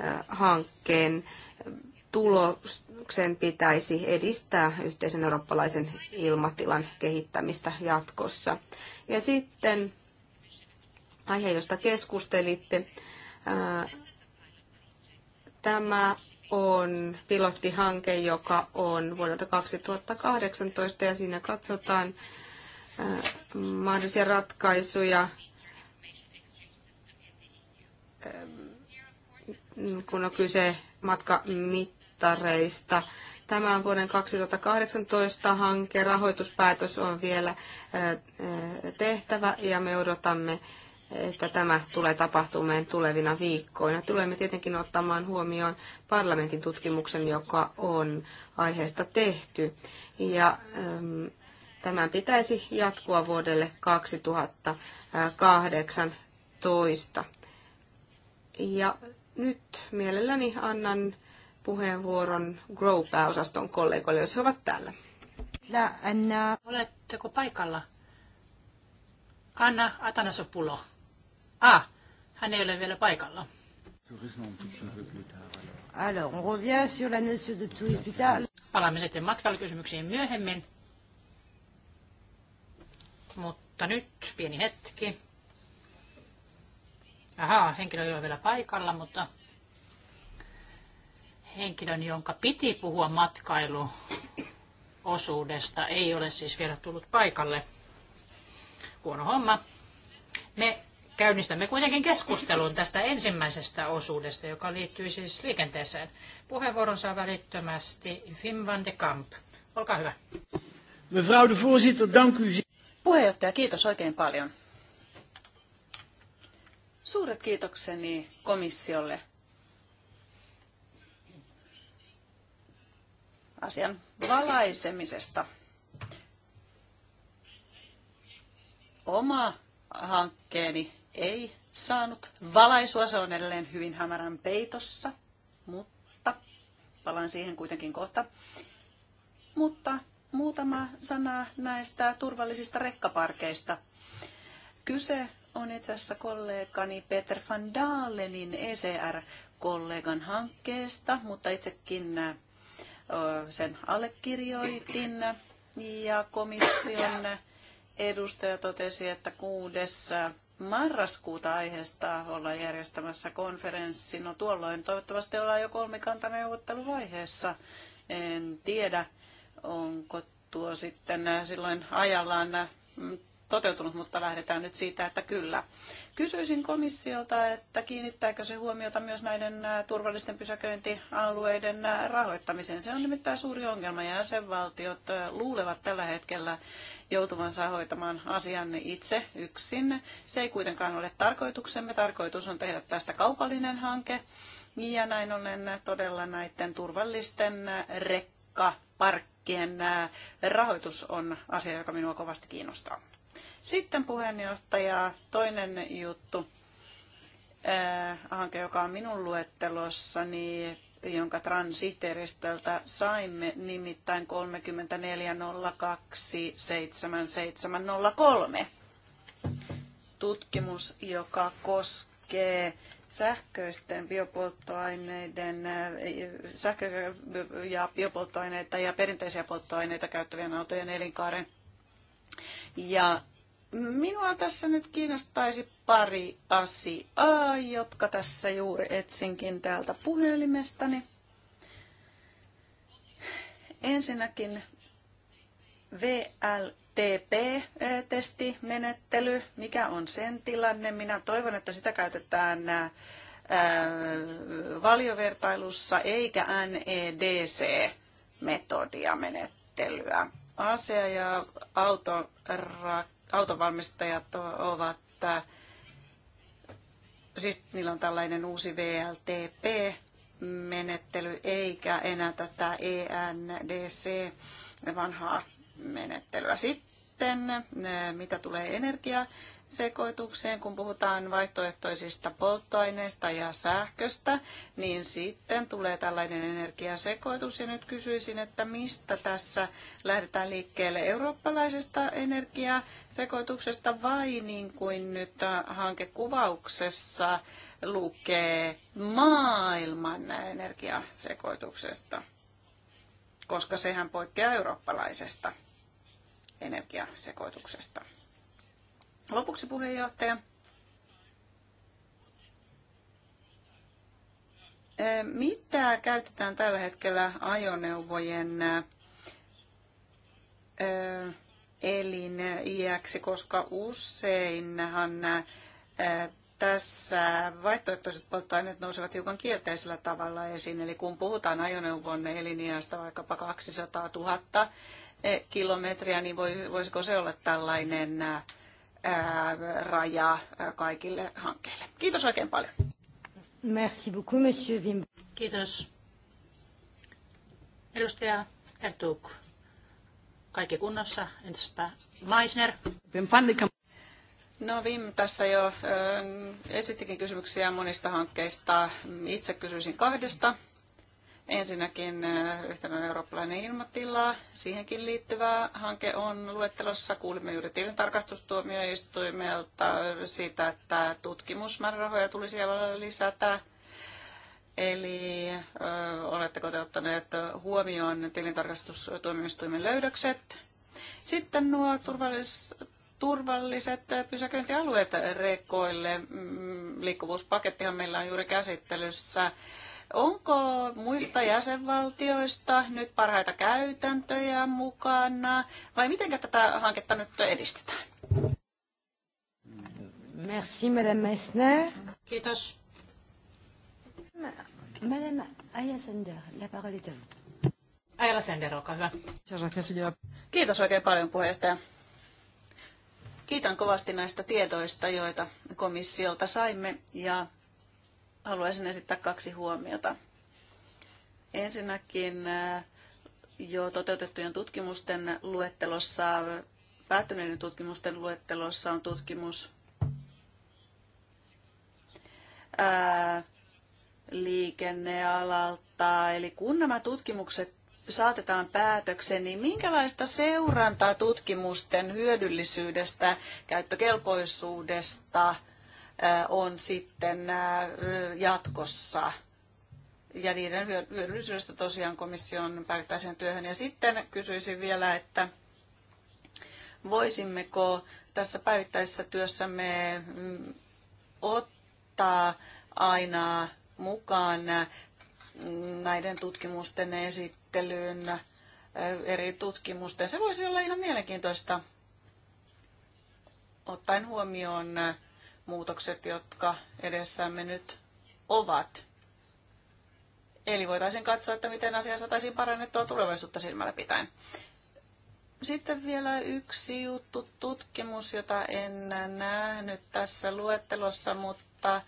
eh, hankkeen tuloksen pitäisi edistää yhteisen eurooppalaisen ilmatilan kehittämistä jatkossa. Ja sitten aihe, josta keskustelitte. Tämä on pilottihanke, joka on vuodelta 2018 ja siinä katsotaan mahdollisia ratkaisuja kun on kyse matkamittaroinnista mittareista. Tämä on vuoden 2018 hanke. Rahoituspäätös on vielä äh, äh, tehtävä ja me odotamme, että tämä tulee tapahtumaan tulevina viikkoina. Tulemme tietenkin ottamaan huomioon parlamentin tutkimuksen, joka on aiheesta tehty. Ja, ähm, tämän pitäisi jatkua vuodelle 2018. Ja nyt mielelläni annan puheenvuoron Grow-pääosaston kollegoille, jos he ovat täällä. Anna. Oletteko paikalla? Anna Atanasopulo. Ah, hän ei ole vielä paikalla. Alors, on revient sur la notion de tourisme plus Palaamme sitten matkailukysymyksiin myöhemmin. Mutta nyt pieni hetki. Ahaa, henkilö ei ole vielä paikalla, mutta henkilön, jonka piti puhua matkailuosuudesta, ei ole siis vielä tullut paikalle. Huono homma. Me käynnistämme kuitenkin keskustelun tästä ensimmäisestä osuudesta, joka liittyy siis liikenteeseen. Puheenvuoron saa välittömästi Fim van de Kamp. Olkaa hyvä. Mevrouw de voorzitter, dank u. Puheenjohtaja, kiitos oikein paljon. Suuret kiitokseni komissiolle asian valaisemisesta. Oma hankkeeni ei saanut valaisua, se on edelleen hyvin hämärän peitossa, mutta palaan siihen kuitenkin kohta. Mutta muutama sana näistä turvallisista rekkaparkeista. Kyse on itse asiassa kollegani Peter van Daalenin ECR-kollegan hankkeesta, mutta itsekin sen allekirjoitin ja komission edustaja totesi, että 6. marraskuuta aiheesta ollaan järjestämässä konferenssi. No tuolloin toivottavasti ollaan jo kolmikantaneuvotteluvaiheessa. En tiedä, onko tuo sitten silloin ajallaan toteutunut, mutta lähdetään nyt siitä, että kyllä. Kysyisin komissiolta, että kiinnittääkö se huomiota myös näiden turvallisten pysäköintialueiden rahoittamiseen. Se on nimittäin suuri ongelma ja jäsenvaltiot luulevat tällä hetkellä joutuvansa hoitamaan asian itse yksin. Se ei kuitenkaan ole tarkoituksemme. Tarkoitus on tehdä tästä kaupallinen hanke. Ja näin ollen todella näiden turvallisten rekkaparkkien rahoitus on asia, joka minua kovasti kiinnostaa. Sitten puheenjohtaja, toinen juttu, eh, hanke, joka on minun luettelossani, jonka transihteeristöltä saimme, nimittäin 34027703. Tutkimus, joka koskee sähköisten biopolttoaineiden, eh, sähkö- ja biopolttoaineita ja perinteisiä polttoaineita käyttävien autojen elinkaaren ja Minua tässä nyt kiinnostaisi pari asiaa, jotka tässä juuri etsinkin täältä puhelimestani. Ensinnäkin VLTP-testimenettely, eh, mikä on sen tilanne. Minä toivon, että sitä käytetään eh, valiovertailussa eikä NEDC-metodia menettelyä. Asia- ja autorak autovalmistajat ovat, äh, siis niillä on tällainen uusi VLTP, menettely eikä enää tätä ENDC vanhaa menettelyä. Sitten äh, mitä tulee energiaa sekoitukseen, kun puhutaan vaihtoehtoisista polttoaineista ja sähköstä, niin sitten tulee tällainen energiasekoitus. Ja nyt kysyisin, että mistä tässä lähdetään liikkeelle eurooppalaisesta energiasekoituksesta vai niin kuin nyt hankekuvauksessa lukee maailman energiasekoituksesta, koska sehän poikkeaa eurooppalaisesta energiasekoituksesta. Lopuksi puheenjohtaja. Mitä käytetään tällä hetkellä ajoneuvojen elin iäksi, koska useinhan tässä vaihtoehtoiset polttoaineet nousevat hiukan kielteisellä tavalla esiin. Eli kun puhutaan ajoneuvon eliniästä vaikkapa 200 000 kilometriä, niin voisiko se olla tällainen raja kaikille hankkeille. Kiitos oikein paljon. Merci beaucoup, monsieur Wim. Kiitos. Edustaja Ertug. Kaikki kunnossa. Entäspä Meisner? No Vim tässä jo esittikin kysymyksiä monista hankkeista. Itse kysyisin kahdesta Ensinnäkin äh, yhtenä eurooppalainen ilmatila, siihenkin liittyvä hanke on luettelossa. Kuulimme juuri tilintarkastustuomioistuimelta siitä, että tutkimusmäärärahoja tulisi lisätä. Eli ö, oletteko te ottaneet huomioon tilintarkastustuomioistuimen löydökset? Sitten nuo turvallis, turvalliset pysäköintialueet rekoille. Mm, liikkuvuuspakettihan meillä on juuri käsittelyssä. Onko muista jäsenvaltioista nyt parhaita käytäntöjä mukana vai miten tätä hanketta nyt edistetään? Merci, Madame Messner. Kiitos. Madame Ayasender, la parole est à olkaa hyvä. Kiitos oikein paljon puheenjohtaja. Kiitän kovasti näistä tiedoista, joita komissiolta saimme ja haluaisin esittää kaksi huomiota. Ensinnäkin äh, jo toteutettujen tutkimusten luettelossa, päättyneiden tutkimusten luettelossa on tutkimus ää, äh, liikennealalta. Eli kun nämä tutkimukset saatetaan päätöksen, niin minkälaista seurantaa tutkimusten hyödyllisyydestä, käyttökelpoisuudesta – on sitten jatkossa. Ja niiden hyödyllisyydestä tosiaan komission päivittäiseen työhön. Ja sitten kysyisin vielä, että voisimmeko tässä päivittäisessä työssämme mm, ottaa aina mukaan näiden tutkimusten esittelyyn eri tutkimusten. Se voisi olla ihan mielenkiintoista ottaen huomioon muutokset, jotka edessämme nyt ovat. Eli voitaisiin katsoa, että miten asia saataisiin parannettua tulevaisuutta silmällä pitäen. Sitten vielä yksi juttu, tutkimus, jota en nähnyt tässä luettelossa, mutta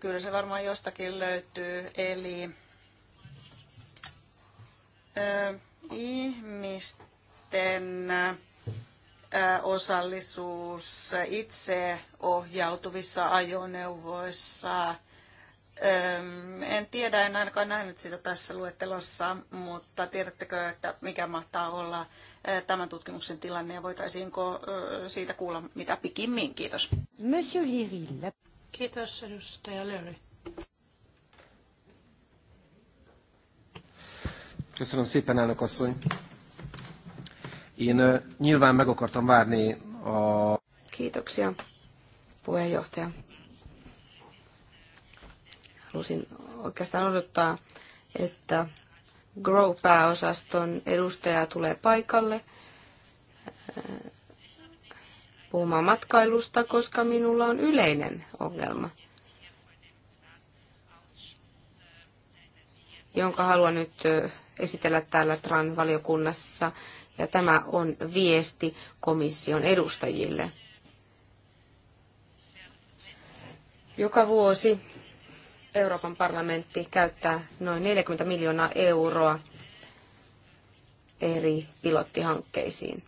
kyllä se varmaan jostakin löytyy. Eli äh, ihmisten osallisuus itse ohjautuvissa ajoneuvoissa. En tiedä, en ainakaan nähnyt sitä tässä luettelossa, mutta tiedättekö, että mikä mahtaa olla tämän tutkimuksen tilanne ja voitaisiinko siitä kuulla mitä pikimmin? Kiitos. Monsieur Lirille. Kiitos, edustaja Lyri. Köszönöm szépen, elnök nyilván meg akartam várni a... Kiitoksia, puheenjohtaja. Halusin oikeastaan odottaa, että Grow-pääosaston edustaja tulee paikalle äh, puhumaan matkailusta, koska minulla on yleinen ongelma, jonka haluan nyt esitellä täällä TRAN-valiokunnassa ja tämä on viesti komission edustajille. Joka vuosi Euroopan parlamentti käyttää noin 40 miljoonaa euroa eri pilottihankkeisiin.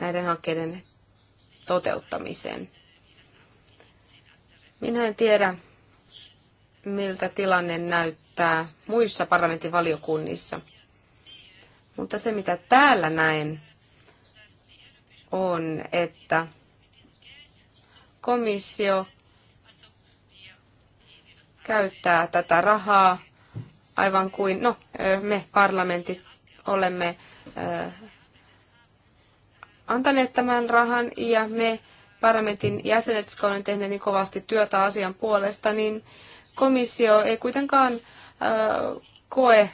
Näiden hankkeiden toteuttamiseen. Minä en tiedä, miltä tilanne näyttää muissa parlamentin valiokunnissa – mutta se, mitä täällä näen, on, että komissio käyttää tätä rahaa aivan kuin, no, me parlamentit olemme antaneet tämän rahan ja me parlamentin jäsenet, jotka olemme tehneet niin kovasti työtä asian puolesta, niin komissio ei kuitenkaan koe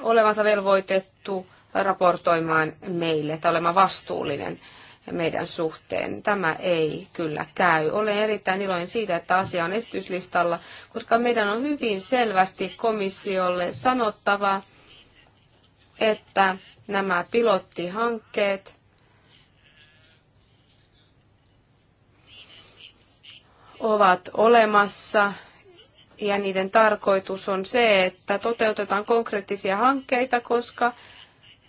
olevansa velvoitettu velvoitettu raportoimaan meille tai olemaan vastuullinen meidän suhteen. Tämä ei kyllä käy. Olen erittäin iloinen siitä, että asia on esityslistalla, koska meidän on hyvin selvästi komissiolle sanottava, että nämä pilottihankkeet ovat olemassa ja niiden tarkoitus on se, että toteutetaan konkreettisia hankkeita, koska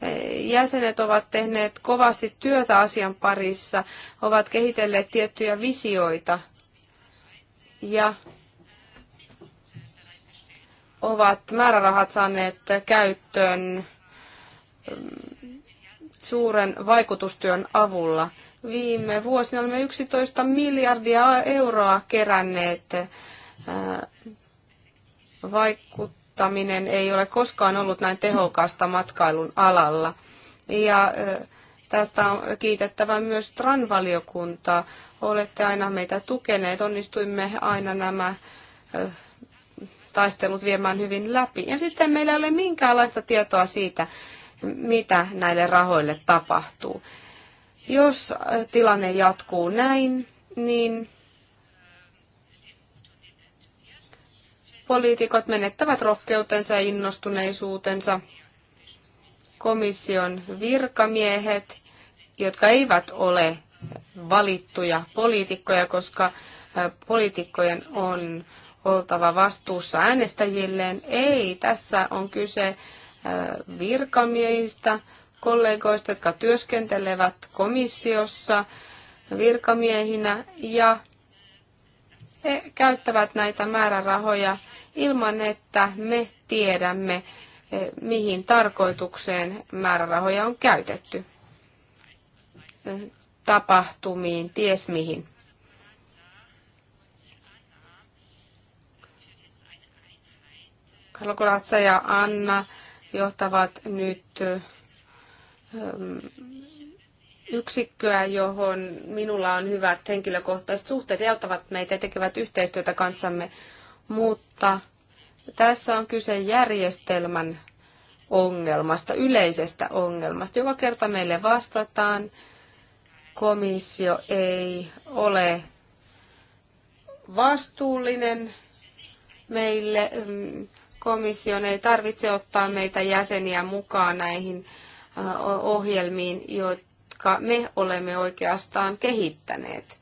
eh, jäsenet ovat tehneet kovasti työtä asian parissa, ovat kehitelleet tiettyjä visioita ja ovat määrärahat saaneet käyttöön mm, suuren vaikutustyön avulla. Viime vuosina olemme 11 miljardia euroa keränneet vaikuttaminen ei ole koskaan ollut näin tehokasta matkailun alalla. Ja tästä on kiitettävä myös tran valiokunta Olette aina meitä tukeneet. Onnistuimme aina nämä taistelut viemään hyvin läpi. Ja sitten meillä ei ole minkäänlaista tietoa siitä, mitä näille rahoille tapahtuu. Jos tilanne jatkuu näin, niin Poliitikot menettävät rohkeutensa ja innostuneisuutensa. Komission virkamiehet, jotka eivät ole valittuja poliitikkoja, koska poliitikkojen on oltava vastuussa äänestäjilleen. Ei, tässä on kyse virkamiehistä, kollegoista, jotka työskentelevät komissiossa virkamiehinä ja he käyttävät näitä määrärahoja ilman, että me tiedämme, eh, mihin tarkoitukseen määrärahoja on käytetty eh, tapahtumiin, ties mihin. Kalkulatsa ja Anna johtavat nyt eh, mm, yksikköä, johon minulla on hyvät henkilökohtaiset suhteet ja auttavat meitä ja tekevät yhteistyötä kanssamme mutta tässä on kyse järjestelmän ongelmasta, yleisestä ongelmasta. Joka kerta meille vastataan, komissio ei ole vastuullinen meille. Mm, komission ei tarvitse ottaa meitä jäseniä mukaan näihin ohjelmiin, jotka me olemme oikeastaan kehittäneet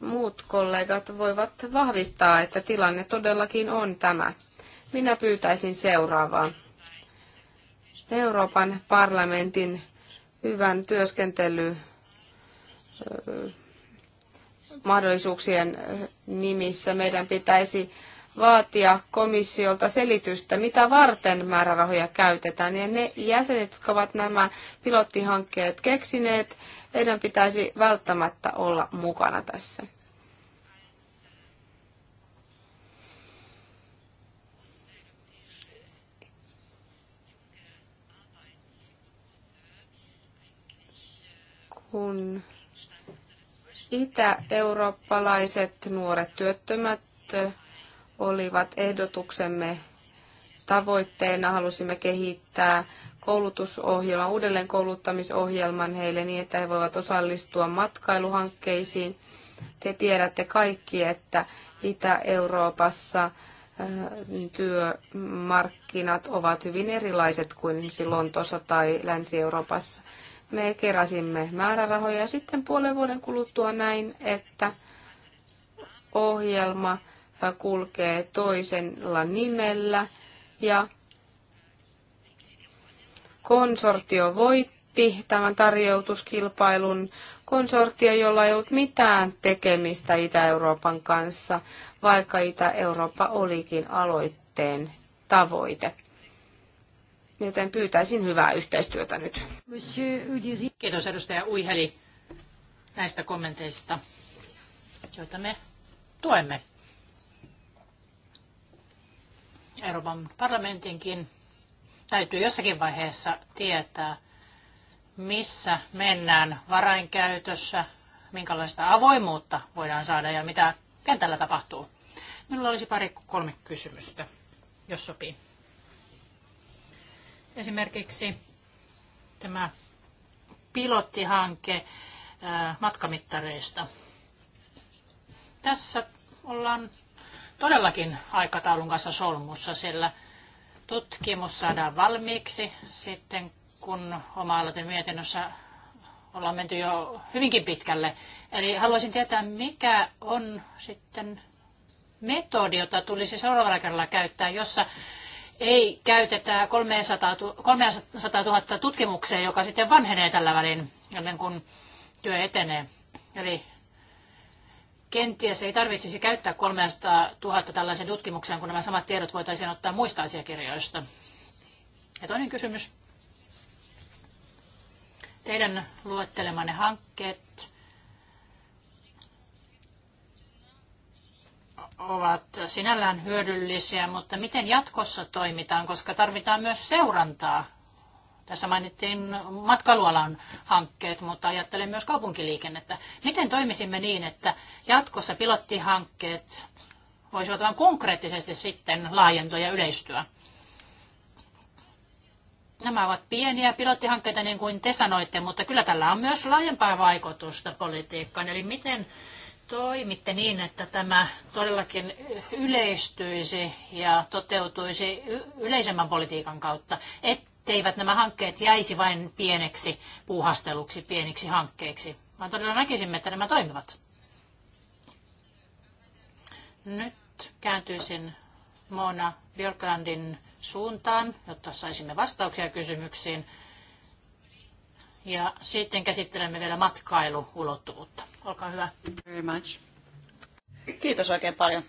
muut kollegat voivat vahvistaa, että tilanne todellakin on tämä. Minä pyytäisin seuraavaa. Euroopan parlamentin hyvän työskentely mahdollisuuksien nimissä meidän pitäisi vaatia komissiolta selitystä, mitä varten määrärahoja käytetään. Ja ne jäsenet, jotka ovat nämä pilottihankkeet keksineet, heidän pitäisi välttämättä olla mukana tässä. kun itä-eurooppalaiset nuoret työttömät olivat ehdotuksemme tavoitteena, halusimme kehittää koulutusohjelman, uudelleenkouluttamisohjelman heille niin, että he voivat osallistua matkailuhankkeisiin. Te tiedätte kaikki, että Itä-Euroopassa äh, työmarkkinat ovat hyvin erilaiset kuin silloin tuossa tai Länsi-Euroopassa. Me keräsimme määrärahoja ja sitten puolen vuoden kuluttua näin, että ohjelma äh, kulkee toisella nimellä ja konsortio voitti tämän tarjoutuskilpailun. Konsortio, jolla ei ollut mitään tekemistä Itä-Euroopan kanssa, vaikka Itä-Eurooppa olikin aloitteen tavoite. Joten pyytäisin hyvää yhteistyötä nyt. Kiitos edustaja Uiheli näistä kommenteista, joita me tuemme. Euroopan parlamentinkin Täytyy jossakin vaiheessa tietää, missä mennään varainkäytössä, minkälaista avoimuutta voidaan saada ja mitä kentällä tapahtuu. Minulla olisi pari kolme kysymystä, jos sopii. Esimerkiksi tämä pilottihanke matkamittareista. Tässä ollaan todellakin aikataulun kanssa solmussa, sillä – tutkimus saadaan valmiiksi sitten, kun oma mietinnössä ollaan menty jo hyvinkin pitkälle. Eli haluaisin tietää, mikä on sitten metodi, jota tulisi seuraavalla kerralla käyttää, jossa ei käytetä 300 000 tutkimukseen, joka sitten vanhenee tällä välin, ennen kuin työ etenee. Eli kenties ei tarvitsisi käyttää 300 000 tällaisen tutkimukseen, kun nämä samat tiedot voitaisiin ottaa muista asiakirjoista. Ja toinen kysymys. Teidän luettelemanne hankkeet ovat sinällään hyödyllisiä, mutta miten jatkossa toimitaan, koska tarvitaan myös seurantaa tässä mainittiin matkailualan hankkeet, mutta ajattelen myös kaupunkiliikennettä. Miten toimisimme niin, että jatkossa pilottihankkeet voisivat vain konkreettisesti sitten laajentua ja yleistyä? Nämä ovat pieniä pilottihankkeita, niin kuin te sanoitte, mutta kyllä tällä on myös laajempaa vaikutusta politiikkaan. Eli miten toimitte niin, että tämä todellakin yleistyisi ja toteutuisi yleisemmän politiikan kautta, että etteivät nämä hankkeet jäisi vain pieneksi puuhasteluksi, pieniksi hankkeiksi, vaan todella näkisimme, että nämä toimivat. Nyt kääntyisin Mona Björklandin suuntaan, jotta saisimme vastauksia kysymyksiin. Ja sitten käsittelemme vielä matkailuulottuvuutta. Olkaa hyvä. Very much. Kiitos oikein paljon.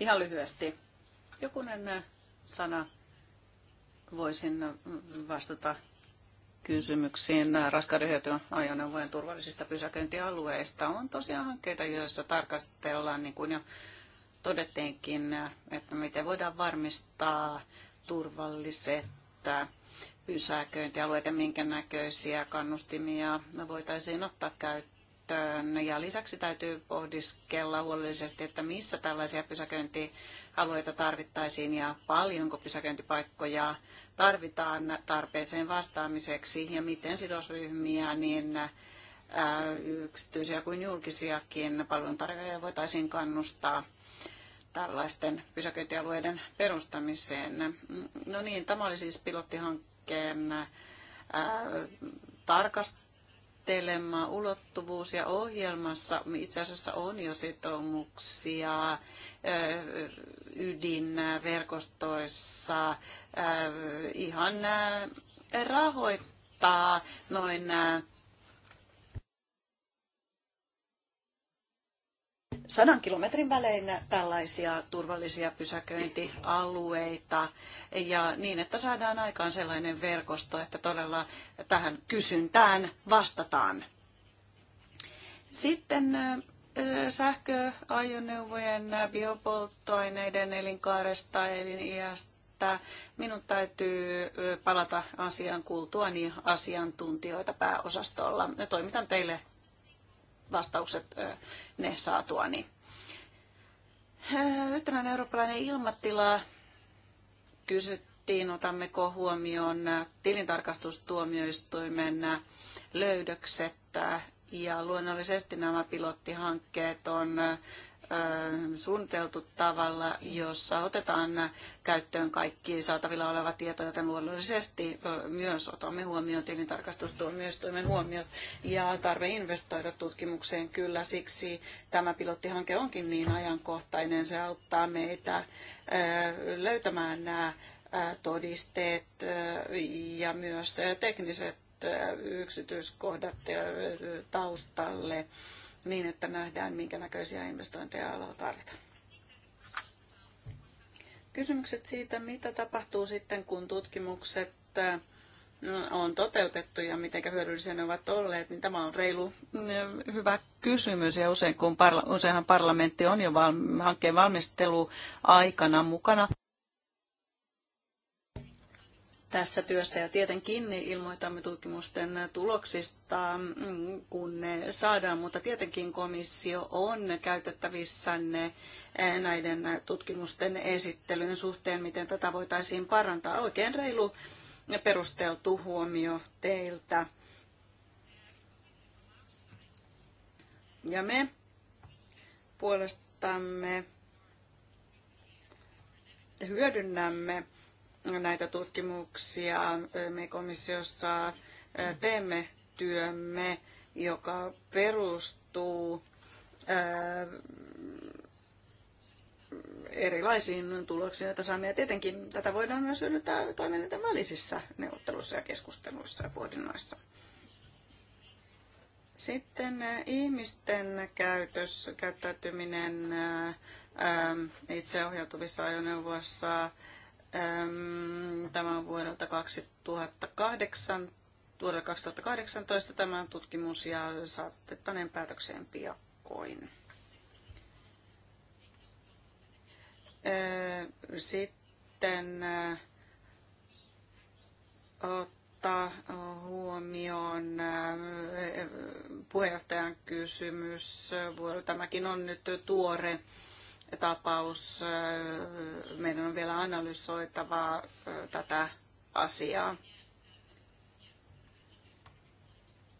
Ihan lyhyesti. Jokunen sana voisin vastata kysymyksiin raskauden hyötyä ajoneuvojen turvallisista pysäköintialueista. On tosiaan hankkeita, joissa tarkastellaan, niin kuin jo todettiinkin, että miten voidaan varmistaa turvalliset pysäköintialueet ja minkä näköisiä kannustimia voitaisiin ottaa käyttöön. Ja lisäksi täytyy pohdiskella huolellisesti, että missä tällaisia pysäköintialueita alueita tarvittaisiin ja paljonko pysäköintipaikkoja tarvitaan tarpeeseen vastaamiseksi ja miten sidosryhmiä niin yksityisiä kuin julkisiakin palveluntarjoajia voitaisiin kannustaa tällaisten pysäköintialueiden perustamiseen. Mm, no niin, tämä oli siis pilottihankkeen tarkast houkuttelema ulottuvuus ja ohjelmassa itse asiassa on jo sitoumuksia eh, ydinverkostoissa eh, ihan eh, rahoittaa noin sadan kilometrin välein tällaisia turvallisia pysäköintialueita ja niin, että saadaan aikaan sellainen verkosto, että todella tähän kysyntään vastataan. Sitten sähköajoneuvojen biopolttoaineiden elinkaaresta eliniästä minun täytyy palata asiaan niin asiantuntijoita pääosastolla. Toimitan teille vastaukset ne saatua. Niin. Yhtenäinen eurooppalainen ilmatila kysyttiin, otammeko huomioon tilintarkastustuomioistuimen löydökset ja luonnollisesti nämä pilottihankkeet on Äh, suunniteltu tavalla, jossa otetaan käyttöön kaikki saatavilla oleva tieto, joten luonnollisesti myös otamme huomioon tilintarkastustuomioistuimen huomiot ja tarve investoida tutkimukseen kyllä. Siksi tämä pilottihanke onkin niin ajankohtainen. Se auttaa meitä löytämään nämä todisteet ja myös tekniset yksityiskohdat taustalle niin, että nähdään, minkä näköisiä investointeja alalla tarvitaan. Kysymykset siitä, mitä tapahtuu sitten, kun tutkimukset äh, on toteutettu ja miten hyödyllisiä ne ovat olleet, niin tämä on reilu äh, hyvä kysymys. Ja usein, kun parla, useinhan parlamentti on jo val, hankkeen valmisteluaikana mukana tässä työssä ja tietenkin ilmoitamme tutkimusten tuloksista, kun ne saadaan, mutta tietenkin komissio on käytettävissänne näiden tutkimusten esittelyn suhteen, miten tätä voitaisiin parantaa. Oikein reilu ja perusteltu huomio teiltä. Ja me puolestamme hyödynnämme näitä tutkimuksia. Me komissiossa teemme työmme, joka perustuu erilaisiin tuloksiin, joita saamme. Ja tietenkin tätä voidaan myös hyödyntää toimijoiden välisissä neuvotteluissa ja keskusteluissa ja pohdinnoissa. Sitten ihmisten käytös, käyttäytyminen itseohjautuvissa ajoneuvoissa, Tämä on vuodelta 2008, vuodelta 2018 tämä tutkimus ja tänne päätökseen piakkoin. Sitten ottaa huomioon puheenjohtajan kysymys. Tämäkin on nyt tuore tapaus. Meidän on vielä analysoitava tätä asiaa.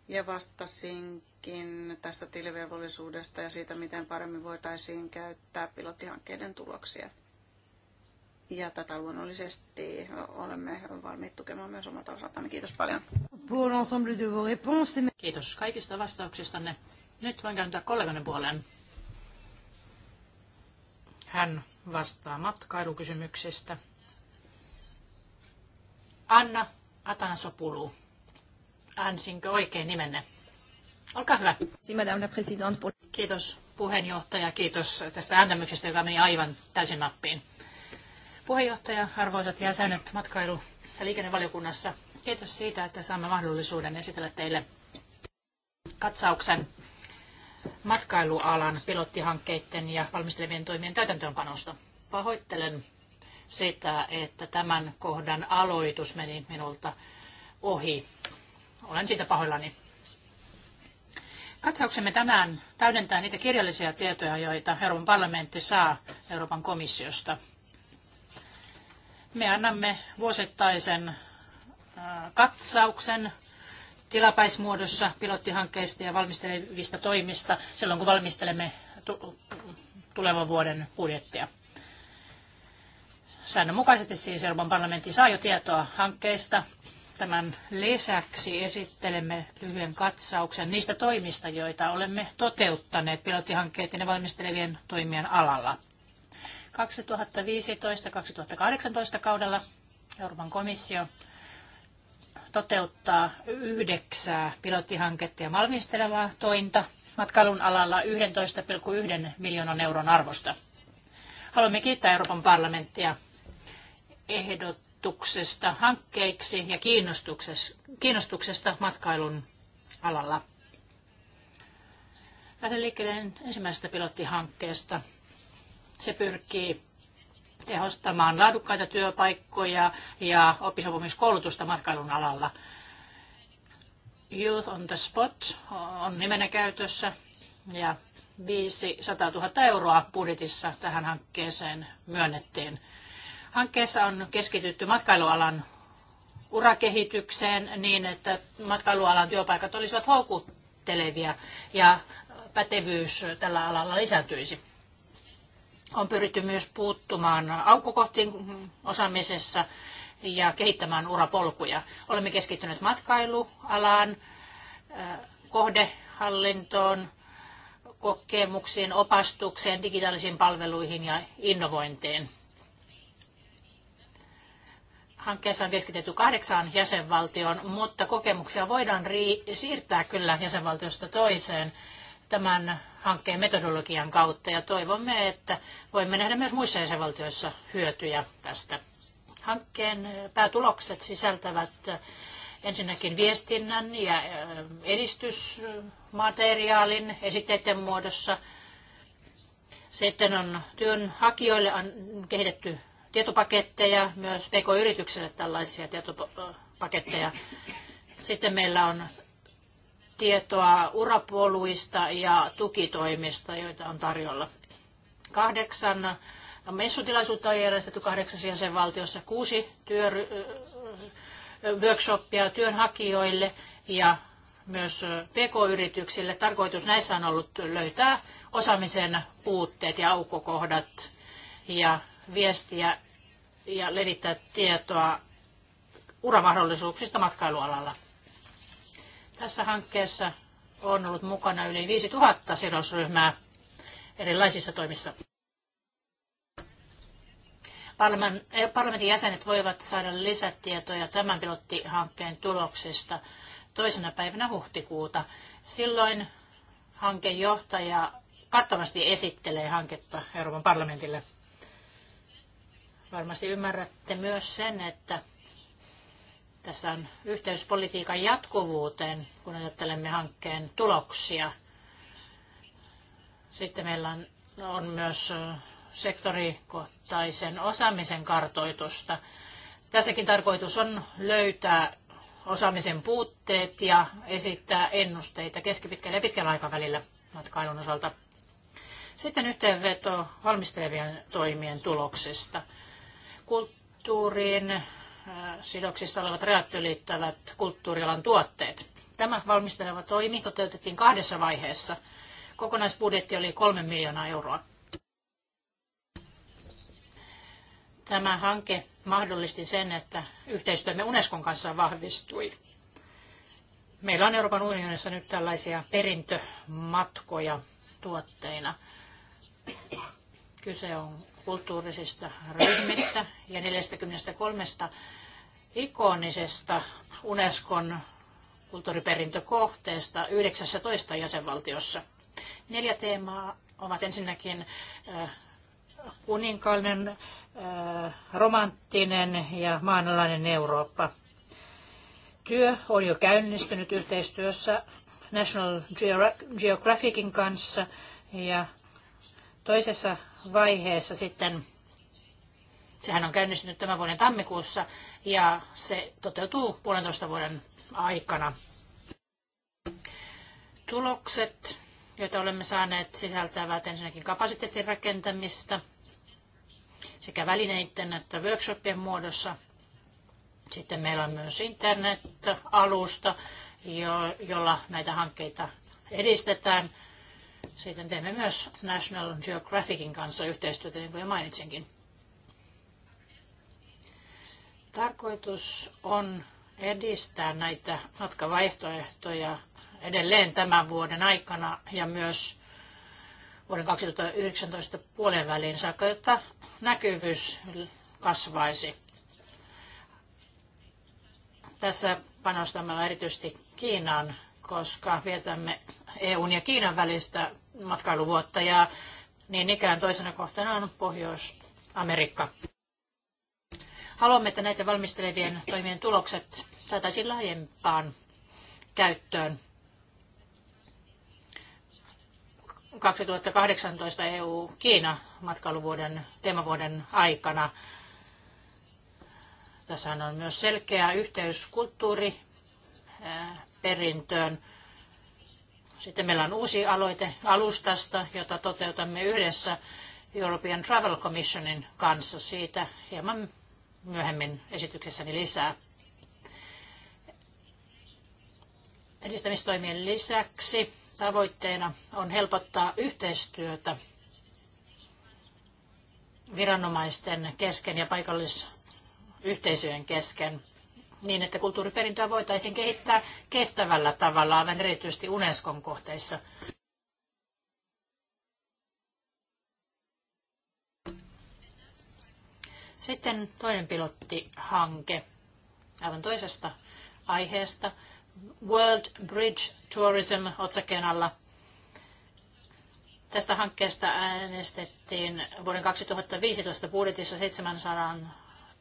Ja vastasinkin tästä tilivelvollisuudesta ja siitä, miten paremmin voitaisiin käyttää pilottihankkeiden tuloksia. Ja tätä luonnollisesti olemme valmiit tukemaan myös omalta osaltamme. Kiitos paljon. Kiitos kaikista vastauksistanne. Nyt voin kääntää kolleganne puoleen. Hän vastaa matkailukysymyksistä. Anna Atansopulu. Äänsinkö oikein nimenne? Olkaa hyvä. Kiitos puheenjohtaja, kiitos tästä ääntämyksestä, joka meni aivan täysin nappiin. Puheenjohtaja, arvoisat jäsenet matkailu- ja liikennevaliokunnassa, kiitos siitä, että saamme mahdollisuuden esitellä teille katsauksen matkailualan pilottihankkeiden ja valmistelevien toimien täytäntöönpanosta. Pahoittelen sitä, että tämän kohdan aloitus meni minulta ohi. Olen siitä pahoillani. Katsauksemme tänään täydentää niitä kirjallisia tietoja, joita Euroopan parlamentti saa Euroopan komissiosta. Me annamme vuosittaisen äh, katsauksen tilapäismuodossa pilottihankkeista ja valmistelevista toimista silloin, kun valmistelemme tulevan vuoden budjettia. Säännönmukaisesti siis Euroopan parlamentti saa jo tietoa hankkeista. Tämän lisäksi esittelemme lyhyen katsauksen niistä toimista, joita olemme toteuttaneet pilottihankkeet ja valmistelevien toimien alalla. 2015-2018 kaudella Euroopan komissio toteuttaa yhdeksää pilottihanketta ja valmistelevaa tointa matkailun alalla 11,1 miljoonan euron arvosta. Haluamme kiittää Euroopan parlamenttia ehdotuksesta hankkeiksi ja kiinnostuksesta matkailun alalla. Lähden liikkeelle ensimmäisestä pilottihankkeesta. Se pyrkii tehostamaan laadukkaita työpaikkoja ja oppisopimuskoulutusta matkailun alalla. Youth on the Spot on nimenä käytössä ja 500 000 euroa budjetissa tähän hankkeeseen myönnettiin. Hankkeessa on keskitytty matkailualan urakehitykseen niin, että matkailualan työpaikat olisivat houkuttelevia ja pätevyys tällä alalla lisääntyisi. On pyritty myös puuttumaan aukkokohtiin osaamisessa ja kehittämään urapolkuja. Olemme keskittyneet matkailualaan, äh, kohdehallintoon, kokemuksiin, opastukseen, digitaalisiin palveluihin ja innovointiin. Hankkeessa on keskitetty kahdeksaan jäsenvaltioon, mutta kokemuksia voidaan siirtää kyllä jäsenvaltiosta toiseen tämän hankkeen metodologian kautta ja toivomme, että voimme nähdä myös muissa jäsenvaltioissa hyötyjä tästä. Hankkeen päätulokset sisältävät ensinnäkin viestinnän ja edistysmateriaalin esitteiden muodossa. Sitten on työnhakijoille kehitetty tietopaketteja, myös PK-yrityksille tällaisia tietopaketteja. Sitten meillä on tietoa urapoluista ja tukitoimista, joita on tarjolla. Kahdeksan messutilaisuutta on järjestetty kahdeksassa jäsenvaltiossa, kuusi työry- workshoppia työnhakijoille ja myös PK-yrityksille. Tarkoitus näissä on ollut löytää osaamisen puutteet ja aukkokohdat ja viestiä ja levittää tietoa uramahdollisuuksista matkailualalla. Tässä hankkeessa on ollut mukana yli 5000 sidosryhmää erilaisissa toimissa. Eh, parlamentin jäsenet voivat saada lisätietoja tämän pilottihankkeen tuloksista toisena päivänä huhtikuuta. Silloin hankejohtaja kattavasti esittelee hanketta Euroopan parlamentille. Varmasti ymmärrätte myös sen, että tässä on yhteys politiikan jatkuvuuteen, kun ajattelemme hankkeen tuloksia. Sitten meillä on, on myös sektorikohtaisen osaamisen kartoitusta. Tässäkin tarkoitus on löytää osaamisen puutteet ja esittää ennusteita keskipitkällä ja pitkällä aikavälillä matkailun osalta. Sitten yhteenveto valmistelevien toimien tuloksista. Kulttuurin Äh, sidoksissa olevat rajat ylittävät kulttuurialan tuotteet. Tämä valmisteleva toimi toteutettiin kahdessa vaiheessa. Kokonaisbudjetti oli 3 miljoonaa euroa. Tämä hanke mahdollisti sen, että yhteistyömme Unescon kanssa vahvistui. Meillä on Euroopan unionissa nyt tällaisia perintömatkoja tuotteina. Kyse on kulttuurisista ryhmistä ja 43 ikonisesta Unescon kulttuuriperintökohteesta 19 jäsenvaltiossa. Neljä teemaa ovat ensinnäkin äh, kuninkaallinen, äh, romanttinen ja maanalainen Eurooppa. Työ on jo käynnistynyt yhteistyössä National Geographicin kanssa ja Toisessa vaiheessa sitten, sehän on käynnistynyt tämän vuoden tammikuussa ja se toteutuu puolentoista vuoden aikana. Tulokset, joita olemme saaneet, sisältävät ensinnäkin kapasiteetin rakentamista sekä välineiden että workshopien muodossa. Sitten meillä on myös internet-alusta, jolla näitä hankkeita edistetään. Sitten teemme myös National Geographicin kanssa yhteistyötä, niin kuin jo mainitsinkin. Tarkoitus on edistää näitä matkavaihtoehtoja edelleen tämän vuoden aikana ja myös vuoden 2019 puolen väliin saakka, jotta näkyvyys kasvaisi. Tässä panostamme erityisesti Kiinaan, koska vietämme EUn ja Kiinan välistä matkailuvuotta ja niin ikään toisena kohtana on Pohjois-Amerikka. Haluamme, että näitä valmistelevien toimien tulokset saataisiin laajempaan käyttöön. 2018 EU-Kiina matkailuvuoden teemavuoden aikana. Tässä on myös selkeä yhteys kulttuuriperintöön sitten meillä on uusi aloite alustasta, jota toteutamme yhdessä European Travel Commissionin kanssa. Siitä hieman myöhemmin esityksessäni lisää. Edistämistoimien lisäksi tavoitteena on helpottaa yhteistyötä viranomaisten kesken ja paikallisyhteisöjen kesken niin, että kulttuuriperintöä voitaisiin kehittää kestävällä tavalla, aivan erityisesti Unescon kohteissa. Sitten toinen pilottihanke aivan toisesta aiheesta. World Bridge Tourism otsakkeen alla. Tästä hankkeesta äänestettiin vuoden 2015 budjetissa 700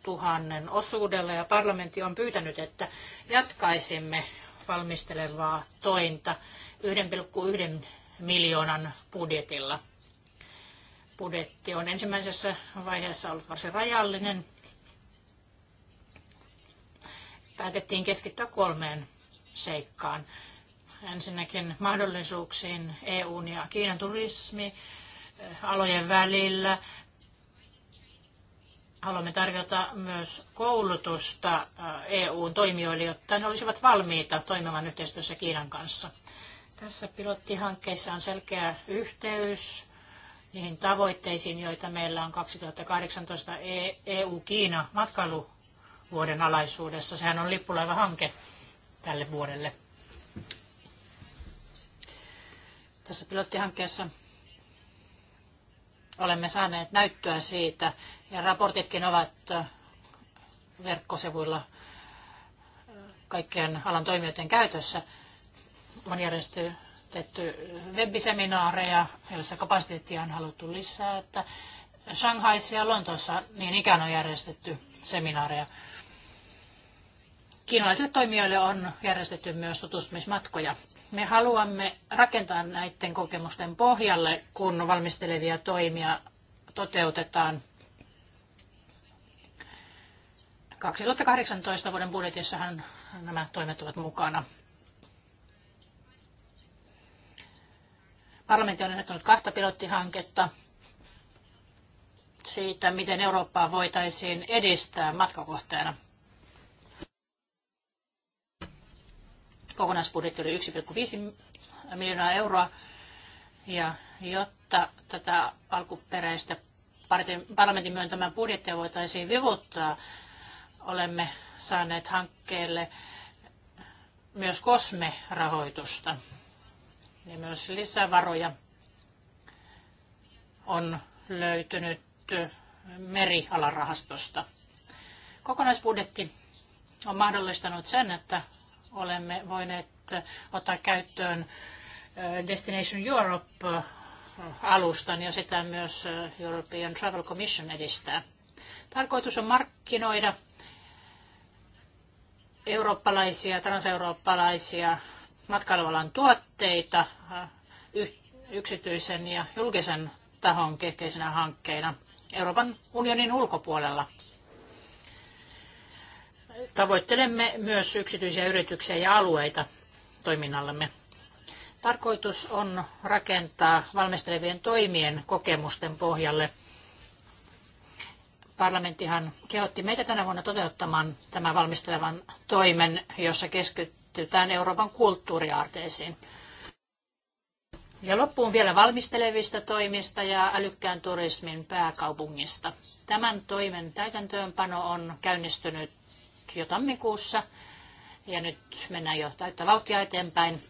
tuhannen osuudella ja parlamentti on pyytänyt, että jatkaisimme valmistelevaa tointa 1,1 miljoonan budjetilla. Budjetti on ensimmäisessä vaiheessa ollut varsin rajallinen. Päätettiin keskittyä kolmeen seikkaan. Ensinnäkin mahdollisuuksiin EUn ja Kiinan turismi alojen välillä, Haluamme tarjota myös koulutusta eu toimijoille, jotta ne olisivat valmiita toimimaan yhteistyössä Kiinan kanssa. Tässä pilottihankkeessa on selkeä yhteys niihin tavoitteisiin, joita meillä on 2018 EU-Kiina e matkailuvuoden alaisuudessa. Sehän on lippulaivahanke tälle vuodelle. Tässä pilottihankkeessa olemme saaneet näyttöä siitä ja raportitkin ovat verkkosivuilla kaikkien alan toimijoiden käytössä. On järjestetty webiseminaareja, joissa kapasiteettia on haluttu lisää. Että Shanghaissa ja Lontoossa niin ikään on järjestetty seminaareja kiinalaisille toimijoille on järjestetty myös tutustumismatkoja. Me haluamme rakentaa näiden kokemusten pohjalle, kun valmistelevia toimia toteutetaan. 2018 vuoden budjetissahan nämä toimet ovat mukana. Parlamentti on ehdottanut kahta pilottihanketta siitä, miten Eurooppaa voitaisiin edistää matkakohteena. Kokonaisbudjetti oli 1,5 miljoonaa euroa. Ja jotta tätä alkuperäistä parlamentin myöntämää budjettia voitaisiin vivuttaa, olemme saaneet hankkeelle myös kosmerahoitusta ja myös lisävaroja on löytynyt merialarahastosta. Kokonaisbudjetti on mahdollistanut sen, että olemme voineet ottaa käyttöön Destination Europe-alustan ja sitä myös European Travel Commission edistää. Tarkoitus on markkinoida eurooppalaisia, transeurooppalaisia matkailualan tuotteita yksityisen ja julkisen tahon keskeisenä hankkeina Euroopan unionin ulkopuolella. Tavoittelemme myös yksityisiä yrityksiä ja alueita toiminnallamme. Tarkoitus on rakentaa valmistelevien toimien kokemusten pohjalle. Parlamenttihan kehotti meitä tänä vuonna toteuttamaan tämän valmistelevan toimen, jossa keskitytään Euroopan kulttuuriaarteisiin. Ja loppuun vielä valmistelevista toimista ja älykkään turismin pääkaupungista. Tämän toimen täytäntöönpano on käynnistynyt jo tammikuussa ja nyt mennään jo täyttä vauhtia eteenpäin.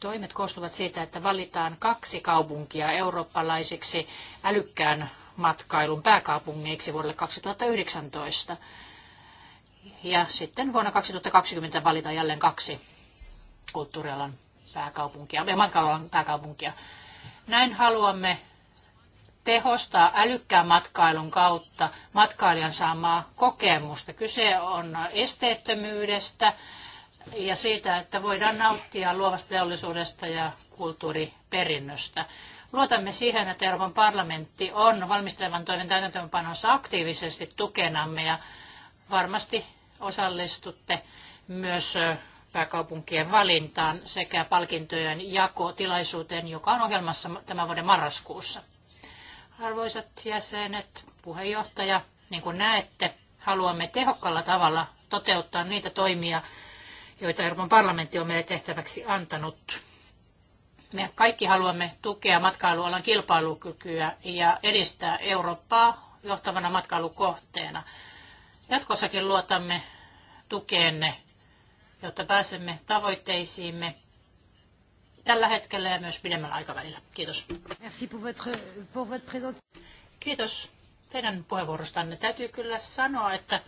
Toimet koostuvat siitä, että valitaan kaksi kaupunkia eurooppalaisiksi älykkään matkailun pääkaupungeiksi vuodelle 2019. Ja sitten vuonna 2020 valitaan jälleen kaksi kulttuurialan pääkaupunkia, ja matkailualan pääkaupunkia. Näin haluamme tehostaa älykkään matkailun kautta matkailijan saamaa kokemusta. Kyse on esteettömyydestä ja siitä, että voidaan nauttia luovasta teollisuudesta ja kulttuuriperinnöstä. Luotamme siihen, että Euroopan parlamentti on valmistelevan toimen täytäntöönpanossa aktiivisesti tukenamme ja varmasti osallistutte myös pääkaupunkien valintaan sekä palkintojen jakotilaisuuteen, joka on ohjelmassa tämän vuoden marraskuussa. Arvoisat jäsenet, puheenjohtaja, niin kuin näette, haluamme tehokkaalla tavalla toteuttaa niitä toimia, joita Euroopan parlamentti on meille tehtäväksi antanut. Me kaikki haluamme tukea matkailualan kilpailukykyä ja edistää Eurooppaa johtavana matkailukohteena. Jatkossakin luotamme tukeenne, jotta pääsemme tavoitteisiimme tällä hetkellä ja myös pidemmällä aikavälillä. Kiitos. Merci pour votre, pour votre Kiitos teidän puheenvuorostanne. Täytyy kyllä sanoa, että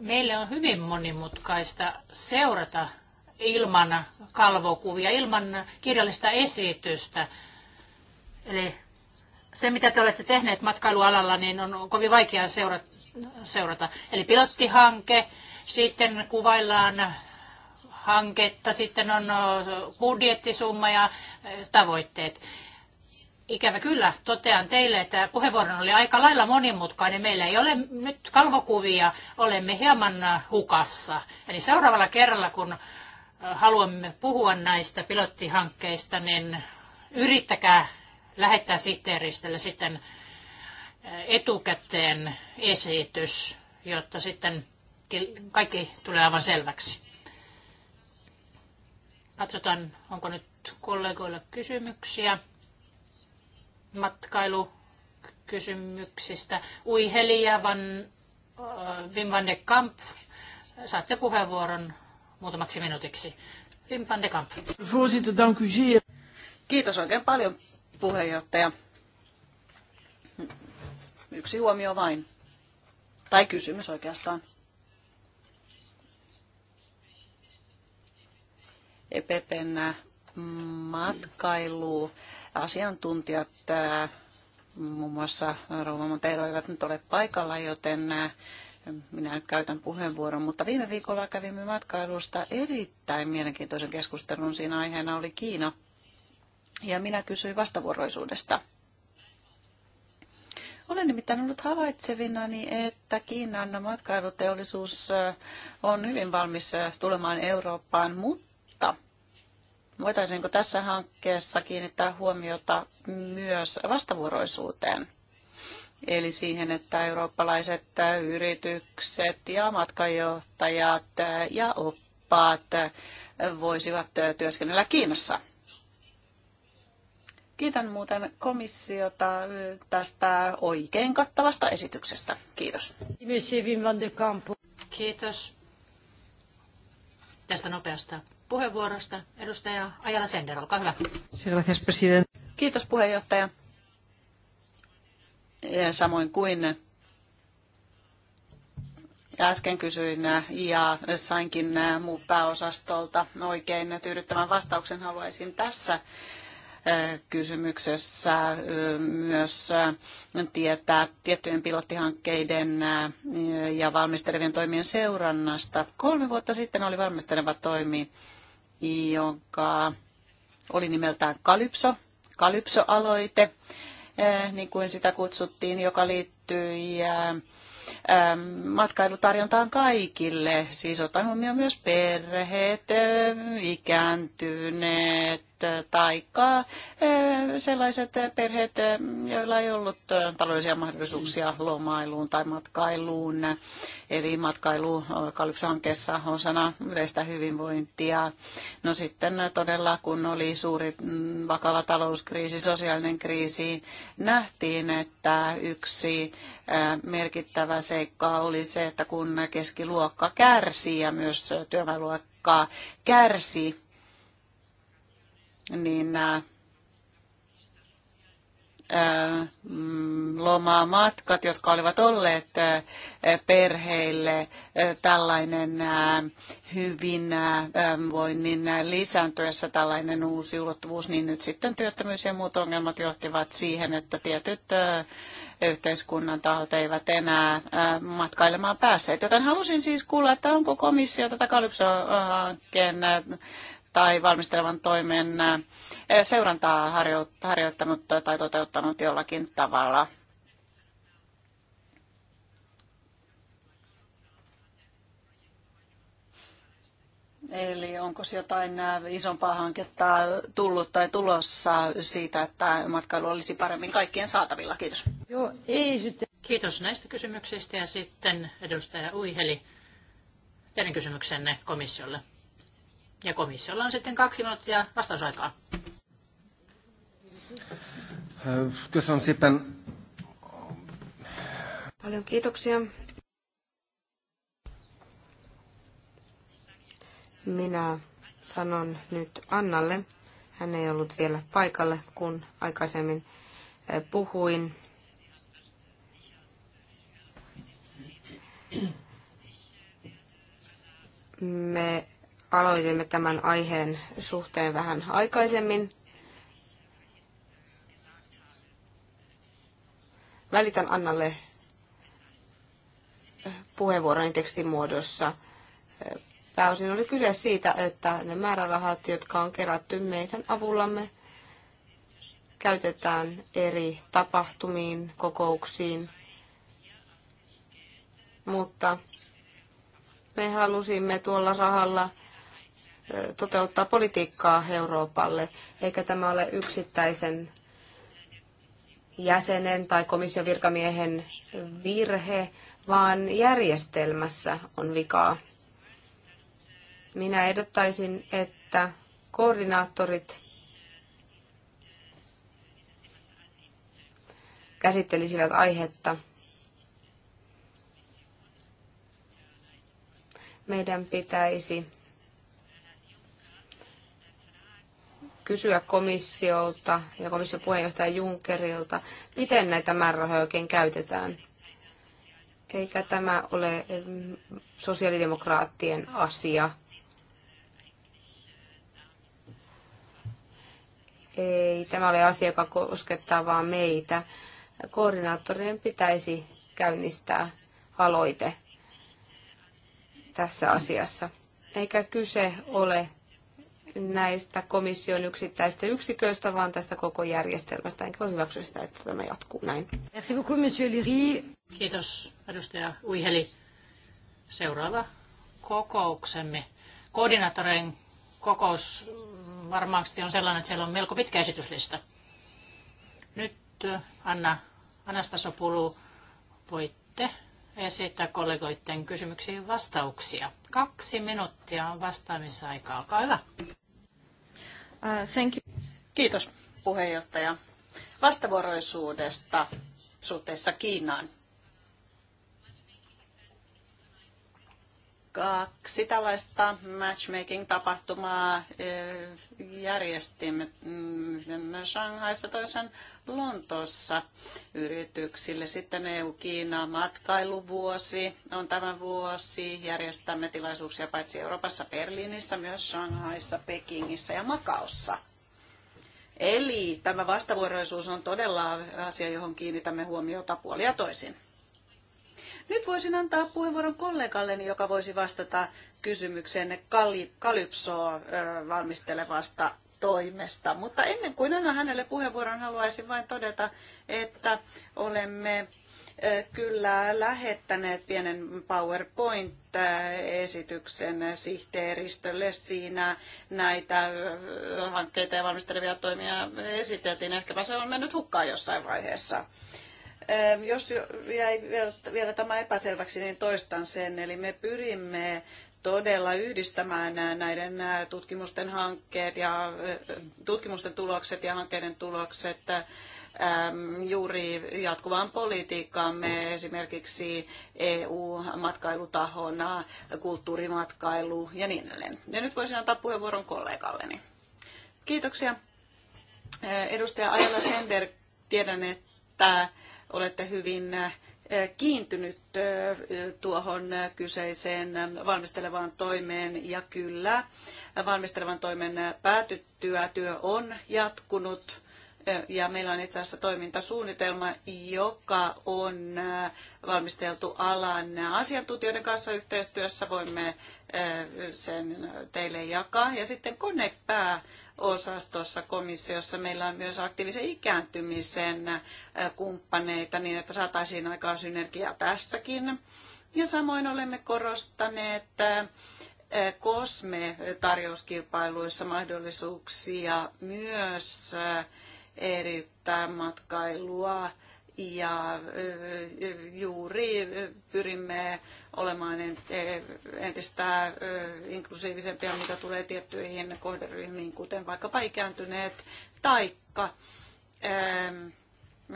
meille on hyvin monimutkaista seurata ilman kalvokuvia, ilman kirjallista esitystä. Eli se, mitä te olette tehneet matkailualalla, niin on kovin vaikeaa seurata. Eli pilottihanke, sitten kuvaillaan hanketta, sitten on budjettisumma ja tavoitteet. Ikävä kyllä totean teille, että puheenvuoron oli aika lailla monimutkainen. Meillä ei ole nyt kalvokuvia, olemme hieman hukassa. Eli seuraavalla kerralla, kun haluamme puhua näistä pilottihankkeista, niin yrittäkää lähettää sihteeristölle sitten etukäteen esitys, jotta sitten kaikki tulee aivan selväksi. Katsotaan, onko nyt kollegoilla kysymyksiä matkailukysymyksistä. Ui Helia van, äh, Wim van de Kamp, saatte puheenvuoron muutamaksi minuutiksi. Wim van de Kamp. Kiitos oikein paljon puheenjohtaja. Yksi huomio vain. Tai kysymys oikeastaan. EPPn äh, matkailu. Asiantuntijat, äh, muun muassa Rouva Monteiro, eivät nyt ole paikalla, joten äh, minä käytän puheenvuoron, mutta viime viikolla kävimme matkailusta erittäin mielenkiintoisen keskustelun. Siinä aiheena oli Kiina ja minä kysyin vastavuoroisuudesta. Olen nimittäin ollut havaitsevinani, että Kiinan matkailuteollisuus on hyvin valmis tulemaan Eurooppaan, mutta Voitaisiinko tässä hankkeessa kiinnittää huomiota myös vastavuoroisuuteen? Eli siihen, että eurooppalaiset yritykset ja matkajohtajat ja oppaat voisivat työskennellä Kiinassa. Kiitän muuten komissiota tästä oikein kattavasta esityksestä. Kiitos. Kiitos tästä nopeasta puheenvuorosta. Edustaja Ajala Sender, olkaa hyvä. Kiitos puheenjohtaja. Ja samoin kuin äsken kysyin ja sainkin muun pääosastolta oikein tyydyttävän vastauksen haluaisin tässä kysymyksessä myös tietää tiettyjen pilottihankkeiden ja valmistelevien toimien seurannasta. Kolme vuotta sitten oli valmisteleva toimi jonka oli nimeltään Kalypso, Kalypso-aloite, eh, niin kuin sitä kutsuttiin, joka liittyi eh, Ähm, matkailutarjontaan kaikille. Siis otan huomioon myös perheet, ähm, ikääntyneet äh, tai äh, sellaiset perheet, ähm, joilla ei ollut äh, taloudellisia mahdollisuuksia lomailuun tai matkailuun. Eli matkailu Kalypso-hankkeessa osana yleistä hyvinvointia. No sitten todella, kun oli suuri mm, vakava talouskriisi, sosiaalinen kriisi, nähtiin, että yksi merkittävä seikka oli se, että kun keskiluokka kärsii ja myös työväenluokkaa kärsi, niin mm, lomamatkat, jotka olivat olleet perheille tällainen hyvin voinnin lisääntyessä tällainen uusi ulottuvuus, niin nyt sitten työttömyys ja muut ongelmat johtivat siihen, että tietyt yhteiskunnan tahot eivät enää matkailemaan päässeet. Joten halusin siis kuulla, että onko komissio tätä Kalypso-hankkeen tai valmistelevan toimen seurantaa harjoittanut tai toteuttanut jollakin tavalla. Eli onko jotain isompaa hanketta tullut tai tulossa siitä, että matkailu olisi paremmin kaikkien saatavilla? Kiitos. Joo, ei sitten. Kiitos näistä kysymyksistä ja sitten edustaja Uiheli, teidän kysymyksenne komissiolle. Ja komissiolla on sitten kaksi minuuttia vastausaikaa. Äh, Kysyn sitten. Paljon kiitoksia. Minä sanon nyt Annalle. Hän ei ollut vielä paikalle, kun aikaisemmin eh, puhuin. Me aloitimme tämän aiheen suhteen vähän aikaisemmin. Välitän Annalle eh, puheenvuoroni tekstin muodossa eh, Pääosin oli kyse siitä, että ne määrärahat, jotka on kerätty meidän avullamme, käytetään eri tapahtumiin, kokouksiin, mutta me halusimme tuolla rahalla toteuttaa politiikkaa Euroopalle, eikä tämä ole yksittäisen jäsenen tai komission virkamiehen virhe, vaan järjestelmässä on vikaa. Minä ehdottaisin, että koordinaattorit käsittelisivät aihetta. Meidän pitäisi kysyä komissiolta ja komission puheenjohtaja Junckerilta, miten näitä määrärahoja oikein käytetään. Eikä tämä ole sosiaalidemokraattien asia. Ei tämä ole asia, joka koskettaa vaan meitä. Koordinaattorien pitäisi käynnistää aloite tässä asiassa. Eikä kyse ole näistä komission yksittäisistä yksiköistä, vaan tästä koko järjestelmästä. Enkä voi hyväksyä sitä, että tämä jatkuu näin. Merci beaucoup, monsieur Liri. Kiitos, edustaja Uiheli. Seuraava kokouksemme. Koordinaattorien kokous varmasti on sellainen, että siellä on melko pitkä esityslista. Nyt äh, Anna Anastasopulu, voitte esittää kollegoiden kysymyksiin vastauksia. Kaksi minuuttia on vastaamisaika. Olkaa hyvä. Uh, thank you. Kiitos puheenjohtaja. Vastavuoroisuudesta suhteessa Kiinaan. kaksi tällaista matchmaking-tapahtumaa eh, järjestimme yhden Shanghaissa, toisen Lontoossa yrityksille. Sitten EU-Kiina matkailuvuosi on tämä vuosi. Järjestämme tilaisuuksia paitsi Euroopassa, Berliinissä, myös Shanghaissa, Pekingissä ja Makaossa. Eli tämä vastavuoroisuus on todella asia, johon kiinnitämme huomiota puolia toisin. Nyt voisin antaa puheenvuoron kollegalleni, joka voisi vastata kysymykseen Kalypsoa valmistelevasta toimesta. Mutta ennen kuin annan hänelle puheenvuoron, haluaisin vain todeta, että olemme kyllä lähettäneet pienen PowerPoint-esityksen sihteeristölle. Siinä näitä hankkeita ja valmistelevia toimia esiteltiin. Ehkäpä se on mennyt hukkaan jossain vaiheessa. Jos jäi vielä tämä epäselväksi, niin toistan sen. Eli me pyrimme todella yhdistämään näiden tutkimusten hankkeet ja tutkimusten tulokset ja hankkeiden tulokset juuri jatkuvaan politiikkaamme esimerkiksi EU-matkailutahona, kulttuurimatkailu ja niin edelleen. Ja nyt voisin antaa puheenvuoron kollegalleni. Kiitoksia. Edustaja Ajala Sender, tiedän, että olette hyvin eh, kiintynyt eh, tuohon kyseiseen valmistelevaan toimeen ja kyllä valmistelevan toimen päätyttyä työ on jatkunut ja meillä on itse asiassa toimintasuunnitelma, joka on äh, valmisteltu alan asiantuntijoiden kanssa yhteistyössä. Voimme äh, sen teille jakaa. Ja sitten Connect-pääosastossa komissiossa meillä on myös aktiivisen ikääntymisen äh, kumppaneita niin, että saataisiin aikaa synergiaa tässäkin. Ja samoin olemme korostaneet COSME-tarjouskilpailuissa mahdollisuuksia myös eriyttää matkailua ja juuri pyrimme olemaan e, entistä inklusiivisempia, mitä tulee tiettyihin kohderyhmiin, kuten vaikkapa ikääntyneet taikka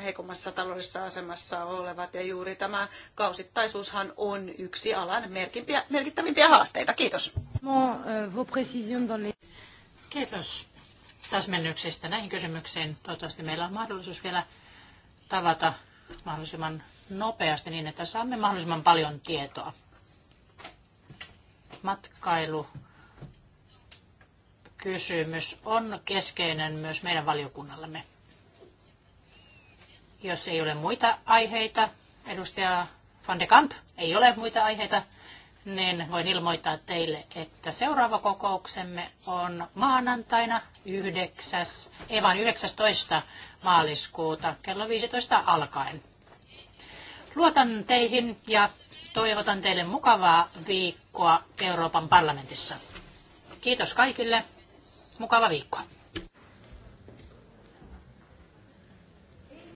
heikommassa taloudellisessa asemassa olevat. Ja juuri tämä kausittaisuushan on yksi alan merkittävimpiä haasteita. Kiitos. Euh, Kiitos täsmennyksistä näihin kysymyksiin. Toivottavasti meillä on mahdollisuus vielä tavata mahdollisimman nopeasti niin, että saamme mahdollisimman paljon tietoa. Matkailu kysymys on keskeinen myös meidän valiokunnallemme. Jos ei ole muita aiheita, edustaja Van de Kamp, ei ole muita aiheita, niin voin ilmoittaa teille, että seuraava kokouksemme on maanantaina 9. Ei vaan 19. maaliskuuta kello 15 alkaen. Luotan teihin ja toivotan teille mukavaa viikkoa Euroopan parlamentissa. Kiitos kaikille. Mukava viikko.